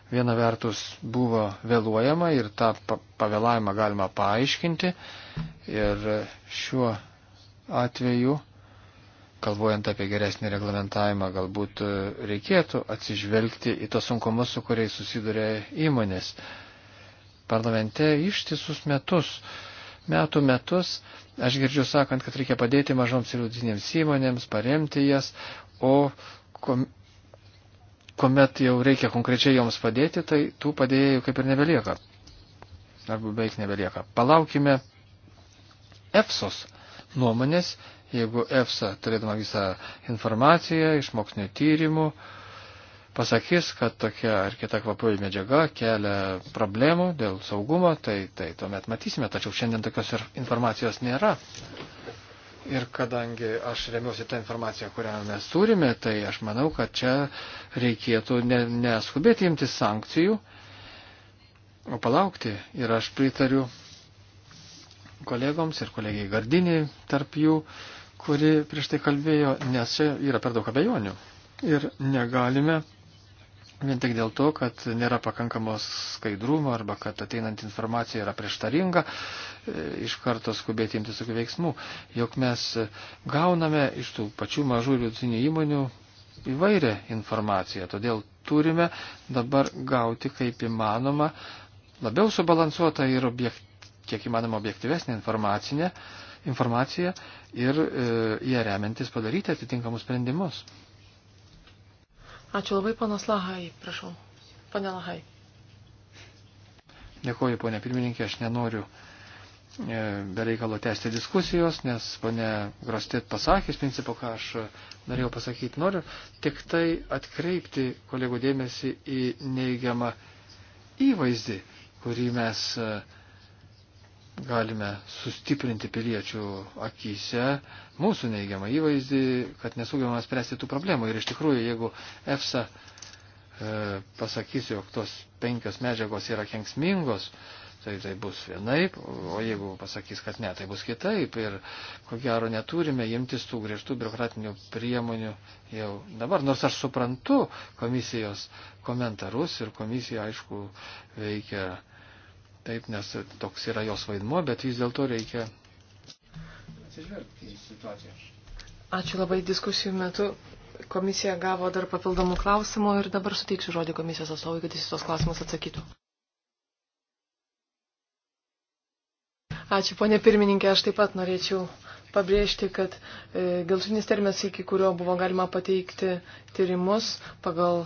A: Viena vertus buvo vėluojama ir tą pavėlavimą galima paaiškinti ir šiuo atveju kalbuojant apie geresnį reglamentavimą, galbūt e, reikėtų atsižvelgti į tos sunkumus, su kuriais susiduria įmonės. Parlamente ištisus metus, metų metus, aš girdžiu sakant, kad reikia padėti mažoms ir vidutinėms įmonėms, paremti jas, o kom, kuomet jau reikia konkrečiai joms padėti, tai tų padėjėjų kaip ir nebelieka. Arba beveik nebelieka. Palaukime EFSOS nuomonės jeigu EFSA, turėdama visą informaciją iš mokslinio tyrimų, pasakys, kad tokia ar kita kvapuoji medžiaga kelia problemų dėl saugumo, tai, tai tuomet matysime, tačiau šiandien tokios ir informacijos nėra. Ir kadangi aš remiuosi tą informaciją, kurią mes turime, tai aš manau, kad čia reikėtų neskubėti ne imtis sankcijų, o palaukti. Ir aš pritariu kolegoms ir kolegiai Gardinį tarp jų. Uh, kuri prieš tai kalbėjo, nes čia yra per daug abejonių. Ir negalime vien tik dėl to, kad nėra pakankamos skaidrumo arba kad ateinant informacija yra prieštaringa, e, iš karto skubėti imtis tokių veiksmų, jog mes gauname iš tų pačių mažų ir vidutinių įmonių įvairią informaciją. Todėl turime dabar gauti kaip įmanoma labiau subalansuotą ir objekt, kiek įmanoma objektyvesnį informacinę informaciją ir e, jie remiantis padaryti atitinkamus sprendimus.
C: Ačiū labai, panas Lahai, prašau. Pane Lahai.
A: Dėkuoju, ponė pirmininkė, aš nenoriu e, bereikalo tęsti diskusijos, nes ponė Grostit pasakė, iš principo, ką aš norėjau pasakyti. Noriu tik tai atkreipti kolegų dėmesį į neigiamą įvaizdį, kurį mes. E, galime sustiprinti piliečių akise mūsų neigiamą įvaizdį, kad nesugebame spręsti tų problemų. Ir iš tikrųjų, jeigu EFSA e, pasakysiu, jog tos penkios medžiagos yra kenksmingos, tai tai bus vienaip, o jeigu pasakys, kad ne, tai bus kitaip. Ir ko gero neturime imtis tų griežtų biurokratinių priemonių jau dabar. Nors aš suprantu komisijos komentarus ir komisija, aišku, veikia taip, nes toks yra jos vaidmo, bet vis dėlto reikia atsižvelgti į situaciją.
C: Ačiū labai diskusijų metu. Komisija gavo dar papildomų klausimų ir dabar suteiksiu žodį komisijos atstovui, kad jis tos klausimus atsakytų. Ačiū, ponė pirmininkė, aš taip pat norėčiau pabrėžti, kad e, galutinis terminas, iki kurio buvo galima pateikti tyrimus pagal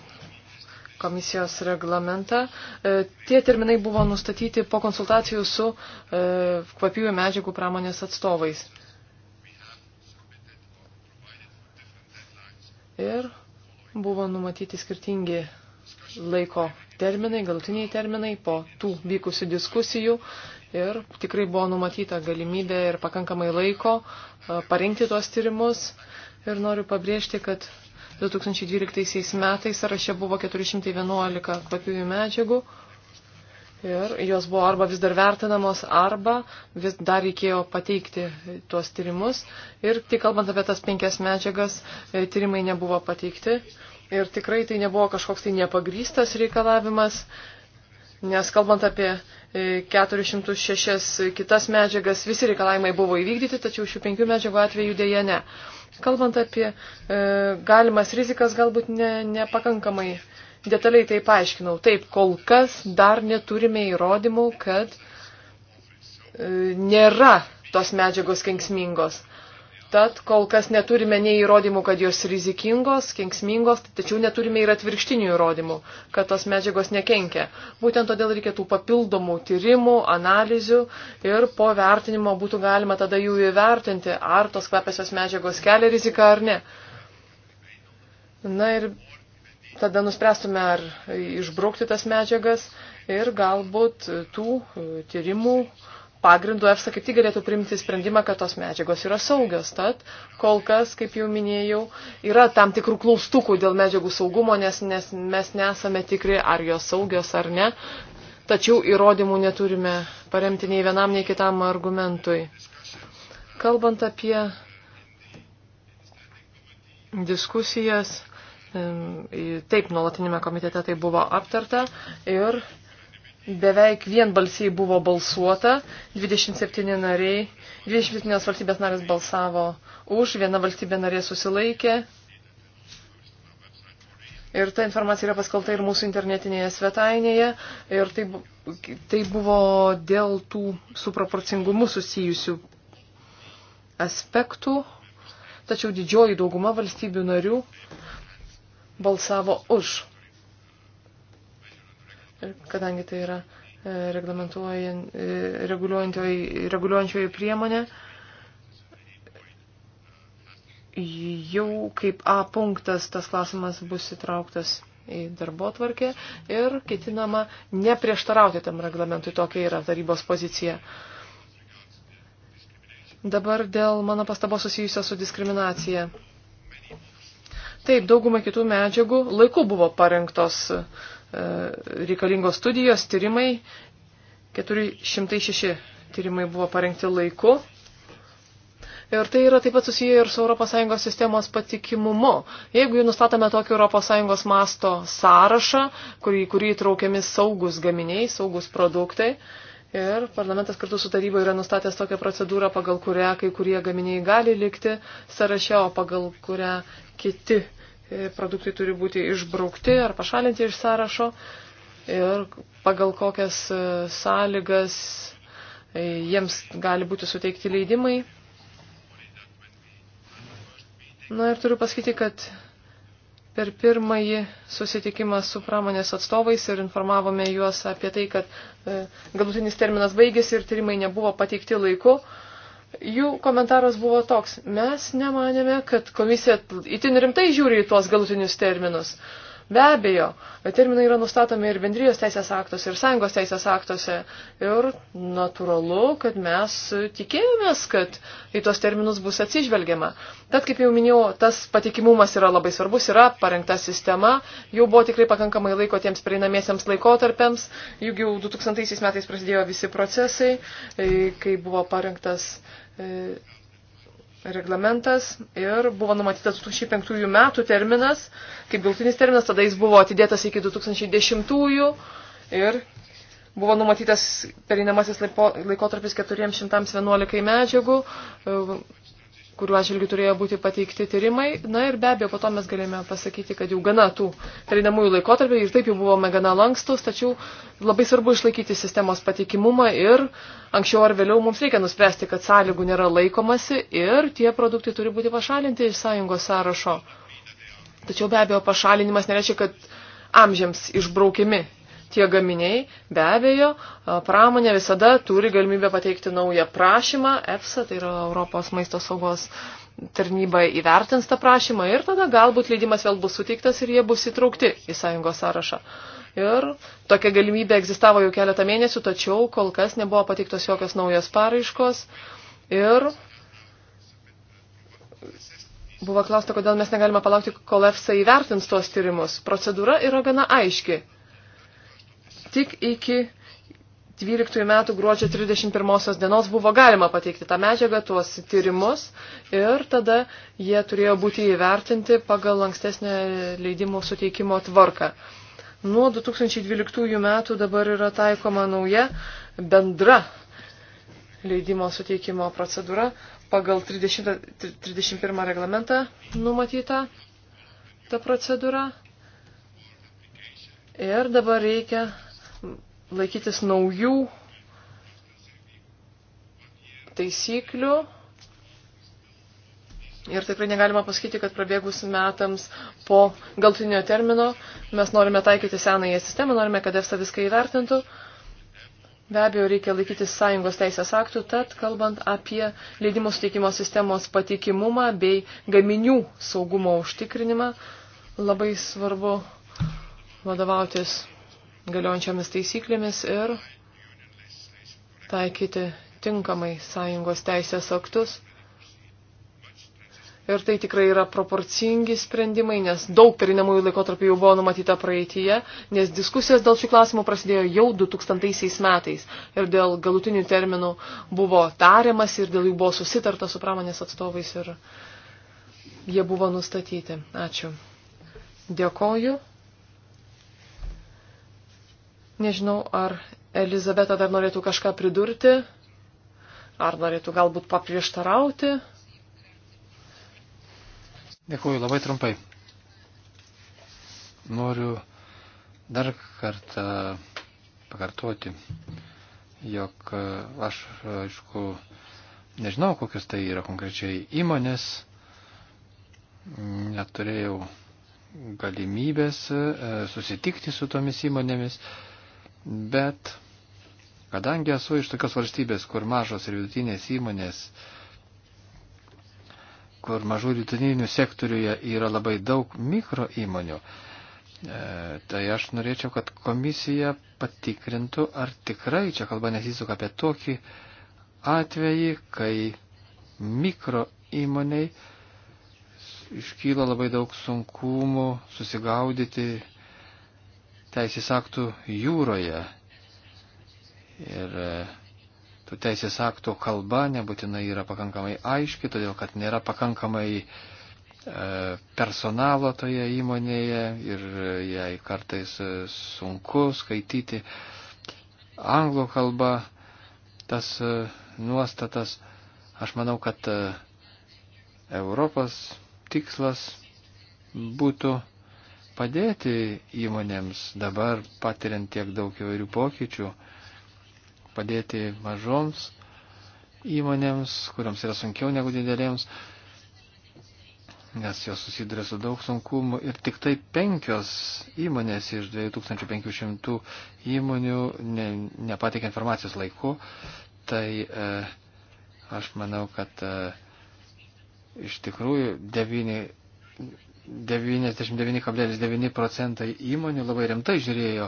C: komisijos reglamentą. E, tie terminai buvo nustatyti po konsultacijų su e, kvapiųjų medžiagų pramonės atstovais. Ir buvo numatyti skirtingi laiko terminai, galutiniai terminai po tų vykusių diskusijų ir tikrai buvo numatyta galimybė ir pakankamai laiko e, parinkti tuos tyrimus. Ir noriu pabrėžti, kad 2012 metais sąraše buvo 411 kvapiųjų medžiagų. Ir jos buvo arba vis dar vertinamos, arba vis dar reikėjo pateikti tuos tyrimus. Ir tik kalbant apie tas penkias medžiagas, e, tyrimai nebuvo pateikti. Ir tikrai tai nebuvo kažkoks tai nepagrystas reikalavimas, nes kalbant apie 406 e, kitas medžiagas, visi reikalavimai buvo įvykdyti, tačiau šių penkių medžiagų atveju dėja ne. Kalbant apie e, galimas rizikas, galbūt ne, nepakankamai detaliai tai paaiškinau. Taip, kol kas dar neturime įrodymų, kad e, nėra tos medžiagos kenksmingos. Tad kol kas neturime nei įrodymų, kad jos rizikingos, kenksmingos, tačiau neturime ir atvirkštinių įrodymų, kad tos medžiagos nekenkia. Būtent todėl reikėtų papildomų tyrimų, analizių ir po vertinimo būtų galima tada jų įvertinti, ar tos kvepiosios medžiagos kelia riziką ar ne. Na ir tada nuspręstume, ar išbraukti tas medžiagas ir galbūt tų tyrimų pagrindu EFSA kaip tik galėtų priimti sprendimą, kad tos medžiagos yra saugios. Tad kol kas, kaip jau minėjau, yra tam tikrų klaustukų dėl medžiagų saugumo, nes, nes mes nesame tikri, ar jos saugios ar ne. Tačiau įrodymų neturime paremti nei vienam, nei kitam argumentui. Kalbant apie diskusijas, taip, nuolatinėme komitete tai buvo aptarta ir beveik vienbalsiai buvo balsuota, 27 nariai, 27 valstybės narės balsavo už, viena valstybė narė susilaikė. Ir ta informacija yra paskalta ir mūsų internetinėje svetainėje. Ir tai, tai buvo dėl tų su proporcingumu susijusių aspektų. Tačiau didžioji dauguma valstybių narių balsavo už kadangi tai yra e, e, reguliuojančioji priemonė, jau kaip A punktas tas klausimas bus įtrauktas į darbo tvarkę ir ketinama neprieštarauti tam reglamentui, tokia yra tarybos pozicija. Dabar dėl mano pastabos susijusio su diskriminacija. Taip, dauguma kitų medžiagų laiku buvo parengtos E, reikalingos studijos, tyrimai. 406 tyrimai buvo parengti laiku. Ir tai yra taip pat susiję ir su ES sistemos patikimumu. Jeigu nustatome tokį ES masto sąrašą, kurį, kurį įtraukiami saugus gaminiai, saugus produktai, ir parlamentas kartu su taryba yra nustatęs tokią procedūrą, pagal kurią kai kurie gaminiai gali likti sąraše, o pagal kurią kiti E, produktai turi būti išbraukti ar pašalinti iš sąrašo ir pagal kokias e, sąlygas e, jiems gali būti suteikti leidimai. Na ir turiu pasakyti, kad per pirmąjį susitikimą su pramonės atstovais ir informavome juos apie tai, kad galutinis terminas baigėsi ir tyrimai nebuvo pateikti laiku. Jų komentaras buvo toks, mes nemanėme, kad komisija itin rimtai žiūri į tuos galutinius terminus. Uh, Be abejo, terminai yra nustatomi ir bendrijos teisės aktuose, ir sąjungos teisės aktuose. Ir natūralu, kad mes tikėjomės, kad į tuos terminus bus atsižvelgiama. Tad, kaip jau minėjau, tas patikimumas yra labai svarbus, yra parengta sistema, jau buvo tikrai pakankamai laiko tiems prieinamiesiems laikotarpiams, juk jau 2000 metais prasidėjo visi procesai, e, kai buvo parengtas e, reglamentas ir buvo numatytas 2005 metų terminas, kaip galtinis terminas, tada jis buvo atidėtas iki 2010 ir buvo numatytas perinamasis laikotarpis 411 medžiagų, kuriuo atžvilgiu turėjo būti pateikti tyrimai. Na ir be abejo, po to mes galėjome pasakyti, kad jau gana tų pereinamųjų laikotarpių ir taip jau buvome gana lankstus, tačiau labai svarbu išlaikyti sistemos patikimumą ir anksčiau ar vėliau mums reikia nuspręsti, kad sąlygų nėra laikomasi ir tie produktai turi būti pašalinti iš sąjungos sąrašo. Tačiau be abejo, pašalinimas nereiškia, kad amžiams išbraukiami tie gaminiai. Be abejo, pramonė visada turi galimybę pateikti naują prašymą. EFSA, tai yra Europos maisto saugos tarnyba, įvertins tą prašymą ir tada galbūt leidimas vėl bus suteiktas ir jie bus įtraukti į sąjungos sąrašą. Ir tokia galimybė egzistavo jau keletą mėnesių, tačiau kol kas nebuvo pateiktos jokios naujos paraiškos. Ir buvo klausta, kodėl mes negalime palaukti, kol EFSA įvertins tuos tyrimus. Procedūra yra gana aiški tik iki 12 metų gruodžio 31 dienos buvo galima pateikti tą medžiagą, tuos tyrimus ir tada jie turėjo būti įvertinti pagal ankstesnę leidimų suteikimo tvarką. Nuo 2012 metų dabar yra taikoma nauja bendra leidimo suteikimo procedūra pagal 30, 31 reglamentą numatyta ta procedūra. Ir dabar reikia laikytis naujų taisyklių. Ir tikrai negalima pasakyti, kad prabėgus metams po galtinio termino mes norime taikyti senąją sistemą, norime, kad EFSA viską įvertintų. Be abejo, reikia laikytis sąjungos teisės aktų, tad kalbant apie leidimų suteikimo sistemos patikimumą bei gaminių saugumo užtikrinimą, labai svarbu vadovautis galiojančiamis taisyklėmis ir taikyti tinkamai sąjungos teisės aktus. Ir tai tikrai yra proporcingi sprendimai, nes daug perinamųjų laikotarpių jau buvo numatyta praeitie, nes diskusijos dėl šių klausimų prasidėjo jau 2000 metais ir dėl galutinių terminų buvo tariamas ir dėl jų buvo susitarta su pramonės atstovais ir jie buvo nustatyti. Ačiū. Dėkoju. Nežinau, ar Elizabeta dar norėtų kažką pridurti, ar norėtų galbūt paprieštarauti.
A: Dėkuoju labai trumpai. Noriu dar kartą pakartoti, jog aš, aišku, nežinau, kokios tai yra konkrečiai įmonės, neturėjau galimybės e, susitikti su tomis įmonėmis bet kadangi esu iš tokios valstybės, kur mažos ir vidutinės įmonės, kur mažų ir vidutinių sektoriuje yra labai daug mikro įmonių, e, tai aš norėčiau, kad komisija patikrintų, ar tikrai čia kalba nesisuka apie tokį atvejį, kai mikro įmoniai iškyla labai daug sunkumų susigaudyti teisės aktų jūroje. Ir e, tų teisės aktų kalba nebūtinai yra pakankamai aiški, todėl kad nėra pakankamai e, personalo toje įmonėje ir e, jai kartais sunku skaityti anglų kalbą tas nuostatas. Aš manau, kad Europos tikslas būtų padėti įmonėms dabar patiriant tiek daug įvairių pokyčių, padėti mažoms įmonėms, kuriams yra sunkiau negu didelėms, nes jos susiduria su daug sunkumų ir tik tai penkios įmonės iš 2500 įmonių ne, nepatikė informacijos laiku, tai e, aš manau, kad e, iš tikrųjų 9, 99,9 procentai įmonių labai rimtai žiūrėjo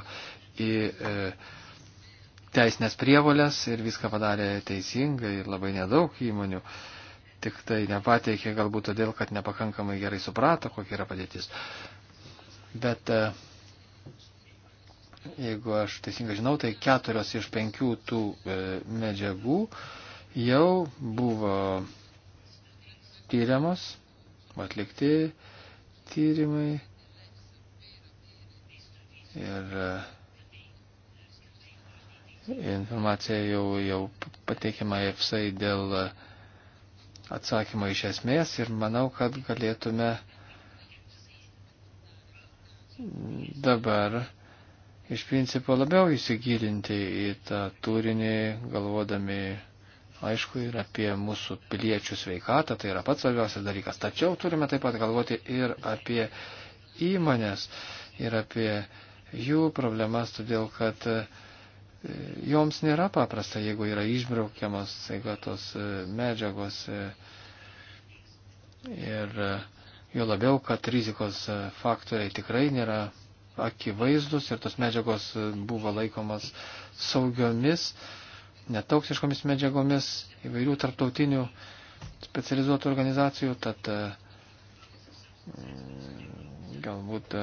A: į e, teisinės prievolės ir viską padarė teisingai ir labai nedaug įmonių. Tik tai nepateikė galbūt todėl, kad nepakankamai gerai suprato, kokia yra padėtis. Bet e, jeigu aš teisingai žinau, tai keturios iš penkių tų e, medžiagų jau buvo tyriamos, atlikti tyrimai ir e, informacija jau, jau pateikiama EFSAI dėl atsakymo iš esmės ir manau, kad galėtume dabar iš principo labiau įsigilinti į tą turinį, galvodami aišku, ir apie mūsų piliečių sveikatą, tai yra pats svarbiausias dalykas. Tačiau turime taip pat galvoti ir apie įmonės, ir apie jų problemas, todėl kad e, joms nėra paprasta, jeigu yra išbraukiamas sveikatos e, medžiagos. E, ir jo labiau, kad rizikos faktoriai tikrai nėra akivaizdus ir tos medžiagos buvo laikomas saugiomis netoksiškomis medžiagomis įvairių tarptautinių specializuotų organizacijų, tad mm, galbūt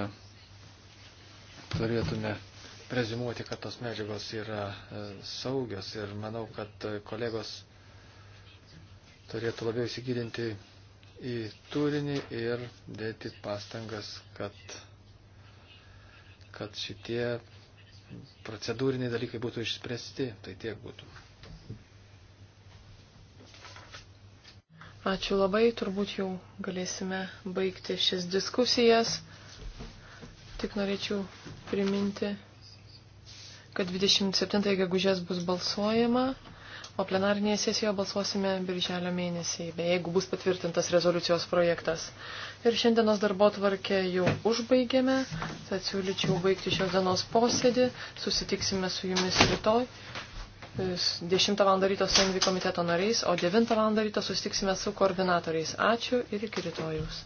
A: turėtume prezimuoti, kad tos medžiagos yra e, saugios ir manau, kad e, kolegos turėtų labiau įsigilinti į turinį ir dėti pastangas, kad, kad šitie procedūriniai dalykai būtų išspręsti, tai tiek būtų.
C: Ačiū labai, turbūt jau galėsime baigti šias diskusijas. Tik norėčiau priminti, kad 27 gegužės bus balsuojama o plenarinėje sesijoje balsuosime birželio mėnesį, bei jeigu bus patvirtintas rezoliucijos projektas. Ir šiandienos darbo tvarkę jau užbaigėme, tad siūlyčiau baigti šios dienos posėdį, susitiksime su jumis rytoj. 10 e, val. ryto su Envi komiteto nariais, o 9 val. ryto susitiksime su koordinatoriais. Ačiū ir iki rytojus.